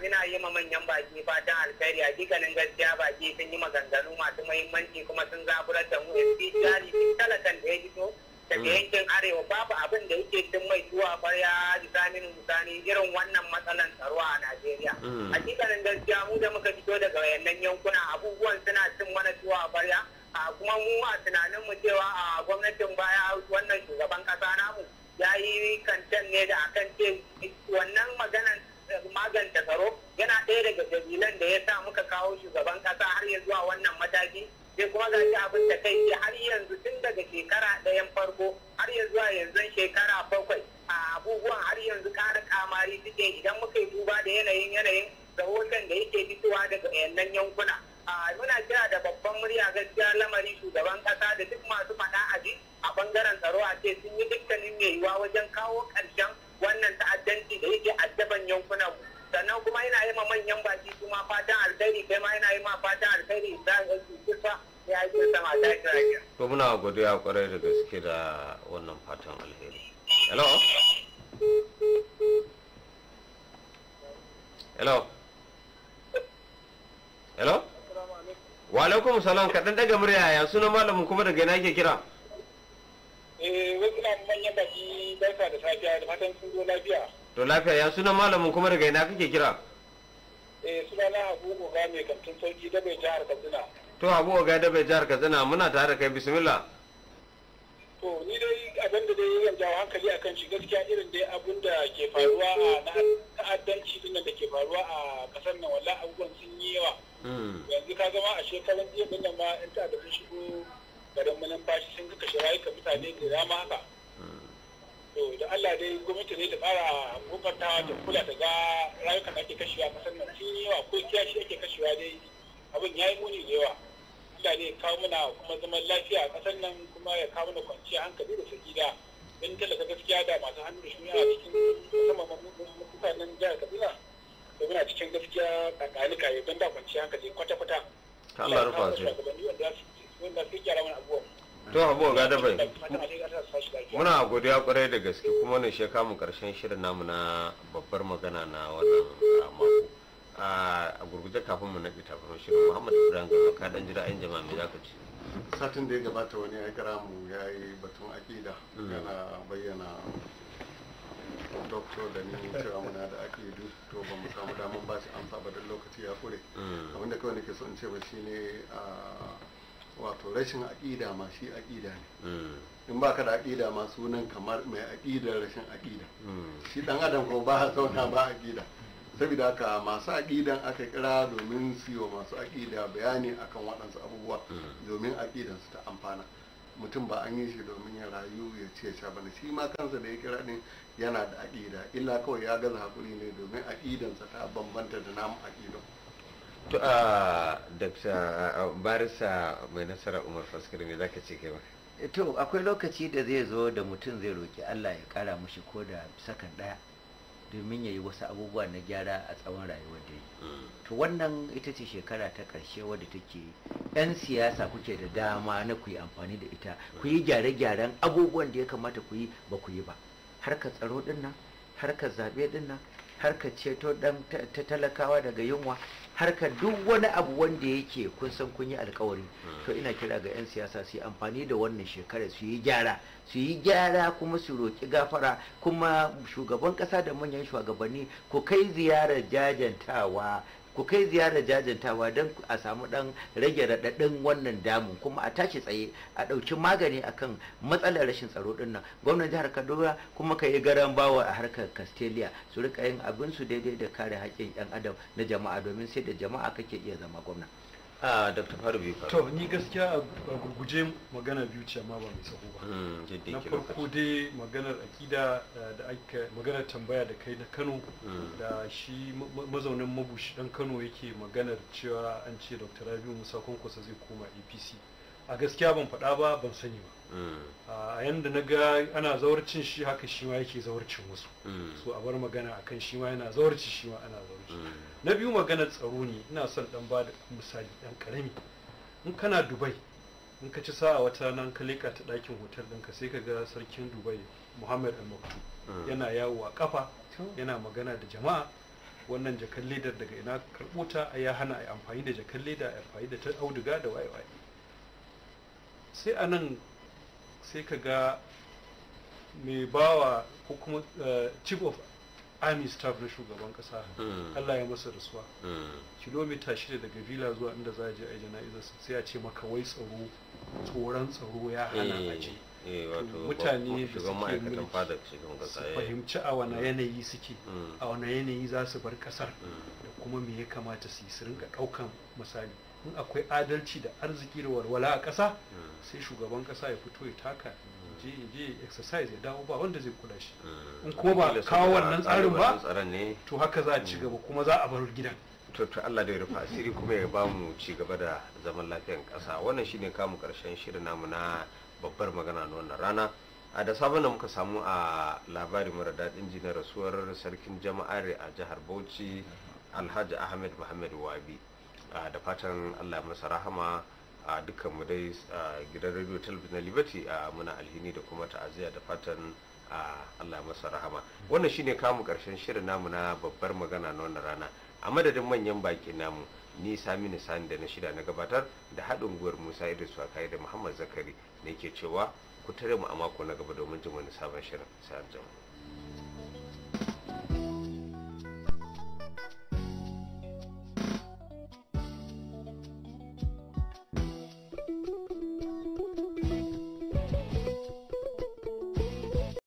ina yi ma manyan baki fatan alkhairi hakikanin gaskiya baki sun yi maganganu masu mahimmanci kuma sun zaburar da mu yanzu jari duk talakan da ya fito daga mm. yankin arewa babu abin da yake cin mai zuwa kwarya misalin musani irin wannan matsalan tsaro a najeriya mm. hakikanin gaskiya mu da muka fito daga wayannan yankuna abubuwan suna cin mana zuwa kwarya kuma mu a tunanin mu cewa a gwamnatin baya wannan shugaban kasa namu ya yi kancan ne da akan ce wannan maganan magance tsaro yana ɗaya daga dalilan da ya sa muka kawo shugaban ƙasa har ya zuwa wannan mataki sai kuma ga shi abin da kai har yanzu tun daga shekara ɗayan farko har ya zuwa yanzu shekara bakwai a abubuwan har yanzu ƙara kamari suke idan muka yi duba da yanayin yanayin rahoton da yake fitowa daga yannan yankuna muna kira da babban murya gaskiya lamari shugaban ƙasa da duk masu faɗa a a ɓangaren tsaro a ce sun yi dukkanin mai yiwuwa wajen kawo ƙarshen wannan ta'addanci da yake addaban yankunan sannan kuma yana yi ma manyan baki kuma fatan alkhairi kai ma yana yi ma fatan alkhairi yi kusa ya yi kusa ma ta kira to muna godiya kwarai da gaske da wannan fatan alheri hello hello hello wa alaikum salam kaɗan daga murya ya suna malamin kuma daga ina ke kira eh wai manyan baki barka da safiya da fatan sun zo lafiya to lafiya ya suna malamin kuma daga ina kake kira eh suna na abu Oga mai kantin sauki da bai jihar Katsina to abu Oga da bai jihar Katsina muna tare da kai bismillah to ni dai abin da dai yanzu jawo hankali akan shi gaskiya irin dai abin da ke faruwa a na ta'addanci din da ke faruwa a kasar nan wallahi abubuwan sun yi yawa hmm. yanzu ka zama a shekarun jiya din nan ma in ta da shigo garin malumfashi sun ga kashe rayuka mutane da dama haka to da Allah dai gwamnati ne ta fara kokarta ta kula da ga rayuka da ake kashewa kasar nan sun yawa ko kiyashi ake kashewa dai abin ya yi muni da yawa Allah ne ya kawo mana kuma zaman lafiya a kasar nan kuma ya kawo mana kwanciya hankali da sakida ta talaka gaskiya da masu hannu shi shuniya a cikin sama mutanen jihar Kaduna to muna cikin gaskiya tsakanin kaye don da kwanciya hankali kwata-kwata. Allah rufa su. to abu ga da bai muna godiya kwarai da gaske kuma ne shi kamun karshen shirin namu na babbar magana na wannan ah, mako ah, a gurguje kafin mu naɗi tafirin shirin muhammad ibrahim ga ka dan jira ayin jama'a mai zaka ci satin da ya gabata wani ya kira mu ya yi batun akida hmm. yana bayyana doctor da ni cewa muna da akidu to ba mu samu damar ba shi amsa ba duk lokaci ya kure hmm. abinda kawai nake so in ce ba shine a ah, wato rashin aƙida ma shi aƙida ne mm. in ba ka da aƙida ma sunan kamar mai aƙidar rashin aƙida mm. shi ɗan adam ko ba zauna ba aƙida saboda haka masu aƙidan aka kira domin su masu aƙida bayani akan waɗansu abubuwa mm. domin aƙidan su ta amfana mutum ba an yi shi domin ya rayu ya ce sha bane shi ma kansa da ya kira ɗin yana da aƙida illa kawai ya gaza haƙuri ne domin aƙidansa ta bambanta da namu aƙidan to a barisa mai nasara umar faskari me zaka ce kai eh, to akwai lokaci da zai zo da mutum zai roki Allah ya kara mushi ko da sakan daya domin ya yi wasu abubuwa na gyara a tsawon rayuwar da yi mm. to wannan ita ce shekara ta karshe wadda take 'yan siyasa kuke da dama na ku yi amfani da ita ku yi gyare-gyaren abubuwan da ya kamata ku yi ba ku yi ba harkar tsaro dinnan, harkar zaɓe dinnan. harkar ceto dan ta talakawa daga yunwa harkar duk wani abu wanda yake kun san kun yi alkawari hmm. to ina kira ga 'yan siyasa su yi amfani da wannan shekarar su yi gyara su yi gyara kuma su roƙi gafara kuma shugaban ƙasa da manyan shugabanni ku kai ziyarar jajantawa ku kai ziyara jajantawa don a samu dan rage raɗaɗin wannan damun kuma a tashi tsaye a ɗauki magani akan matsalar rashin tsaro din nan gwamnan jihar kaduna kuma ka yi garan bawa a harkar castelia su rika yin abin su daidai da kare haƙƙin yan adam na jama'a domin sai da jama'a kake iya zama gwamna a ah, dr faru biyu to ni gaskiya a gurguje magana biyu ce amma ba mai tsaho ba hmm, na farko dai maganar akida eh, da aka maganar tambaya da kai na kano hmm. da shi mazaunin mabushi dan kano yake maganar cewa an ce dr rabiu musa kwankwasa zai koma apc a gaskiya ban faɗa ba ban sani ba hmm. a yanda na ga ana zawarcin shi haka shi ma yake zawarcin wasu so a bar magana akan shi ma yana zawarci shi ma ana zawarci na biyu magana tsaro ne ina son dan ba da misali dan karami in kana dubai in ka ci sa'a wata rana ka leka ta dakin hotel ɗinka sai ka ga sarkin dubai muhammad al maktu mm. yana yawo a kafa yana magana da jama'a wannan jakan ledar daga ina karɓo ta ya hana a amfani da jakan leda a amfani da ta auduga da waye waye sai a nan sai ka ga mai bawa ko kuma eh, chief of army staff na shugaban kasa hmm. Allah ya masa rasuwa hmm. kilomita shida daga villa zuwa inda za a je a jana'izar sai a ce maka wai tsaro tsoron tsaro ya hana a je hmm. eh, mutane da suke su eh. fahimci a wani yanayi suke a wani yanayi za su bar kasar da kuma me ya kamata su yi su rinka ɗaukan misali in akwai adalci da arziki da walwala a ƙasa sai shugaban ƙasa ya fito ya taka je je exercise ya dawo ba wanda zai kula shi eh, in kuma ba kawo wannan tsarin ba to haka za a ci gaba kuma za a bar gidan to to Allah da ya rufa asiri kuma ya ba ci gaba da zaman lafiyar ƙasa wannan shine kamun karshen shirin namu na babbar magana na wannan rana a da sabon da muka samu a labari mara daɗin ji na rasuwar sarkin jama'ar a jihar Bauchi Alhaji Ahmed Muhammad Wabi da fatan Allah masa rahama a dukkan mu dai a gidan radio talabijin na liberty a muna alhini da kuma ta'aziyya da fatan a allah masa rahama wannan shine kamu karshen shirin namu na babbar magana na wannan rana a madadin manyan baki namu ni sami nisan da na shida na gabatar da haɗin gwiwar musa idris wakai da muhammad zakari ne ke cewa ku tare mu a mako na gaba domin jin wani sabon shirin sai an